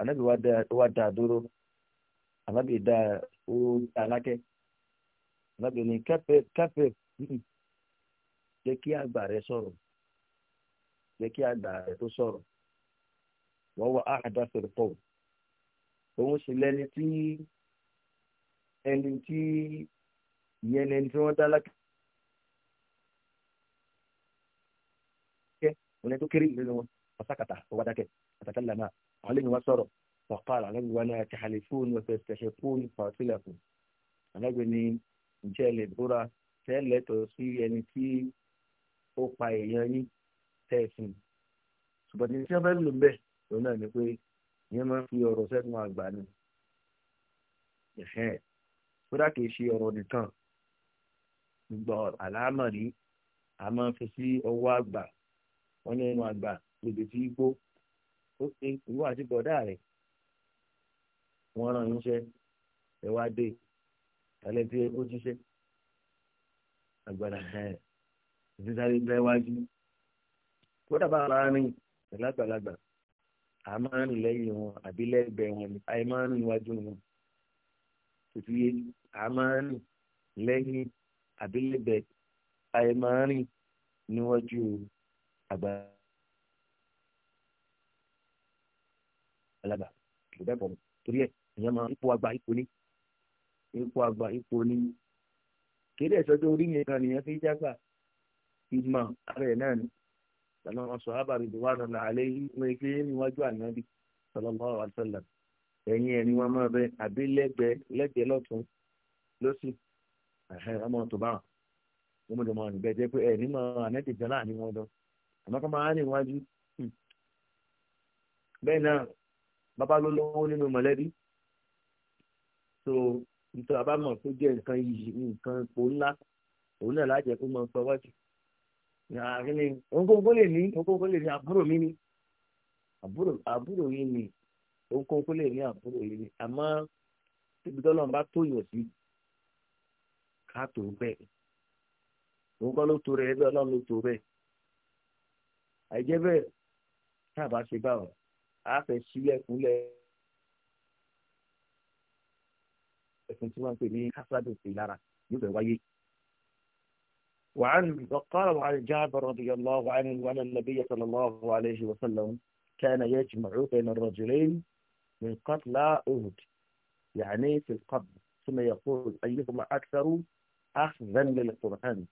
anabi wa da wa da dúró anabi da ó alákẹ́ anabi ní kẹfẹ kẹfẹ jẹ́ kí àgbà rẹ sọ̀rọ̀ jẹ́ kí àgbà rẹ tó sọ̀rọ̀ wọ́n wọ àdàfẹ́ pọ̀ òun sì lẹ́ni tí ẹni tí ìyẹn ni ẹni tí wọ́n dá lákẹ́. wọn tó kéré ìlú wọn fasakata wọn dákẹ́ àtàkàlàmà àwọn lẹ́yìn wa sọ̀rọ̀ wàkàrà alẹ́gbẹ̀ẹ́ wa náà kàhálẹ fóònù ọ̀sẹ̀ ṣẹ̀ṣẹ̀ fóònù fàtílà fún alẹ́gbẹ̀ẹ́ ni ǹjẹ́ ẹ lè búra tẹ́ ẹ sí ẹni tí ó pa èèyàn yín tẹ́ ṣùgbọ́n ní tí wọ́n fẹ́ lò bẹ́ẹ̀ lọ́nà ni pé ìyẹn máa ń fi ọ̀rọ̀ sẹ́nu àgbà ni kódà kìí ṣe ọ̀rọ̀ nìkan gbọ́ àlámọ̀rí a máa ń fi sí ọwọ́ àgbà wọ́n ní ẹnu àgbà lèdè tí igbó ó ṣe ìwọ àti bọ̀dá rẹ̀ wọ́n rán yín ṣẹ́ ẹ wá dé alẹ́ tí ó ṣiṣẹ́ agbára ẹ̀ ìdíjáde lẹ́wájú kódà bá ara rìn lágbàlagbà a máa ń rìn lẹ́yìn wọn àbí lẹ́gbẹ̀ẹ́ wọn àyè máa ń rìn iwájú wọn tuntun yé a lẹ́yìn àbílẹ̀bẹ̀ àìmọ́rin níwájú àgbà alàgbà kò torí ẹ̀ máa ipò àgbà ipò ní ipò àgbà ipò ní kéde orí yẹn kan nìyẹn fi jágbà ìmọ̀ ara ẹ̀ náà ni wọn sọ ábàbí níwájú lọ́sì ọmọ tó bá wọn mo jọ mọ àrùn bẹ́ẹ̀ jẹ́ pé ẹ̀ ní mọ ànẹ́tì jẹ́ láàrin wọn lọ àmọ́ kọ́ máa ní iwájú bẹ́ẹ̀ náà bàbá ló lọ́wọ́ nínú mọ̀lẹ́bí so nítorí àbámọ̀ tó jẹ́ nǹkan yìí nǹkan ipò ńlá òun náà lájẹ kó máa ń pa wájú ààrẹ ni ohunkóhun lè ní ohunkóhun lè ní àbúrò mi ni àbúrò yìí ni ohunkóhun lè ní àbúrò yìí ni àmọ́ tíbi tọ́lọ́run bá tó yàn sí ká tó bẹ́ẹ̀ òun kọ́ ló tó rẹ̀ ẹgbẹ́ ọlọ́run ló tó bẹ́ẹ̀ àìjẹ́ bẹ́ẹ̀ tá a bá ṣe báwọn a fẹ́ sílẹ̀ fúnlẹ̀ ẹ̀sìn tí wọ́n ń pè ní kásádùn sí lára yóò fẹ́ wáyé. وعن وقال عن جابر رضي الله عنه وعن النبي صلى الله عليه وسلم كان يجمع بين الرجلين من قتلى أهد يعني في القبر ثم يقول أيهما أكثر أخذا للقرآن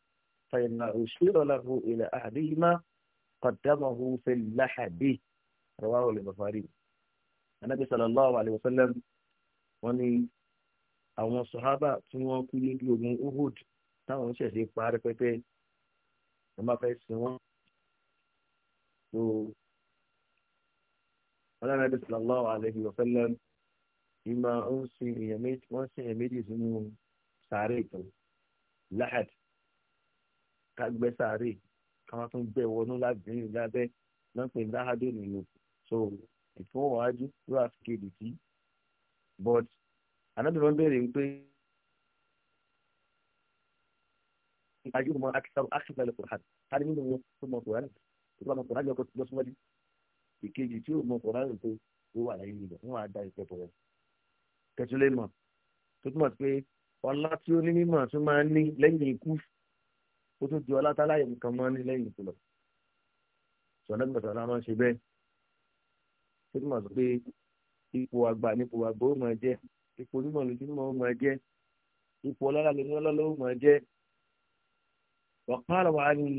فإن أشير له إلى أحدهما قدمه في اللحب رواه البخاري النبي صلى الله عليه وسلم وني أو الصحابة ثم كل يوم أهود ثم شهد بارك بي وما في السماء ولا النبي صلى الله عليه وسلم إما أنسي يميت وأنسي يميت يزمون سعريكم láhàd ká gbẹ́ sáré ká wọ́n tún gbẹ́ wọnú lábẹ́rẹ́ lábẹ́ náà pé láhàdé nìyẹn so ìfowópamọ́jú ló àfikèdè sí but anábìrán bẹ̀rẹ̀ pé ayélujára akitaru akitaru kùrán káni nínú wọn tó mọ kùrán tó bá mọ kùrán yọkọ lọ síwájú ìkejì tí ò mọ kùrán rẹ pé ó wà láyé nìyẹn wọn á da ìfẹ́ pọ̀ rẹ kẹtùlẹ́ mọ̀ tó túmọ̀ sí pé ọlá tí ó ní mímọ̀ tún máa ní lẹ́yìn ikú ó tún di ọlá táláyè nǹkan máa ní lẹ́yìn ìkùlọ̀ sọ̀lẹ́gbẹ̀sọ̀lá máa ń ṣe bẹ́ẹ̀ ó tún máa sọ pé ipò àgbà nípò àgbà ó máa jẹ́ ipò onímọ̀ lójú mọ̀ ó máa jẹ́ ipò ọlọ́lá lójú ọlọ́lá ó máa jẹ́ wàhálà wàhálà ni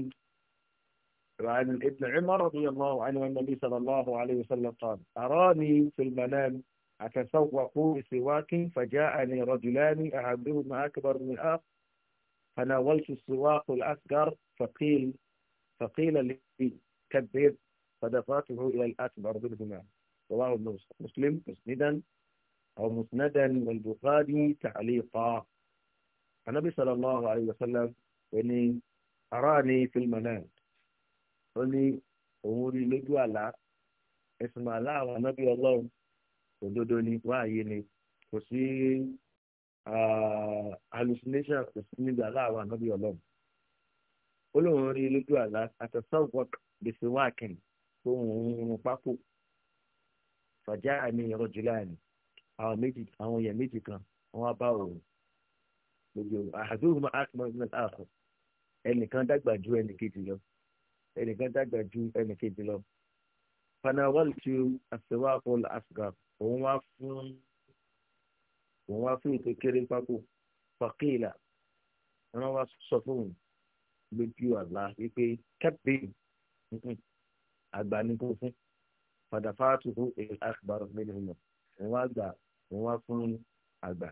وعن ابن عمر رضي الله عنه النبي صلى الله عليه وسلم قال أراني في المنام أتسوق بسواك فجاءني رجلان أحدهما أكبر من الآخر فناولت السواق الأصغر فقيل فقيل لي كبر فدفعته إلى الأكبر منهما رواه مسلم مسندا أو مسندا والبخاري تعليقا النبي صلى الله عليه وسلم يعني أراني في المنام يعني أموري لجوالا اسم الله ونبي الله òdodo ni wáàyè ni kò sí hallucination kò sí níbi aláwa níbi ọlọ́run ó lóun rí lójú àlá àtẹ̀sọ́ work gbèsè wáàkìn tó ń rún pákó fàjá àmì ìrọ̀jùláàni àwọn méjì àwọn èèyàn méjì kan wọn á bá òun gbogbo àdúgbò máa àtúmọ̀ ní àkọ́ ẹnìkan dàgbà ju ẹnìkejì lọ ẹnìkan dàgbà ju ẹnìkejì lọ fanawal tu àṣewà paul asgard òun wá fún òun wá fún ètò kéré pákó fàkìlà wọn wá sọ fóun lójú àlá wípé kẹ́pì àgbà ní kó fún padà fáàtù fún èyí àkùbárò nínú ìmọ̀ òun wá gbà òun wá fún àgbà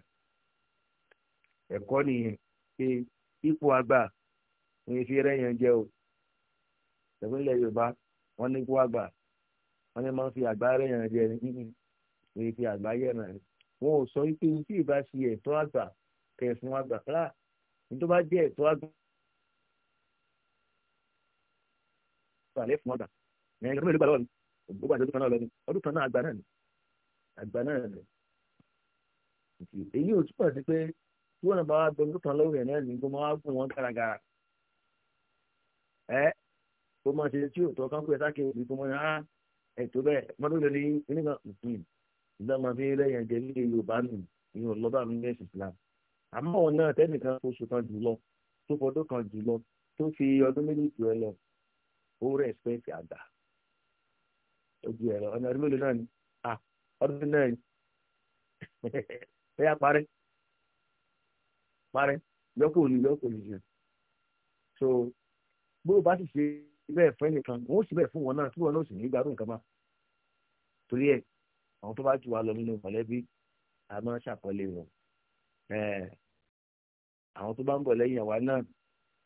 ẹ̀kọ́ nìyẹn pé ipò àgbà ní fi rẹ́yìn jẹ́ o ìpínlẹ̀ Yorùbá wọ́n ní kó àgbà wọ́n ní máa ń fi àgbà rẹ́yìn jẹ́ ní ní ti àgbáyé náà wọn ò sọ wípé tí ì bá ṣe ẹ̀tọ́ àgbà kẹfún àgbà rà ní tó bá jẹ́ ẹ̀tọ́ àgbà àlẹ́ fún ọgbà ẹ̀yìn ìgbà mẹ́rin ló gbà lọ́wọ́ mi ó gbà lọ́dún kan náà lọ́dún ọdún àgbà náà ni àgbà náà ni èyí ò túbọ̀ sí pé tí wọ́n bá wá gbọ́ ọdún kan lọ́wọ́ yẹn náà ní kó máa wá gùn wọn gàràgàrà ẹ kó máa ṣe tí ò tọ́ kánkó ẹ̀ sáké òbí kó máa ah, bẹ́ẹ̀ mọ́tò lórí oníkan ìdámọ̀ fi lẹ́yìn ẹ̀jẹ̀ ní yorùbá nù ìyẹn ọlọ́dà ní ẹ̀sìn islam àmọ́ àwọn náà tẹ́nìkan oṣù kan jùlọ tó fọdún kan jùlọ tó fi ọdún méjì jù ẹ lọ ó rẹ́spẹ́tì àgbà ojú ẹ lọ ọ̀nà ọdún mélòó náà ni ọdún náà ni ẹ yá parí parí yọkọ̀ òní yọkọ̀ òní yẹn so bó o bá sì ṣe bẹ́ẹ̀ fẹ́ nìkan wọ́n ó sì bẹ́ẹ̀ fún wọn náà tí wọn náà sì ní gbádùn nǹkan máa torí ẹ̀ àwọn tó bá jù wá lọ nínú mọ̀lẹ́bí a máa ṣàpọ́nlé wọn àwọn tó bá ń bọ̀ lẹ́yìn àwa náà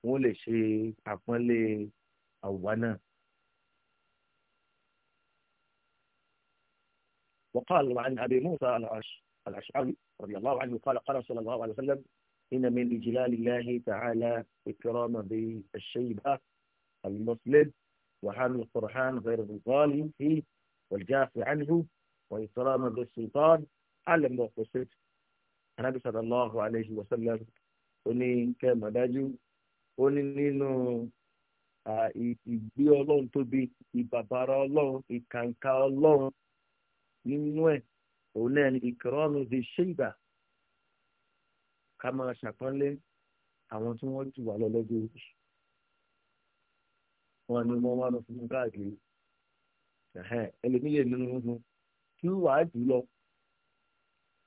wọ́n lè ṣe àpọ́nlé àwa náà. وقال عن أبي موسى الأشعري رضي الله عنه قال قال صلى الله عليه وسلم إن من إجلال الله تعالى إكرام ذي الشيبة المسلم وحامل القرآن غير الظالم فيه والجاف عنه وإكرام بالسلطان علم وقصد النبي صلى الله عليه وسلم oni kẹmọ dájú ó ní nínú ìgbé ọlọ́run tóbi ìbàbàrà ọlọ́run ìkàǹkà ọlọ́run nínú ẹ̀ òun náà ni ìkìrọ́nù di ṣéǹgbà ká máa ṣàpọ́nlé àwọn tí wọ́n jù wá lọ lọ́jọ́ orí wọn ni wọ́n wá lọ fún káàkiri ẹlòmíyè nínú fún kí wàá jù lọ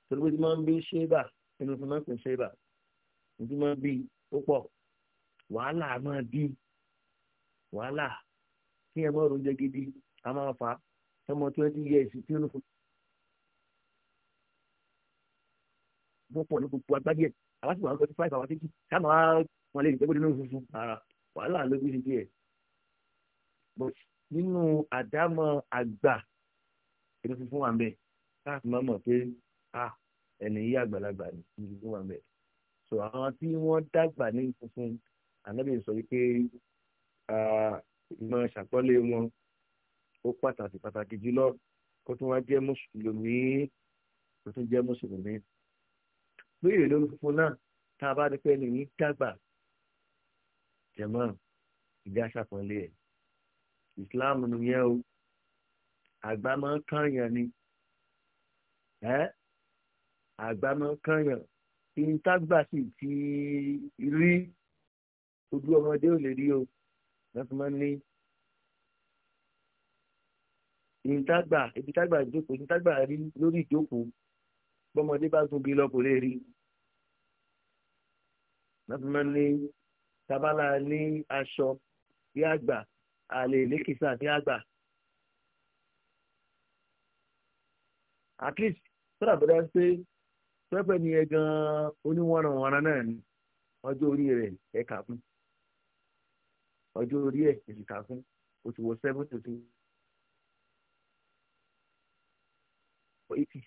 torí pé tí máa ń bí ṣébà ẹnu tí máa ń pè ṣébà tí máa bí ó pọ̀ wàhálà máa bí wàhálà kí ẹ máa ronjẹ gidi a máa fà ọmọ twenty years tí ó ń fún wọn pọ̀ ní gbogbo agbájẹ́ àwọn sì wà ní twenty five àwọn twenty káàmù wọn lè dẹ́gbẹ́ nínú funfun ara wàhálà ló bí ṣe díẹ̀ but nínú àdámọ̀ àgbà inú fífún wà ń bẹ káàkiri máa mọ̀ pé a ẹni yí àgbàlagbà ní inú fífún wà ń bẹ so àwọn tí wọ́n dàgbà ní funfun ànábì sọ wípé ìmọ̀ ṣàpọ́lé wọn ó pàtàkì pàtàkì jùlọ kó tún wá jẹ́ mùsùlùmí kó tún jẹ́ mùsùlùmí béèrè lórí funfun náà tá a bá rí pé ẹni yìí dàgbà jẹ̀mọ́ ìdí àṣàpọ̀lé ẹ̀ ìsìláàmù nìyẹn o àgbà máa ń kànyàn ni àgbà máa ń kànyàn ìntàgbà sì ti rí ojú ọmọdé ò lè rí o lọ́sùn máa ń ní ìntàgbà ibi tágbà jókòó ìntàgbà rí lórí ìjókòó bọ́mọdé bá gun bí lọ lè rí lọ́sùn máa ń ní tabala ní aṣọ bí àgbà àlè lékìsà bí àgbà. at least sọ́dà tó dá pé pẹ́pẹ́ ni ẹ gan-an oníwọ̀nranwọ̀nran náà ni ọjọ́ orí rẹ̀ ẹ kà fún ọjọ́ orí ẹ̀ èsì kà fún oṣù wo seven to two eighty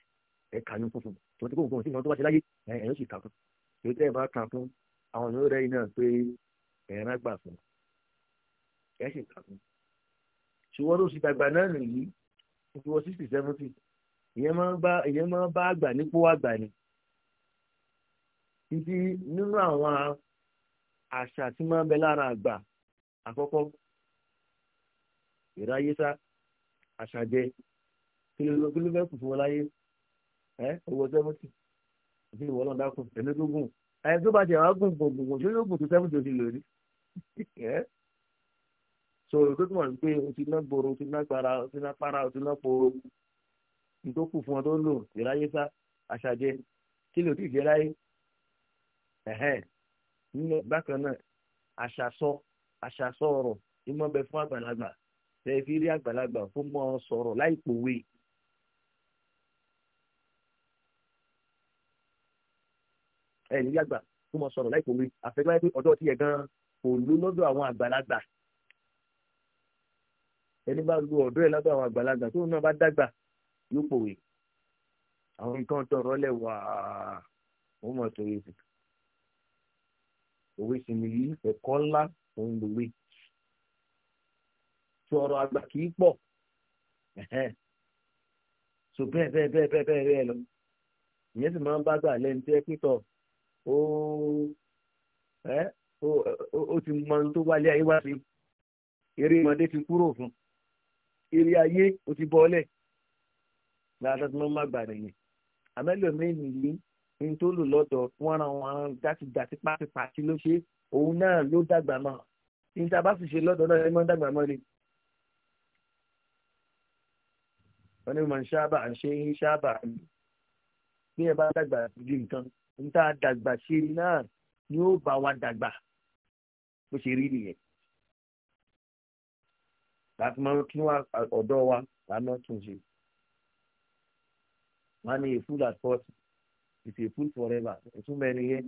ẹ kà ní funfun tòun tí kò gbọ́n sí ìran tó bá ṣe láyé ẹ̀yìn sì kà fún èyí tẹ́ ẹ bá kà fún àwọn yóò rẹ́yìn náà pé ẹ̀yìn àgbà fún ẹ̀ sì kà fún ṣùgbọ́n tó ṣì dàgbà náà nìyí oṣù wo sixty seventy ìyẹn máa ń bá ìyẹn máa ń bá àgbà nípò àgbà ni títí nínú àwọn àṣà tí máa ń bẹ lára àgbà àkọ́kọ́ ìráyésá àṣàjẹ kí ló kí ló fẹ́ kù fún wọn láyé ẹ owó sẹ́fúntì àti ìwọ náà dákun ẹni tó gùn ẹ tó bá tiẹ̀ wá gùn gùn gùn gùn tó yóò gùn tó sẹ́fúntì ó ti lò rí ẹ so ìgbésùn wọn pé o ti ná gbòòrò o ti ná gbára o ti ná para o ti ná poro tó kù fún ọ tó ń lò ìráyé sá àṣàjẹ kí ló ti jẹ láyé nílẹ̀ bákan náà àṣàsọ àṣàsọ ọ̀rọ̀ ìmọ̀ bẹ fún àgbàlagbà tẹ̀ fi rí àgbàlagbà fún mọ́ ọ sọ̀rọ̀ láì pòwe. ẹ ní yàgbà tó mọ sọ̀rọ̀ láì pòwe àfẹ́gbáyé pé ọ̀dọ́ tiẹ̀ gan-an kò ló lọ́dọ̀ àwọn àgbàlagbà ẹni bá lu ọ̀dọ́ ẹ̀ lọ́dọ̀ àwọn àgbàlagbà tó náà bá dàgbà nípòwé àwọn nǹkan tọrọ lẹ wàá wọn mọ sọ yìí òwe sì nìyí ẹ̀kọ́ ńlá òun lòwe tí ọ̀rọ̀ àgbà kì í pọ̀ so bẹ́ẹ̀ bẹ́ẹ̀ bẹ́ẹ̀ bẹ́ẹ̀ bẹ́ẹ̀ bẹ́ẹ̀ lọ ìyẹn sì máa ń bá gbà lẹ́nu tí ẹ pítọ̀ ó ẹ ó ti mọ ohun tó wálé ayé wá sí eré ọmọdé ti kúrò fún eré ayé ó ti bọ́ ọ lẹ́ẹ̀ lára tó má gbà nìyẹn àmẹ́lòmíì nìyí ní tó lò lọ́dọ̀ wọ́n ran wọn dátì dátì pátipàti ló ṣe òun náà ló dàgbà mọ́ ní tá a bá sì ṣe lọ́dọ̀ náà ẹ máa ń dàgbà mọ́ ni. wọ́n ní màá ṣáàbà ṣe ń ṣáàbà bí ẹ bá dàgbà ju nǹkan ní tá a dàgbà ṣe náà ni ó bá wa dàgbà bó ṣe rí nìyẹn láti máa kí wọn ọ̀dọ́ wa lánàá tún ṣe. Money á ní a fool at first. is a fool forever ìtumọ̀ ẹni yẹn.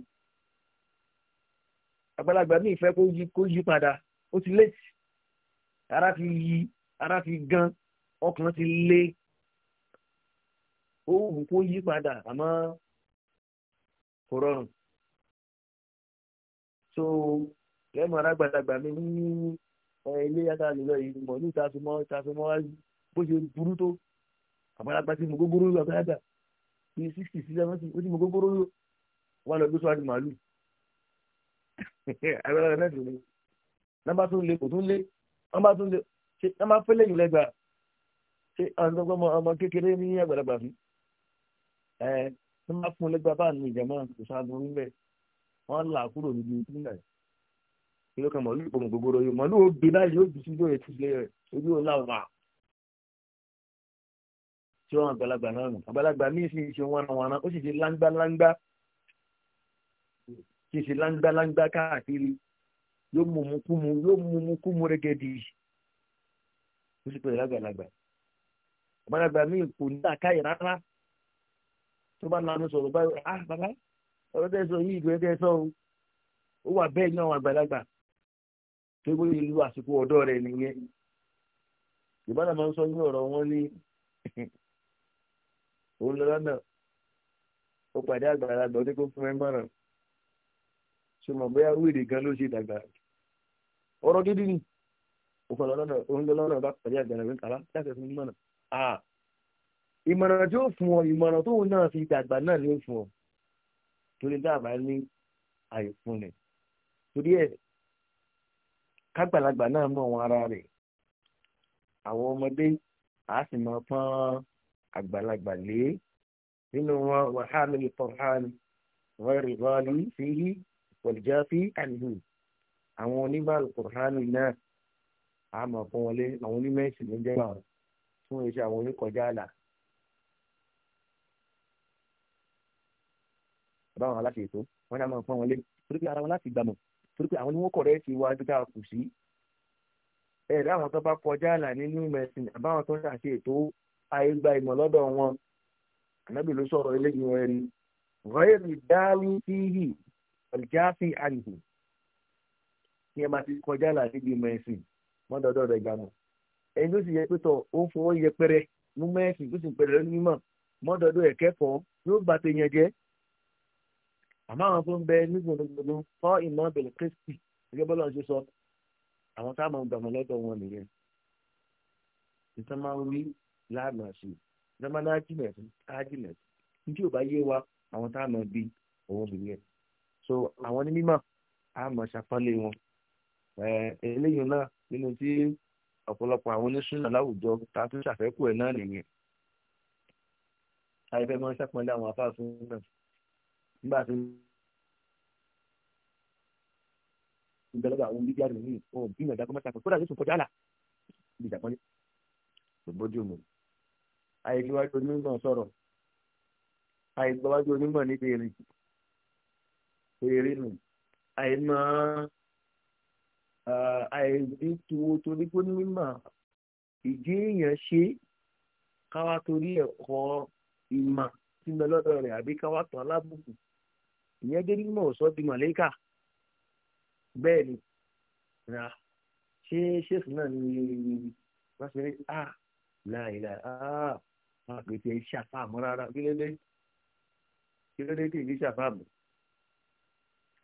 àgbàlagbà ní ìfẹ́ kó yí kó yí padà ó ti létí ara ti yí ara ti gan ọkàn ti lé ó wù kó yí padà àmọ́ kò rọrùn. so kẹ́mọ̀ arágbàlagbà mi ní ilé yàtọ̀ àlùlọ yìí mọ̀ ní ìtasùmọ́ ìtasùmọ́ bó ṣe burú tó àgbàlagbà tí mo gógóró yó àgbàlagbà ní sixty sí seventy ó ti mo gógóró yó wà lọ gbé sọ́wádìí màálù àgbàlagbà (laughs) náà dùn ní nọ́mbà tó ń lé kò tún lé nọ́mbà tó ń lé ṣe nọ́mbà fẹ́lẹ́ yìí lẹ́gbàá ṣe àwọn ọmọ ọmọ kékeré ní àgbàlagbà fi ẹ nọ́mbà fún lẹ́gbàá bá ní ìjàmọ́ kò sáàgùn níbẹ̀ wọ́n là kúrò níbi nígbà yìí ìlú kan màálù ìpò mọ̀ gógóró yó màálù ó gbé tí wọ́n àgbàlagbà náà nù àgbàlagbà míì sì ń ṣe wọnàwọnà ó sì ṣe láńgbáláńgbá kì í ṣe láńgbáláńgbá káàkiri yóò mú mu kú mu yóò mú mu kú mu rẹ́gẹ́dì ó sì pèrè lágbàlagbà àgbàlagbà míì kò ní àkáyè rárá tó bá lanu sọ̀rọ̀ báyìí ah bàbá ọ̀rọ̀ tẹ́ sọ yìí ìgbẹ́ tẹ́ sọ o ó wà bẹ́ẹ̀ ní àwọn àgbàlagbà tó gbé ìlú àsìkò ọ̀dọ́ rẹ̀ nìyẹn ìbára máa ń sọ ní ọ̀rọ̀ wọn ní òun lọ lọ́nà ó pàdé àgbàlagbà ó ní kó fún ẹ mọ̀ràn ṣe mọ̀ bóyá wíìrì gan ló ṣe dàgbà ọ̀rọ̀ dídí ni òun lọ lọ́nà òun lọ lọ́nà bá pàdé àgbàlagbà kàrá láti fún mọ̀ràn à tí ó fún ọ ìmọ̀ràn tóun náà fi dàgbà náà ni ó fún ọ torí dáàbà ní àyè fún ni torí ẹ kágbàlagbà náà mọ àwọn ara rẹ̀ àwọn ọmọdé àá sì máa pọ́n àgbàlagbà lé nínú wọn wàhálà ìfọ̀hánì rẹ́rì rọ́ọ̀lì fìhí wọ̀lìjà fi àníhù àwọn oníbàlù kùránì náà a máa fún wọn lé àwọn onímẹ̀sì ló jẹ́ báwọn fún iṣẹ́ àwọn oníkọjá àlà. báwọn aláṣẹ ètò wọn náà máa fún wọn lé torí pé ara wọn láti gbàmọ̀ torí pé àwọn oníwọ́kọ̀ rẹ̀ ti wá dúdà kù sí. ẹ̀rẹ́ àwọn tó bá kọjá àlà nínú mẹ̀sìn àbáwọn tó ń ṣàṣe ètò àyè gba ìmọ̀ lọ́dọ̀ wọn ànábì ló sọ̀rọ̀ eléyìí wọn ẹni rẹ́ẹ̀rì dáálí fíhì ọ̀jáfì àyìnbó ní ẹ máa ti kọjá láti ibi ìmọ̀ ẹ̀sìn wọ́n dọ́dọ̀ rẹ̀ gbàmù ẹni tó sì yẹ pé tọ̀ ó fọwọ́ yẹpẹrẹ mú mẹ́ẹ̀sìn tó sì pẹ̀lẹ́ nímọ̀ mọ́dọ̀dọ̀ ẹ̀kẹ́kọ̀ọ́ yóò bá ti yẹn jẹ́ àmọ́ àwọn tó ń bẹ nígbòdògbòdò fọ́ ìmọ̀ bẹ̀rẹ̀ kristi gẹ́gẹ́ bọ́lá ṣe sọ àwọn táwọn gbàmù lọ́dọ̀ wọn nìyẹn ìtàn máa ń wí láàmà sí nàmánà jìnà sí ájìnà sí ní tí ò bá yé wa àwọn tá a mọ̀ bí òun sì yẹ so àwọn ní mímọ̀ a mọ̀ ṣàpọ́nlé wọn eléyìí náà nínú tí ọ̀pọ̀lọpọ̀ àwọn oníṣúná láwùjọ ta tún ṣàfẹ́kù ẹ̀ náà nìyẹn àìfẹ́ máa ń ṣàpọ́nlé àwọn afáàfin náà nígbà tí ìgbàlódé àwọn onídìí àdùnnú ò bí ìyànjá kọ́mọ́ta kó kódà yóò tún kọjá àlà ìdìjà pọ́nlé kò bójú àìgbéwájú onígbọ̀n sọ̀rọ̀ àìgbéwájú onígbọ̀n níbi ìrìn èrè nù àìmọ àìdítuwo torí gbónímọ̀ ìdí èèyàn ṣe káwá torí ẹ̀kọ́ ìmọ̀ tí mo lọ́dọ̀ rẹ̀ àbí káwá tán alábùkù ìyẹn dé mímọ̀ ọ̀sọ́ di mọ̀lẹ́kà bẹ́ẹ̀ ni ra ṣé ṣéèfù náà ni wọ́n ṣe rí a láìláà wọn àgbẹ̀ tiẹ̀ ṣàfàmù rárá kílélé kílélé tí ìdí ṣàfàmù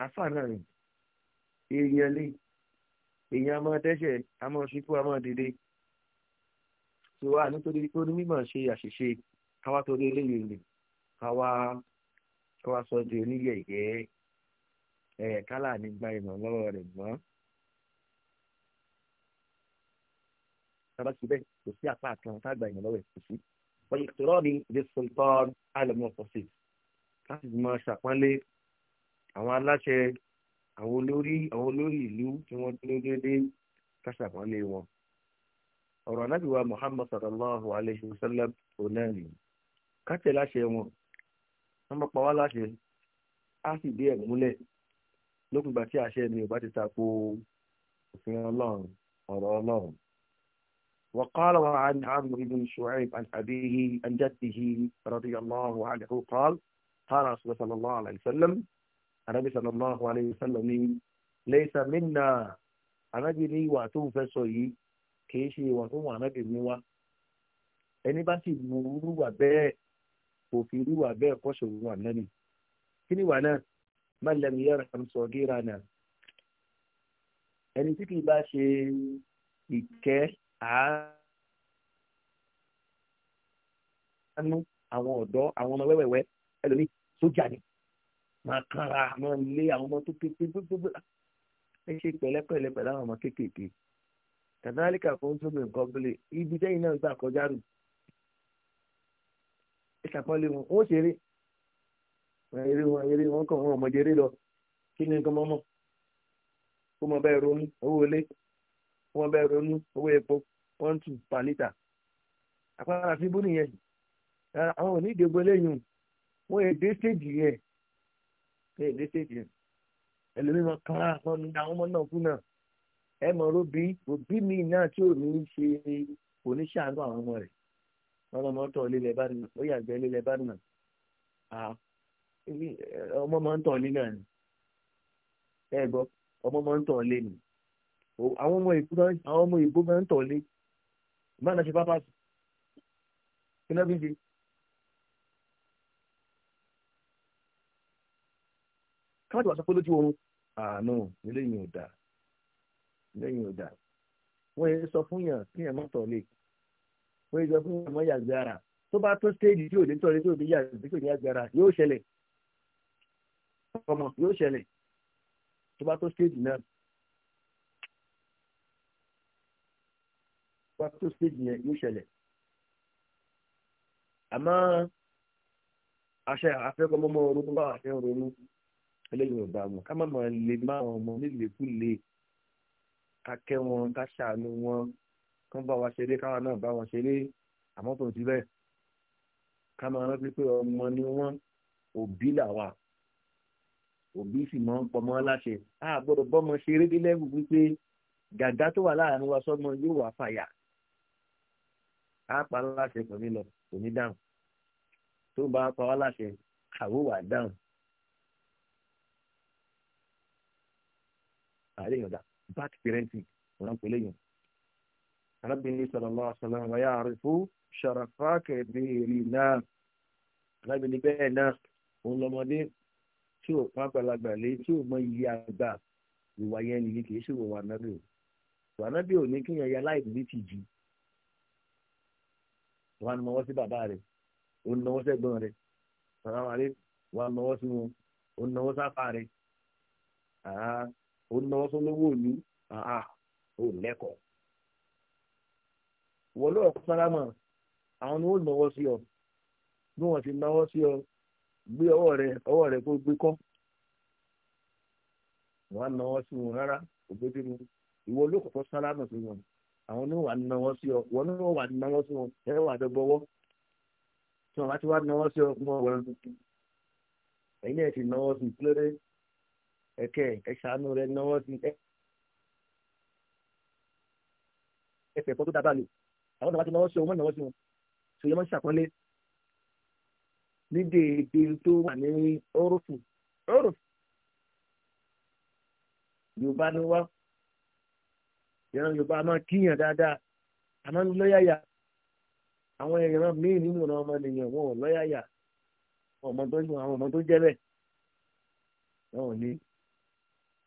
àfà náà ni èèyàn lè èèyàn a máa dẹ́ṣẹ̀ a máa ṣubú a máa dìde tó wà nítorí pé onímọ̀ ṣe àṣìṣe káwá torí eléyìí lè káwá káwá sọ di oníyẹ̀yẹ́ ẹ̀ kálà ní gba ìmọ̀ lọ́wọ́ rẹ̀ mọ́. tábà síbẹ̀ kò sí apá kan tá a ẹ̀ kò sí wọ́yẹ̀tọ́rọ́ọ̀dì the sultan alamọ́sọ̀sì láti máa ṣàpọ́nlé àwọn aláṣẹ àwọn olórí àwọn olórí ìlú tí wọ́n dúró déédéé ká ṣàpọ́nlé wọn. ọ̀rọ̀ anábìwá muhammad sallallahu alayhi wa sallam onáàlì ká tẹ̀ láṣẹ wọn wọ́n bá pa wá láṣẹ á sì dé ẹ̀ múlẹ̀ lókùngbà tí àṣẹ mi ò bá ti ta ko òfin ọlọ́run ọ̀rọ̀ ọlọ́run. وقال وعن عمرو بن شعيب عن أبيه عن جده رضي الله عنه قال قال رسول صلى الله عليه وسلم النبي صلى الله عليه وسلم ليس منا النبي لي واتو فسوي كيشي واتو النبي موا ẹni bá sì mú irú wà bẹ́ẹ̀ kò fi irú wà bẹ́ẹ̀ kọ́ ṣòro wà náà ni kí ni wà náà má lẹ́nu yára kan sọ gíra náà ẹni tí kì í bá ṣe ìkẹ́ àánú àwọn ọ̀dọ́ àwọn ọmọ wẹ́wẹ́wẹ́ ẹlòmíì sójà ni máa kára máa lé àwọn ọmọ tó kéke gbogbogbò ẹ ṣe pẹ̀lẹ́pẹ̀lẹ́ pẹ̀lú àwọn ọmọ kéékèèké kàdáríkà fún sómi nǹkan bílẹ̀ ibi tẹ́yìn náà gbà kọjá rù wọn ó ṣeré eré wọn eré wọn kàn wọn ọmọdé eré lọ kí ni nǹkan mọ́mọ́ kó mọ bẹ́ẹ̀ ronú owó wọ́n bẹ ronú owó epo one two per litre àpárá síbú nìyẹn àwọn ò ní ìdìbò lẹ́yìn wọ́n èdè stéèjì yẹn èdè stéèjì yẹn ẹlòmíràn kan àwọn ọmọ náà kú náà ẹ òbí mi náà tí ò ní ṣe àwọn ọmọ rẹ̀ bá nà ó bá nà ọmọ náà ẹ gbọ́ ọmọ àwọn ọmọ ìbò àwọn ọmọ ìbò máa ń tọ̀lé ìmọ̀ àná ṣe pápásì kí náà bí ṣe. káàdì wàá sọ pé lójú oorun àánú eléyìí ò dáa eléyìí ò dáa wọ́n yẹ sọ fún yàn kí yàn má tọ̀lé wọ́n yẹ sọ fún yàn má yàgbé ara tó bá tó stéèjì tí ò ní tọ̀lé tí ò ní yàgbé tí ò ní yóò ṣẹlẹ̀ ọmọ yóò ṣẹlẹ̀ tó bá tó stéèjì náà wá tó stage yẹn yóò ṣẹlẹ̀ àmọ́ àṣẹ àfẹ́kọ̀ọ́mọ́mọ́ ronú bá àṣẹ ronú ẹlẹ́yìn ọ̀bà wọn ká má máa lè má àwọn ọmọ nílẹ̀kùlé ká kẹ́ wọn ká ṣàánú wọn kán bá wa ṣeré káwa náà bá wọn ṣeré àmọ́ tó ti bẹ́ẹ̀ ká máa rántí pé ọmọ ni wọ́n òbí làwa òbí sì máa ń pọmọ láṣẹ a gbọ́dọ̀ bọ́mọ ṣeré délẹ́wù wípé gàgá tó wà láàrin wa sọ́mọ yóò wá fàyà á pa láṣẹ kò ní lọ kò ní dáhùn tó bá pa wá láṣẹ àwọn wà dáhùn àárẹ̀ yọ̀dá bad parenting wọn pè léyìn arábìnrin sallallahu alaihi wasallam wa ya'rifu sharafaka béèrè náà arábìnrin bẹ́ẹ̀ náà òun lọmọdé tí ò pọn àgbàlagbà lé tí ò mọ iye àgbà ìwà yẹn nìyí kì í ṣòwò wà nábì wà nábì ní kíyàn ya láì ní ti jù wà á nọwọ́ sí bàbá rẹ̀ ó ń nọwọ́ sẹ́gbọ́n rẹ̀ sàlámù alẹ́ wà á nọwọ́ sí wọn ó ń nọwọ́ sáfà rẹ̀ ó ń nọwọ́ sọlọ́wọ́ òní ó lẹ́kọ̀ọ́ wọ́n lọ́ọ̀ kó sálámà àwọn ni ó nọwọ́ sí ọ bí wọ́n ti náwọ́ sí ọ gbé ọwọ́ rẹ ọwọ́ rẹ kó gbé kọ́ wọ́n á náwọ́ sí wọn rárá ògbé tí mo ìwọ ló kọ̀kọ́ sálámà sí wọn àwọn ní wà náwó sí ọ wọn ní wà náwó sí wọn ẹ wà dọgbọwọ tí wọn bá ti wá náwó sí ọ mọ wọn ẹ̀yin ẹ ti náwó sí péré ẹkẹ ẹ ṣàánú rẹ náwó sí ẹ ẹsẹ ẹ̀kọ́ tó dábàá lò àwọn náà wá ti náwó sí ọ wọn náwó sí wọn ṣòye wọn ṣàpọ́nlé ní dèédé tó wà ní ọrùfù ọrùfù yorùbá ni wọn ìran yorùbá a máa kíyàn dáadáa a máa ń lọ́yàyà àwọn ìran míì nínú ọ̀nà ọmọnìyàn wọn ò lọ́yàyà ọmọ tó yàn àwọn ọmọ tó jẹ́ bẹ́ẹ̀ wọn ò ní.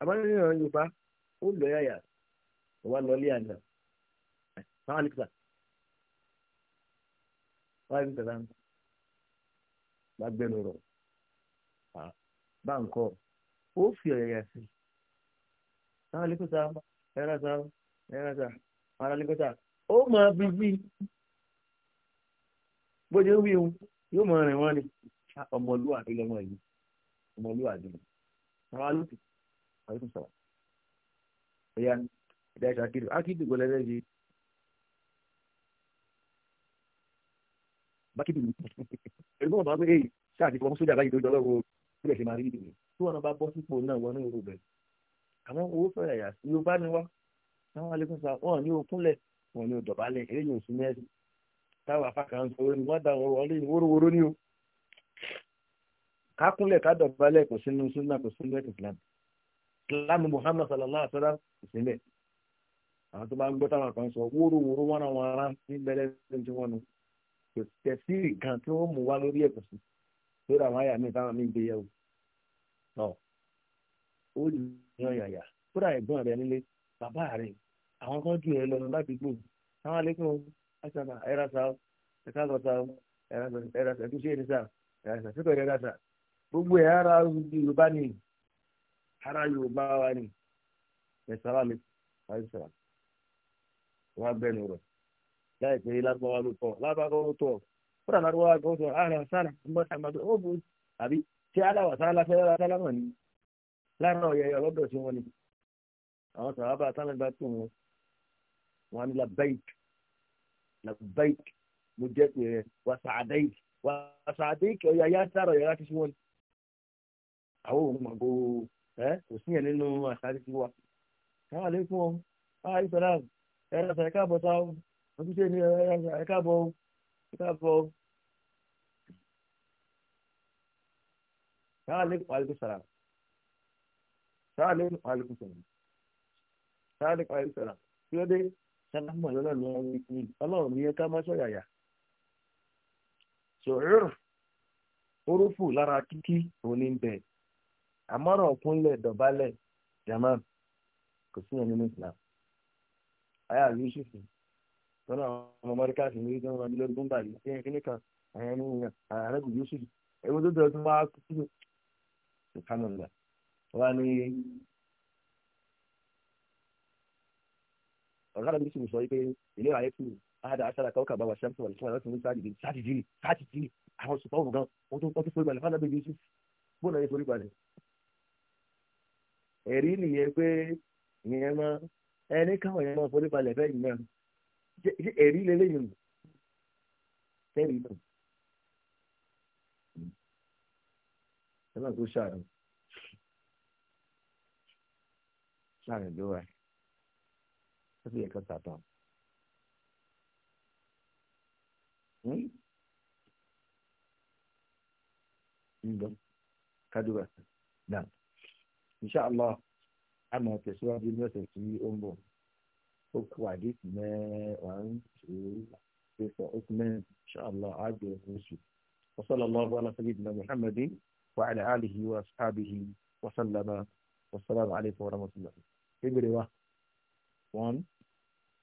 àmọ́ nínú ìran yorùbá ó lọ́yàyà ó lọ́lé àná sáwọn àlùkò wáyé ní tẹ̀lé bá gbẹnu rọ̀ bá ń kọ́ ó fi ọ̀yàyà sí sáwọn àlùkò sáwọn ẹ̀rọ sáwọn ẹran sà ara ní kọ́sà ó máa bí bí bójú wí hun yóò máa rìn wọ́n ni ọmọlúwàbí lọ́mọ yìí ọmọlúwàbí àwọn alùpùpù àyùkù sọ̀rọ̀ ẹ̀yà ẹ̀dá ẹ̀ṣà kiri akíbi ìgbọ́lẹ̀ rẹ̀ yìí bákìbì mi ẹ̀rú wọn bá gbé èyí sáà ti fọwọ́ sójà báyìí tó jọ lọ́wọ́ ìbẹ̀ṣẹ̀ máa rí ìdìbò tí wọn bá bọ́ sípò náà wọnú ìrù bẹ̀rẹ̀ àwọn owó fẹ́rẹ̀ yà sí Yorùbá ni wá sáwọn alẹ́kùn sá wọn ní okúnlẹ̀ wọn ní odọ̀bálẹ̀ eré yìí sí mẹ́rin táwọn afáàkà ń sọ ní wọ́n dà wọ́n wọlé wórówóró ní o kákúnlẹ̀ ká dọ̀bálẹ̀ kò sínú súnà kò sínú ẹ̀kọ́ islam islam muhammad sallallahu alaihi wa sallam kò sílẹ̀ àwọn tó bá ń gbọ́ táwọn kan sọ wórówóró wọn àwọn ará ní bẹ́lẹ́ tí wọ́n nu kò tẹ̀sí kan tí wọ́n mú wá lórí ẹ̀kọ́ sí lórí àwọn àyà mi táwọn mi gbé yẹ̀wò ó yàn yàyà kódà bàbá rẹ̀ àwọn kan jù ẹ lọ ládùúgbò àwọn alẹ́kùn àṣàbà ẹ̀rọ sa ẹ̀ka lọ sa ẹ̀rọ sa ẹ̀kúṣe ẹ̀rọ sa ẹ̀rọ sa ṣẹ́kọ̀ọ́ ẹ̀rọ sa gbogbo ẹ̀ ara Yorùbá ni ara Yorùbá wa ni ẹ̀sára mi wáyé sọ̀rọ̀ wọ́n á bẹ̀rù rẹ̀ láì pé lágbáwá ló tọ̀ lágbáwá ló tọ̀ fúnra lágbáwá ló tọ̀ àrà sára mọ́tàmọ́tà ó bu àbí tí aláwọ̀ sára láfẹ́ lára sára náà ni lára ọ̀yẹ̀yẹ̀ ọlọ́dọ̀ tí wọ́n ni àwọn sàhábà àtàlẹ́gbà tó wọn wọn ni labaik labaik mo jẹ́ pé rẹ wà sàdáìk wà sàdáìk ọ̀yà yá sára ọ̀yà láti ṣíwọ́n àwọn òun mọ̀ gbòó ẹ kò sí yẹn nínú àṣàrí ti wà káwà lè fún ọ á ìfẹ́lá ẹ̀rọ sàrẹ́ káàbọ̀ sá ọ ojúṣe ni ẹ̀rọ sàrẹ́ káàbọ̀ káàbọ̀ káwà lè fún àlùkò sàrà káwà lè fún àlùkò sàrà. sáàlì parí sọ̀rọ̀ kí ló dé sálámù ọlọ́run ní ọ̀rọ̀ ìpín ọlọ́run ní ẹ̀ka máa sọ̀yàyà. sòrúrù orúfù lára kíkí òní ń bẹ̀ àmọ́ràn kúnlẹ̀ dọ̀bálẹ̀ jama kò sí ẹni ní islam. ayé àlù yusufu tọ́lá ọmọ mọ́ríkà sí ní ìjọba ní lórí gúmbà yìí ṣé ẹni kan ẹ̀yẹ ní ìyàn tó dọ̀tún wá kúkú. ọ̀gá lọ́dún sì sọ pé ilé ayé tù áhàdà aṣáára káwọ́ kàbá wà ṣẹ́mùsọ̀ wàlẹ̀ fún àwọn sátidì sátidì sátidì àwọn sùpà òrùn gan wọ́n tún forí balẹ̀ fún alábẹ́bí yusuf bóun náà yẹ forí balẹ̀. ẹ̀rí nìyẹn pé ìyẹn máa ẹni káwọn yẹn máa forí balẹ̀ fẹ́ yìí náà ṣe ẹ̀rí lélẹ́yìn sẹ́rí náà. ẹ máa tó ṣàrùn ṣàrùn ló wà. تصویر کر چاہتا نعم ان شاء الله اما تسوى دي نسوي امبو وكوادي ما وان ان شاء الله عاد نسوي وصلى الله على سيدنا محمد وعلى اله واصحابه وسلم والسلام عليكم ورحمه الله في رواه 1 2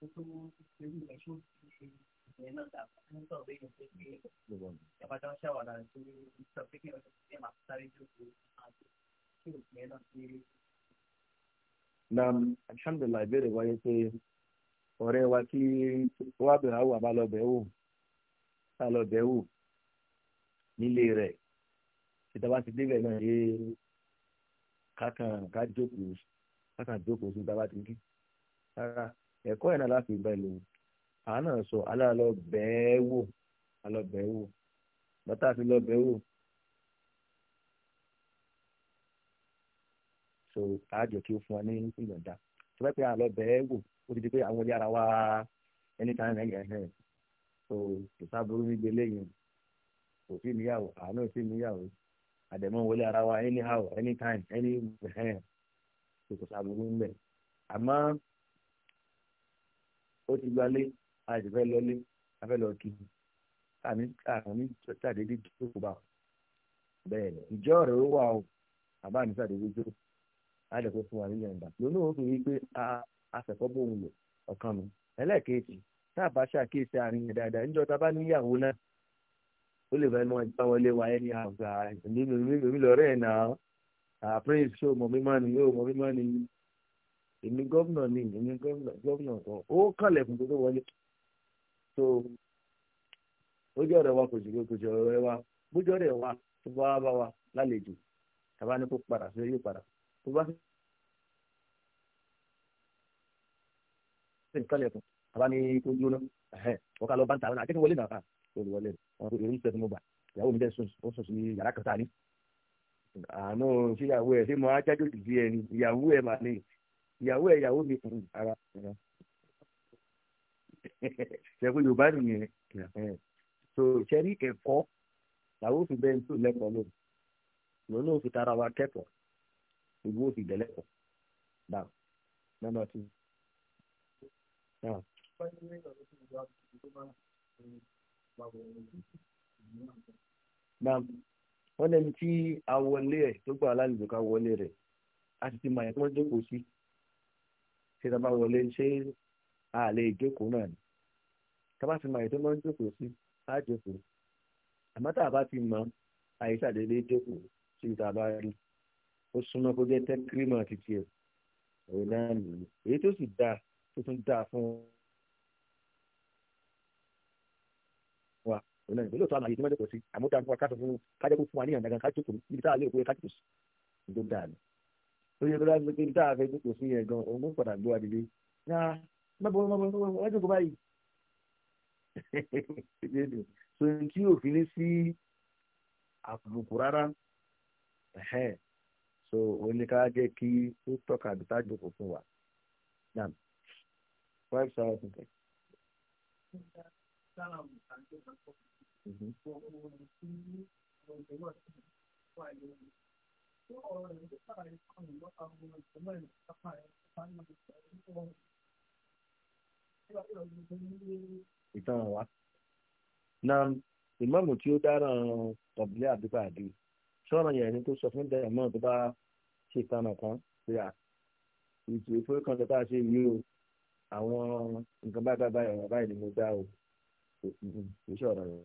Nam alhamdulilayi ìbéèrè wáyé pé ọ̀rẹ́ wa kí wá bẹ̀rẹ̀ àwọ̀ àbálọ̀bẹ̀ wò àbálọ̀bẹ̀ wò nílé rẹ̀ ìtàwá ti débẹ̀ náà yé kákan ká jókòó kákan jókòó sí ìtàwá ti kí rárá. Eko yẹn náà láti bẹ lò àwọn náà sọ aláàlọ bẹ́ẹ̀ wò alọ bẹ́ẹ̀ wò bàtà àti lọ wò so àjọ kí ó fún wa ní ìyọ̀ǹda tó bẹ́ẹ̀ pé àlọ bẹ́ẹ̀ wò ó ti di pé àwọn ilé ara wa anytime ẹ̀hẹ̀ so ìsàbùrù níbi n'igbe kò sí níyàwó àánú sí níyàwó àdẹ̀mọ́ wọlé ara wa anyhow anytime any ẹ̀hẹ̀ kò ń bẹ̀ àmọ́. ó ti gbalé a sì fẹ́ lọlé a fẹ́ lọ kí àmì àmì sàdédé jókòó bá bẹ́ẹ̀ ni ìjọ rẹ̀ ó wà o àbá àmì sàdédé jókòó a lè kó fún wa níyàn ìgbà lónà ó fi rí i pé a afẹ́kọ́ bóun lò ọ̀kan mi ẹlẹ́ẹ̀kejì tá a bá ṣàkíyèsí àárín yẹn dáadáa níjọ́ tá a bá níyàwó náà ó lè fẹ́ mọ ẹgbẹ́ wọlé wa ẹni àgbà nínú mi lọ́rẹ́ náà prince yóò mọ mímọ́ ni yóò mọ mímọ́ ni èmi gómìnà ni èmi gómìnà gómìnà kan ó kànlẹ̀kùn tó tó wọlé tó ojú ọ̀rẹ́ wa kò jù kò jù ọ̀rẹ́ wa bójú ọ̀rẹ́ wa tó bá bá wa lálejò tàbá ní kó padà sí yóò padà tó bá sí kànlẹ̀kùn tàbá ní kó dúró náà ọ̀ka lọ bá ń ta àwọn akẹ́kọ̀ọ́ wọlé náà ah, kan tó lè wọlé wọn kò èrè ìṣẹ́ tó mo gbà ìyàwó mi dẹ́ sùn ó sùn sí yàrá kan tá a ní àánú síyàwó ẹ̀ sí mo á jájò ìyàwó ẹ̀ ìyàwó mi kùn mm. ara ẹ̀rọ (laughs) yorùbá nìyẹn so ṣẹ́rí ẹ̀kọ́ làwọn òfin bẹ́ẹ̀ ń tò lẹ́kọ̀ọ́ lónìí lòun náà fi tara wa kẹ́kọ̀ọ́ ìwé òfin dẹ́lẹ́kọ̀ọ́ now number two. Now. Now wọ́n lẹ́nu tí awọlé ẹ̀ tó gbà lálejò ká wọlé rẹ̀ a sì ti mọ̀ ẹ̀ kí wọ́n jókòó sí ṣé tá a bá wọlé ṣé a lè jókòó náà ni tá a bá ti mọ àyè máa ń jókòó sí á jókòó àmọ́ tá a bá ti mọ àyè ṣàdédé jókòó sí tá a bá rí ó súnmọ́ kó jẹ́ tẹ́kírímù àti tiẹ̀ òun náà nìyí èyí tó sì dáa tó tún dáa fún wa òun náà ìgbélé òtún àmàlẹ́ ìdí mọ́tò kò sí àmúdá fún wa ká sọ fún kájọ́ fún wa níyàn dandan ká jókòó níbi tá a lè kó yẹ ká jókòó sí ìdó dáa ni oye tó dájú pé tá a fẹ́ jókòó sí yẹn gan òun padà gbé wa dìde náà mọ́bọ̀ mọ́bọ̀ wọ́n jókòó báyìí. (laughs) so n tí yóò fi ní sí àbùkù rárá so o ni ká jẹ́ kí ó tọ́ka àbí tá a fún wa. five thousand. Mm-hmm ìtàn wa náà ìmáàmù tí ó dára tọ̀bílẹ̀ àdúgbò àdé sọ̀rọ̀ yẹn ni tó sọ fún dẹ̀mọ́ tó bá ṣe ìtàn kan pé à ètò ìfowópamọ́ tó bá ṣe yìí o àwọn nǹkan báyìí báyìí ọ̀rọ̀ báyìí ni mo dá o kò sí ọ̀rọ̀ yẹn.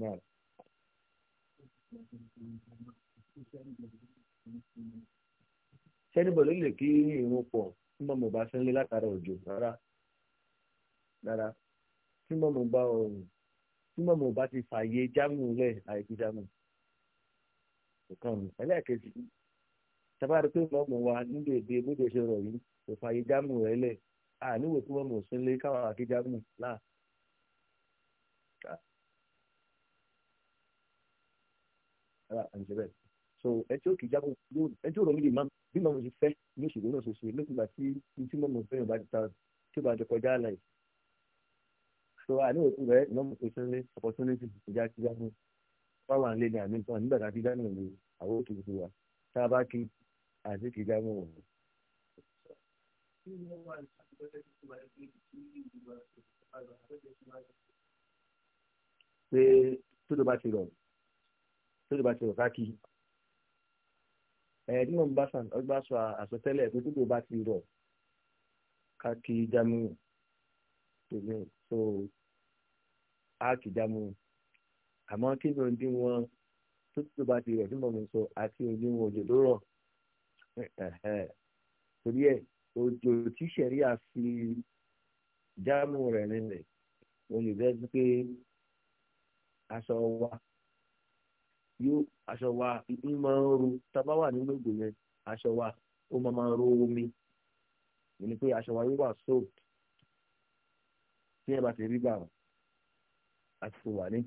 náà. sẹ́nibọ̀ ló lè kí irun pọ̀ tí mọ̀mọ́ bá sẹ́ńlé látara òjò rárá rárá tí mọ̀mọ́ bá ọrùn tí mọ̀mọ́ bá ti fààyè jámù lẹ̀ àìsí jámù nǹkan mi ẹlẹ́ẹ̀kejì sábàrí pé mọ̀mọ́ wa nílé èdè bóde ṣe rọ̀ yìí kò fààyè jámù rẹ̀ lẹ̀ àníwò tí mọ̀mọ́ sẹ́ńlé káwọn àti jámù ara à ń ṣe bẹ́ẹ̀ so ẹ tí ó kì í jágò yóò ẹ tí ó rọ mí lè má bí màmú ti fẹ́ ní òṣèlú náà ṣoṣo lókùnbà tí tí màmú fẹ́yàn bá ti ta tí ó bá jọ kọjá àlàyé so àní òkú rẹ nọmọ pẹsẹlẹ opportunity ìjà ti jágò fáwọn àlẹ ní àmì nǹkan nígbà tá a ti dáná ìlú àwọn òkè òkè wa tá a bá kí àti kì í jágò wọn. pé tó ló bá ti rọrùn tó lè bá ti rọ̀ káàkiri ẹ̀ẹ́dì náà bá ọgbà sọ àsọtẹ́lẹ̀ pé tó bá ti rọ̀ káàkiri jámúù tòmí so áàkì jámúù àmọ́ kí ni òun dín wọn tó tó bá ti rọ̀ tí mo mọ̀ sọ àti òun òjò ló rọ̀ torí ẹ̀ òjò tí sẹ̀rí àfi jámúù rẹ̀ nílẹ̀ òun lè bẹ́ẹ̀ pé aṣọ wa. yóò aṣọ wa ń máa ń ru tábà wà nínú ògùn yẹn aṣọ wa ó máa máa ro omi ìní pé aṣọ wa yóò wà soap tí ẹ bá ti rí gbà àti tó wà ní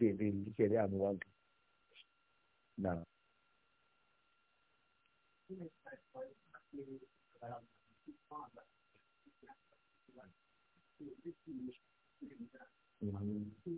náà. Mm-hmm.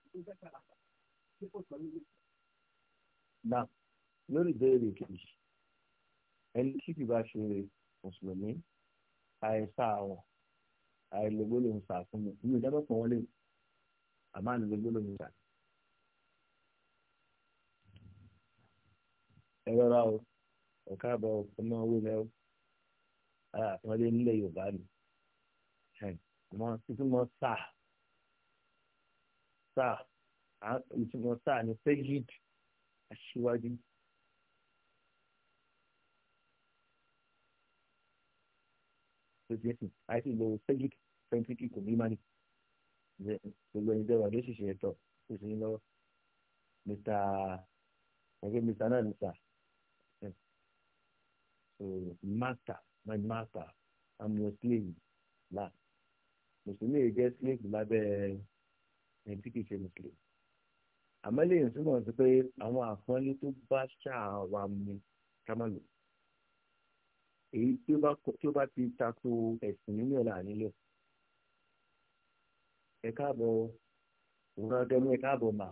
náà lórí ìbéèrè kejì ẹni tí kì bá ṣe mùsùlùmí àìsà àwọ̀ àìlógbó ló ń sà fún mi mi ò dábọ̀ pọ̀ wọlé àmọ́ àìlógbó ló ń sà. ẹ rọra o ọ̀ká àbọ̀ ọmọ owó ilẹ̀ o àtúnwálé ah, nílẹ̀ Yorùbá ni ọmọ tuntun mọ́ sáà sáà ìtumọ̀ sáà ní sẹ́yìd aṣíwájú. àìsí ìlò sẹ́yìd fẹ́ntìkì kò ní mánì gbogbo ẹni dẹ́wà ló ṣe ẹ̀tọ́ tó sì ń lọ́wọ́ mr ẹgbẹ́ mr náà ní sáà my master i'm your slave la mùsùlùmí yìí jẹ́ slave lábẹ́ ẹni tí kìí ṣe mùsùlùmí àmọ́ lè túmọ̀ sí pé àwọn àpọ́nlé tó bá ṣáà wà mú kámánù èyí tí ó bá ti tako ẹ̀sìn nínú ẹ̀ láàrin lẹ̀ ẹ káàbọ̀ òun ọdẹ mú ẹ káàbọ̀ mà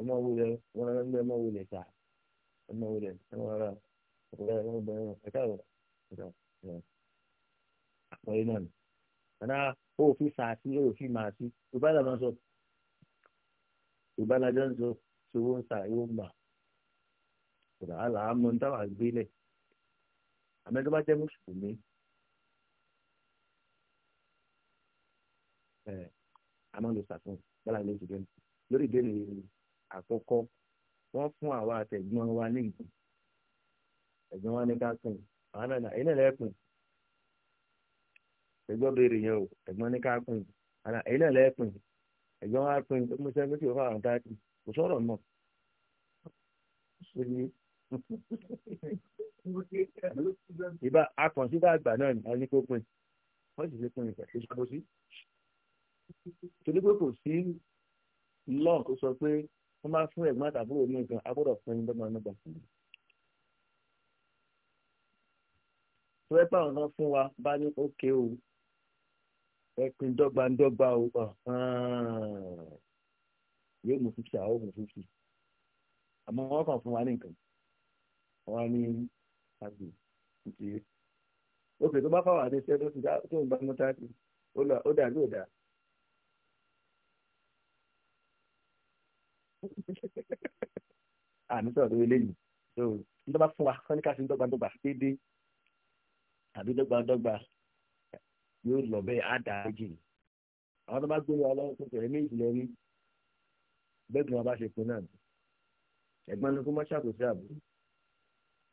ọmọ wo lẹ wọn rẹ ń ọmọ wo lẹ ta ọmọ wo lẹ ọmọ rẹ ọmọ rẹ ọmọ rẹ ẹ káàbọ̀ ẹ káàbọ̀ àpọ́nlé náà nì ó fi sàásì ó fi màá sí yorùbá là máa sọ yorùbá làjọ ń sọ ṣòwò ń sà yóò mà kódà á là á mọ níta wà gbélé àmọ́ tó bá jẹ́ mùsùlùmí ẹ̀ a máa ń lo sàtún bọ́lá ilé ìjọba lórí ìbéèrè àkọ́kọ́ wọ́n fún àwa àtẹ̀gbọ́n wa ní ìgbọ̀n ẹ̀gbọ́n wa ní ká é àwọn náà ẹ̀yin náà lẹ́ẹ̀pin ẹgbọ́n béèrè yẹn o ẹ̀gbọ́n ní ká pin àná èyí náà lẹ́ẹ̀pin ẹ̀gbọ́n wa pin tó mú sẹ́mẹ́tì òfò àwọn táàkì kò sọ̀rọ̀ mọ́ ìbá akọ̀nsídà àgbà náà ni wọ́n ní kó pin wọ́n sì ṣe pin ìfẹ́ ìṣòro sí torí pé kò sí lọ́ọ̀ tó sọ pé wọ́n máa fún ẹ̀gbọ́n àtàbúrò ní nǹkan agbọ́dọ̀ fún yín lọ́gbọ̀n nígbà. tó ẹ báwọn náà fún wa bá ní ókè o ẹ pín dọ́gbandọ́gba o yóò mú fifty àwọn mú fifty àmọ́ wọ́n kàn fún wa ní nǹkan wọ́n ní àgbè ti òkè tó bá fáwọn àti iṣẹ́ tó ti tó ń bá mú táàkì ó dà bí ò dà. (laughs) àmì sọ̀rọ̀ tó eléyìí tó ń dọ́gba fún wa kọ́ni ká sí dọ́gbandọ́gba déédéé àbí dọ́gbandọ́gba yóò lọ bẹ́ẹ̀ á dà á jì ní. àwọn tó bá gbé wa lọ́wọ́ tó tẹ̀lé méjì lọ rí bẹ́ẹ̀ tí wọ́n bá ṣe pin náà ẹ̀gbọ́n ni kó má ṣàkóso àbúrò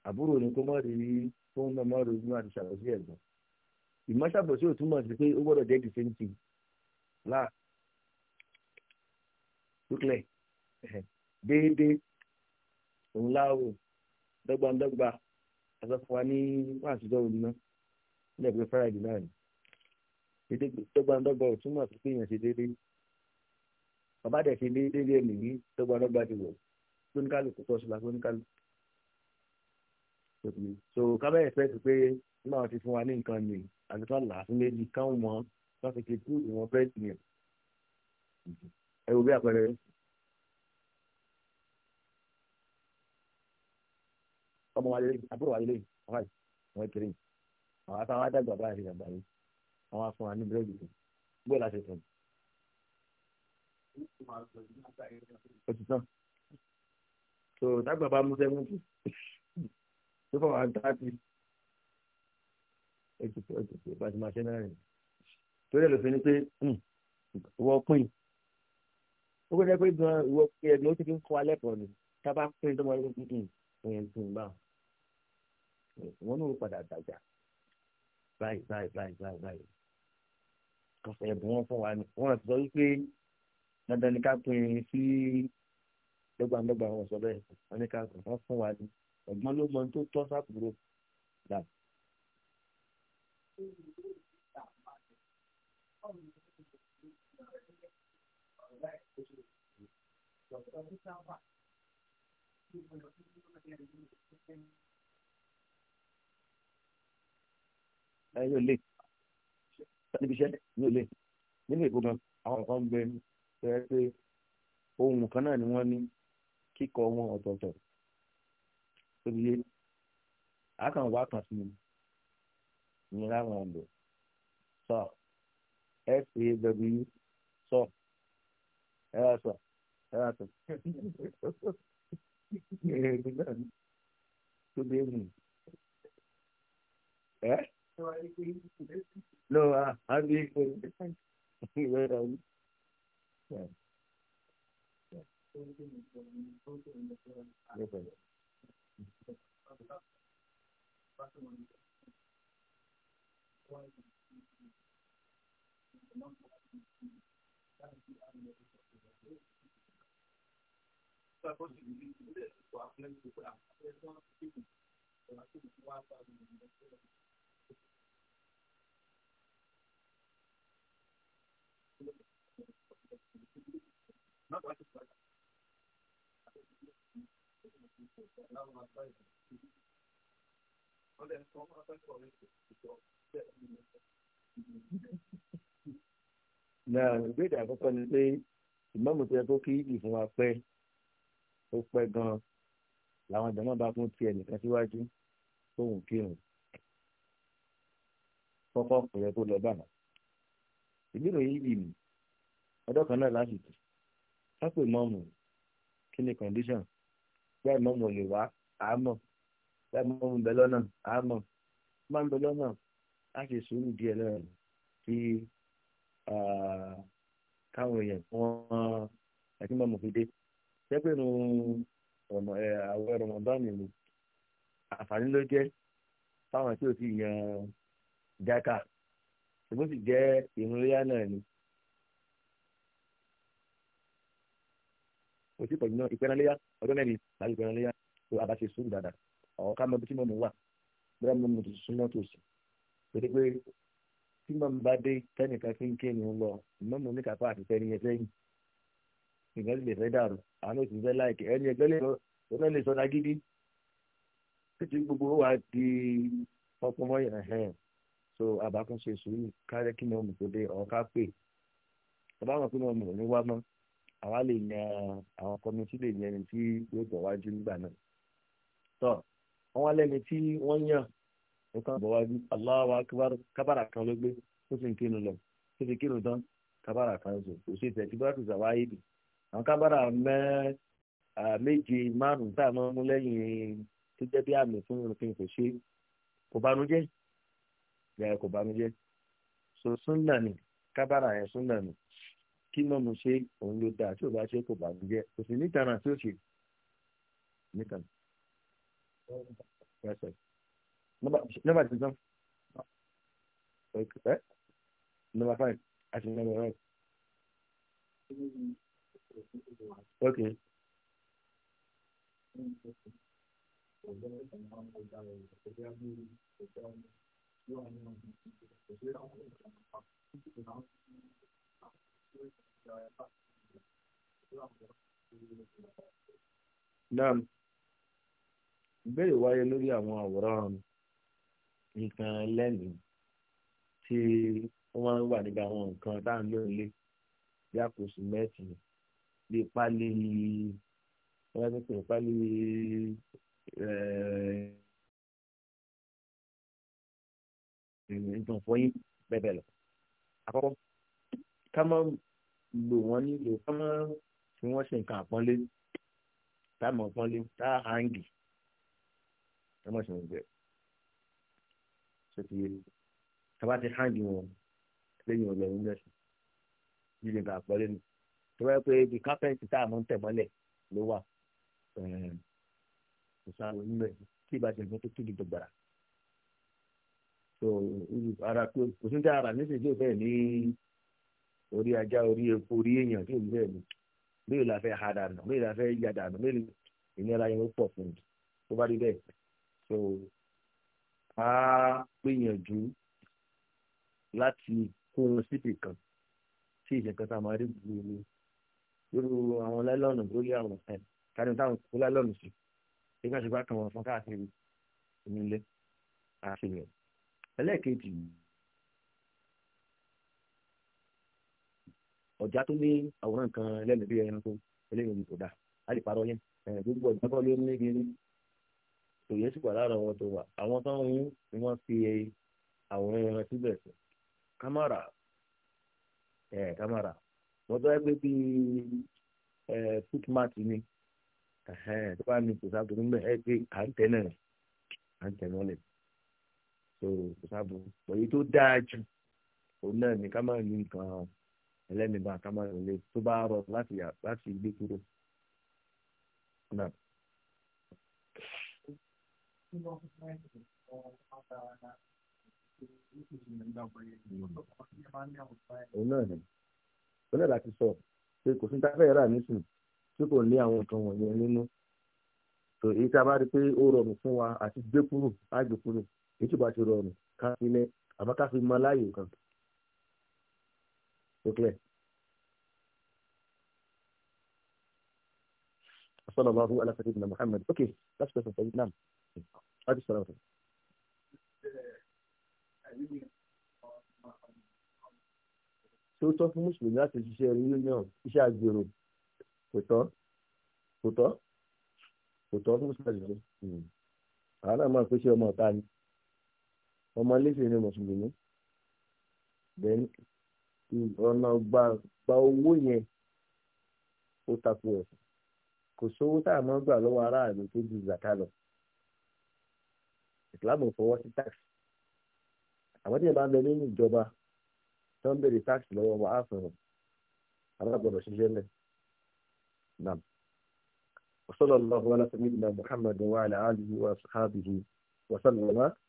àbúrò ni kó má rí fóun náà má rí inú àti ṣàkóso ẹ̀gbọ́n ìmọ̀ ṣàkóso ò túmọ̀ sí pé ó gbọ́dọ̀ jẹ́ the same thing láà dúklẹ̀ déédéé òun láàrò dọ́gbandọ́gba àsọfún wa ní wàásù dọ́rùn náà ní ẹ̀gbẹ́ friday náà ni dédé dọ́gbandọ́gba ò túmọ̀ sí pé èèyàn ṣe dédé bàbá dẹ̀ ṣe dédé ẹ̀mí yìí dọ́gbandọ́gba ti wọ̀ lóníkàlùkù tọ́sí la lóníkàlùkù. so kábẹ́yẹ̀ fẹ́ sí pé nígbà wọn ti fún wa ní nǹkan nì àti tó là á fún méjì káwọn mọ wọn fi ti kú ìwọ̀n fẹ́ nì ẹ wo bí àpẹẹrẹ ọmọ wa lè àbúrò wa lè àwọn ìkiri àwọn àtàwọn adágbà báyìí àgbà àwọn afọ àní búrẹ́dì kan gbé láti tẹ̀. ó ti tán so tágbà bá mú sẹ́fúntì tó fọwọ́ àǹtáàtì ó ti pè ó ti pè bá ti máa ṣe náà rìn torí ẹ̀ ló fi ní pé hmm, ìwọ pín ó gbọ́dọ̀ pé gan ìwọ ẹ̀mí ó ti fi ń kọ́ alẹ́ pọ̀ ni tábà pín tó mọ ẹ̀rọ gbígbìn ìyẹn tó ń bá wọn náà ó padà dàgbà báyìí báyìí báyìí báyìí ẹ̀bùn wọn fún wa ni wọn sọ wípé dandan ni ká pín in sí dọ́gbandọ́gba wọn sọ bẹ́ẹ̀ wọn ní ká pín wọn fún wa ni ẹ̀gbọ́n ló mọ tó tọ́ sápòrò dà. Ẹ yóò lè níbi iṣẹ́ ní ilé nínú èkó gan àwọn kan gbẹ ẹ pé ohun kan náà ni wọ́n ní kíkọ wọn ọ̀tọ̀ọ̀tọ̀ tóbi yé àkàn wá kan sí i ní láwọn ọ̀dọ̀ sọ saw sọ ẹ wá sọ ẹ wá sọ ẹ ẹ tóbi yé nù ẹ. No, I, ah, I'm equal. Where are you? Yeah náà ìbéèrè àkọ́kọ́ ni pé ìmọ̀mù tó yẹ kó kí ìfún wa pẹ́ ó pẹ́ gan-an làwọn ìjọba bá fún tiẹ̀ nìkan síwájú tóun kírun kọ́kọ́ kò yẹ kó lọ bàbà ìbéèrè yìí bì mí ọdọ́ kan náà lásìkò sápè mọ́mù kí ni condition bẹ́ẹ̀ mọ́mù lè wá àámọ̀ bẹ́ẹ̀ mọ́mù bẹ lọ́nà àámọ̀ máa ń bẹ lọ́nà á ṣe sùúrù díẹ̀ náà tí káwọn èèyàn wọn àti mọ́mù fi dé sẹ́pẹ̀ nu àwọn ẹ̀rọ̀mọ̀dánì ni àǹfààní ló jẹ́ fáwọn tí ò ti yan jáka ṣùgbọ́n sì jẹ́ ìrúnlẹ́yà náà ni. kò sí pọ̀jù náà ìpẹ́ranléyà ọjọ́ mẹ́rin láti ìpẹ́ranléyà tó a bá ṣe sùúrù dáadáa ọ̀ ká mọ bí tí mọ̀mọ́ wà bẹ́ẹ̀ mọ̀mọ́ tó súnmọ́ tó sì pété pé tí mọ̀mọ́ bá dé tẹ́nìkan fi ń ké ni ń lọ mọ̀mọ́ ní kápá àti tẹ́ni ẹgbẹ́ yìí nǹkan sì lè fẹ́ dàrú àwọn ò sì fẹ́ láìkẹ́ ẹni ẹgbẹ́ lè sọ lè sọ dagídí títí gbogbo wa di ọpọmọ yẹn so àbákún ṣe sùúrù kárẹ́ kí ni omi tó dé ọ̀ká pè bàbá wọn ni wọn mọ̀ ní wá mọ́ àwa lè yan àwọn kọ́mítì lè yan ẹni tí yóò bọ̀ wájú nígbà náà tọ́ wọn wá lẹ́ni tí wọ́n yàn ó kàn bọ̀ wájú aláwa kábàrà kan ló gbé ó sì ń kírun lọ ó sì kírun tán kábàrà kan sọ kò sí ìtẹ̀sí bá tùsà wáyé bì àwọn kábàrà mẹ́ méje márùn tá a máa mú lẹ́yìn tó jẹ́ bí àmì fún ìrìnkìn kò ṣe kò bànújẹ́ ìyá kò bá mi jẹ́ so súnà ni kábàrà yẹn súnà ni kí mọ́ mo ṣe òun ló dáa tí ò bá ṣe kò bá mi jẹ́ kò sí nítanà tí ó ṣe nítanà. nọ́mbà tí sàn ẹ nọ́mbà five àti nọ́mbà five. Okay. Nam, ìbéèrè wáyé lórí àwọn àwòrán nǹkan lẹ́mìí tí wọ́n máa ń wà níbi àwọn nǹkan tá à ń lò nílé bí àpò sìmẹ́ǹtì bíi pálí wọ́n ti pè pálí ẹ̀ẹ́. Eh, ìdùn fọyín bẹ́ẹ̀ bẹ́ẹ̀ lọ. àkọ́kọ́ ká má lò wọ́n nílò ká má fi wọ́n ṣe nǹkan àpọ́nlé tá a mọ̀ àpọ́nlé tá a hangi ká má ṣe wọ́n bẹ́ẹ̀. ṣé ti ká bá ti hangi wọn lẹ́yìn ọ̀lẹ́yìn lẹ́sìn nílò nǹkan àpọ́nlé ni tó bá yẹ pé ibi kápẹ́ǹtì tá a mọ̀ ń tẹ̀ mọ́lẹ̀ ló wà kò sáà lọ nílẹ̀ tí ìbá ṣe nǹkan tó tóbi dọ̀gbàrà so ara pé kò sí dára nísìnyí tí o fẹ́ ní orí ajá orí epo orí èèyàn tí o fẹ́ ní bẹ́ẹ̀ la fẹ́ ha dànù bẹ́ẹ̀ la fẹ́ ya dànù bẹ́ẹ̀ ìnira yẹn ó pọ̀ fún mi tó bá rí bẹ́ẹ̀ so a gbìyànjú láti kó wọn síbì kan tí ìṣẹ̀kan tá a máa rí gbogbo lórí àwọn láìlọ́ọ̀nù lórí àwọn ẹ̀ kárí táwọn kó láìlọ́ọ̀nù sí nígbà tí wọ́n bá fún káàkiri nílé àti ìyẹn ẹlẹ́ẹ̀kejì ọ̀já tó ní àwòrán kan lẹ́nu bí ẹranko eléyìí ni kò dáa a lè parọ́ yẹn gbogbo ọ̀já kọ́ ló ní kiri tòyẹ́ sì wà lára wọn tó wà àwọn tó ń hun ni wọ́n fi àwòrán ẹran síbẹ̀ sí kámárà ẹ̀ kámárà wọ́n tó ẹgbẹ́ bíi ẹ̀ footmat ni tó bá ní kò sáà tó ń bẹ̀ ẹ́ pé à ń tẹ́ náà à ń tẹ́ náà lẹ́nu so kò sábò èyí tó dáa jù òun náà ni ká má ní nǹkan ẹlẹ́mìíràn ká má lè tó bá rọ láti láti gbé kúrò náà. òun náà ni òun náà láti sọ pé kò sí táfẹ́ rà nísìnyí tí kò ní àwọn nǹkan wọ̀nyẹn nínú. èyí tá a bá rí i pé ó rọrùn fún wa àti gbé kúrò á gbé kúrò ètò bá ti rọrùn ká fi lẹ àmọ́ ká fi mọ láàyè kan ó clear. صلى الله على سيدنا محمد اوكي last question for you now ادي السلام عليكم tó tọ́ fún mùsùlùmí láti ṣiṣẹ́ reunion iṣẹ́ àgbèrò kò tọ́ kò tọ́ kò tọ́ fún mùsùlùmí hmm. àwọn náà máa pèsè ọmọ ọ̀tá ni ọmọ lẹ́sẹ̀ ni mùsùlùmí then ọ̀nà gba gba owó yẹn ó tako ẹ̀ kò sówó tá a máa gbà lọ́wọ́ aráàlú tó ju zaka lọ ìsìlámù fọwọ́ sí tax àwọn tí yẹn bá ń bẹ nínú ìjọba tó ń bèrè tax lọ́wọ́ wọn á fẹ̀rẹ̀ àwọn àgbọ̀dọ̀ ṣiṣẹ́ lẹ̀ nam وصلى الله على سيدنا محمد وعلى آله وأصحابه وسلم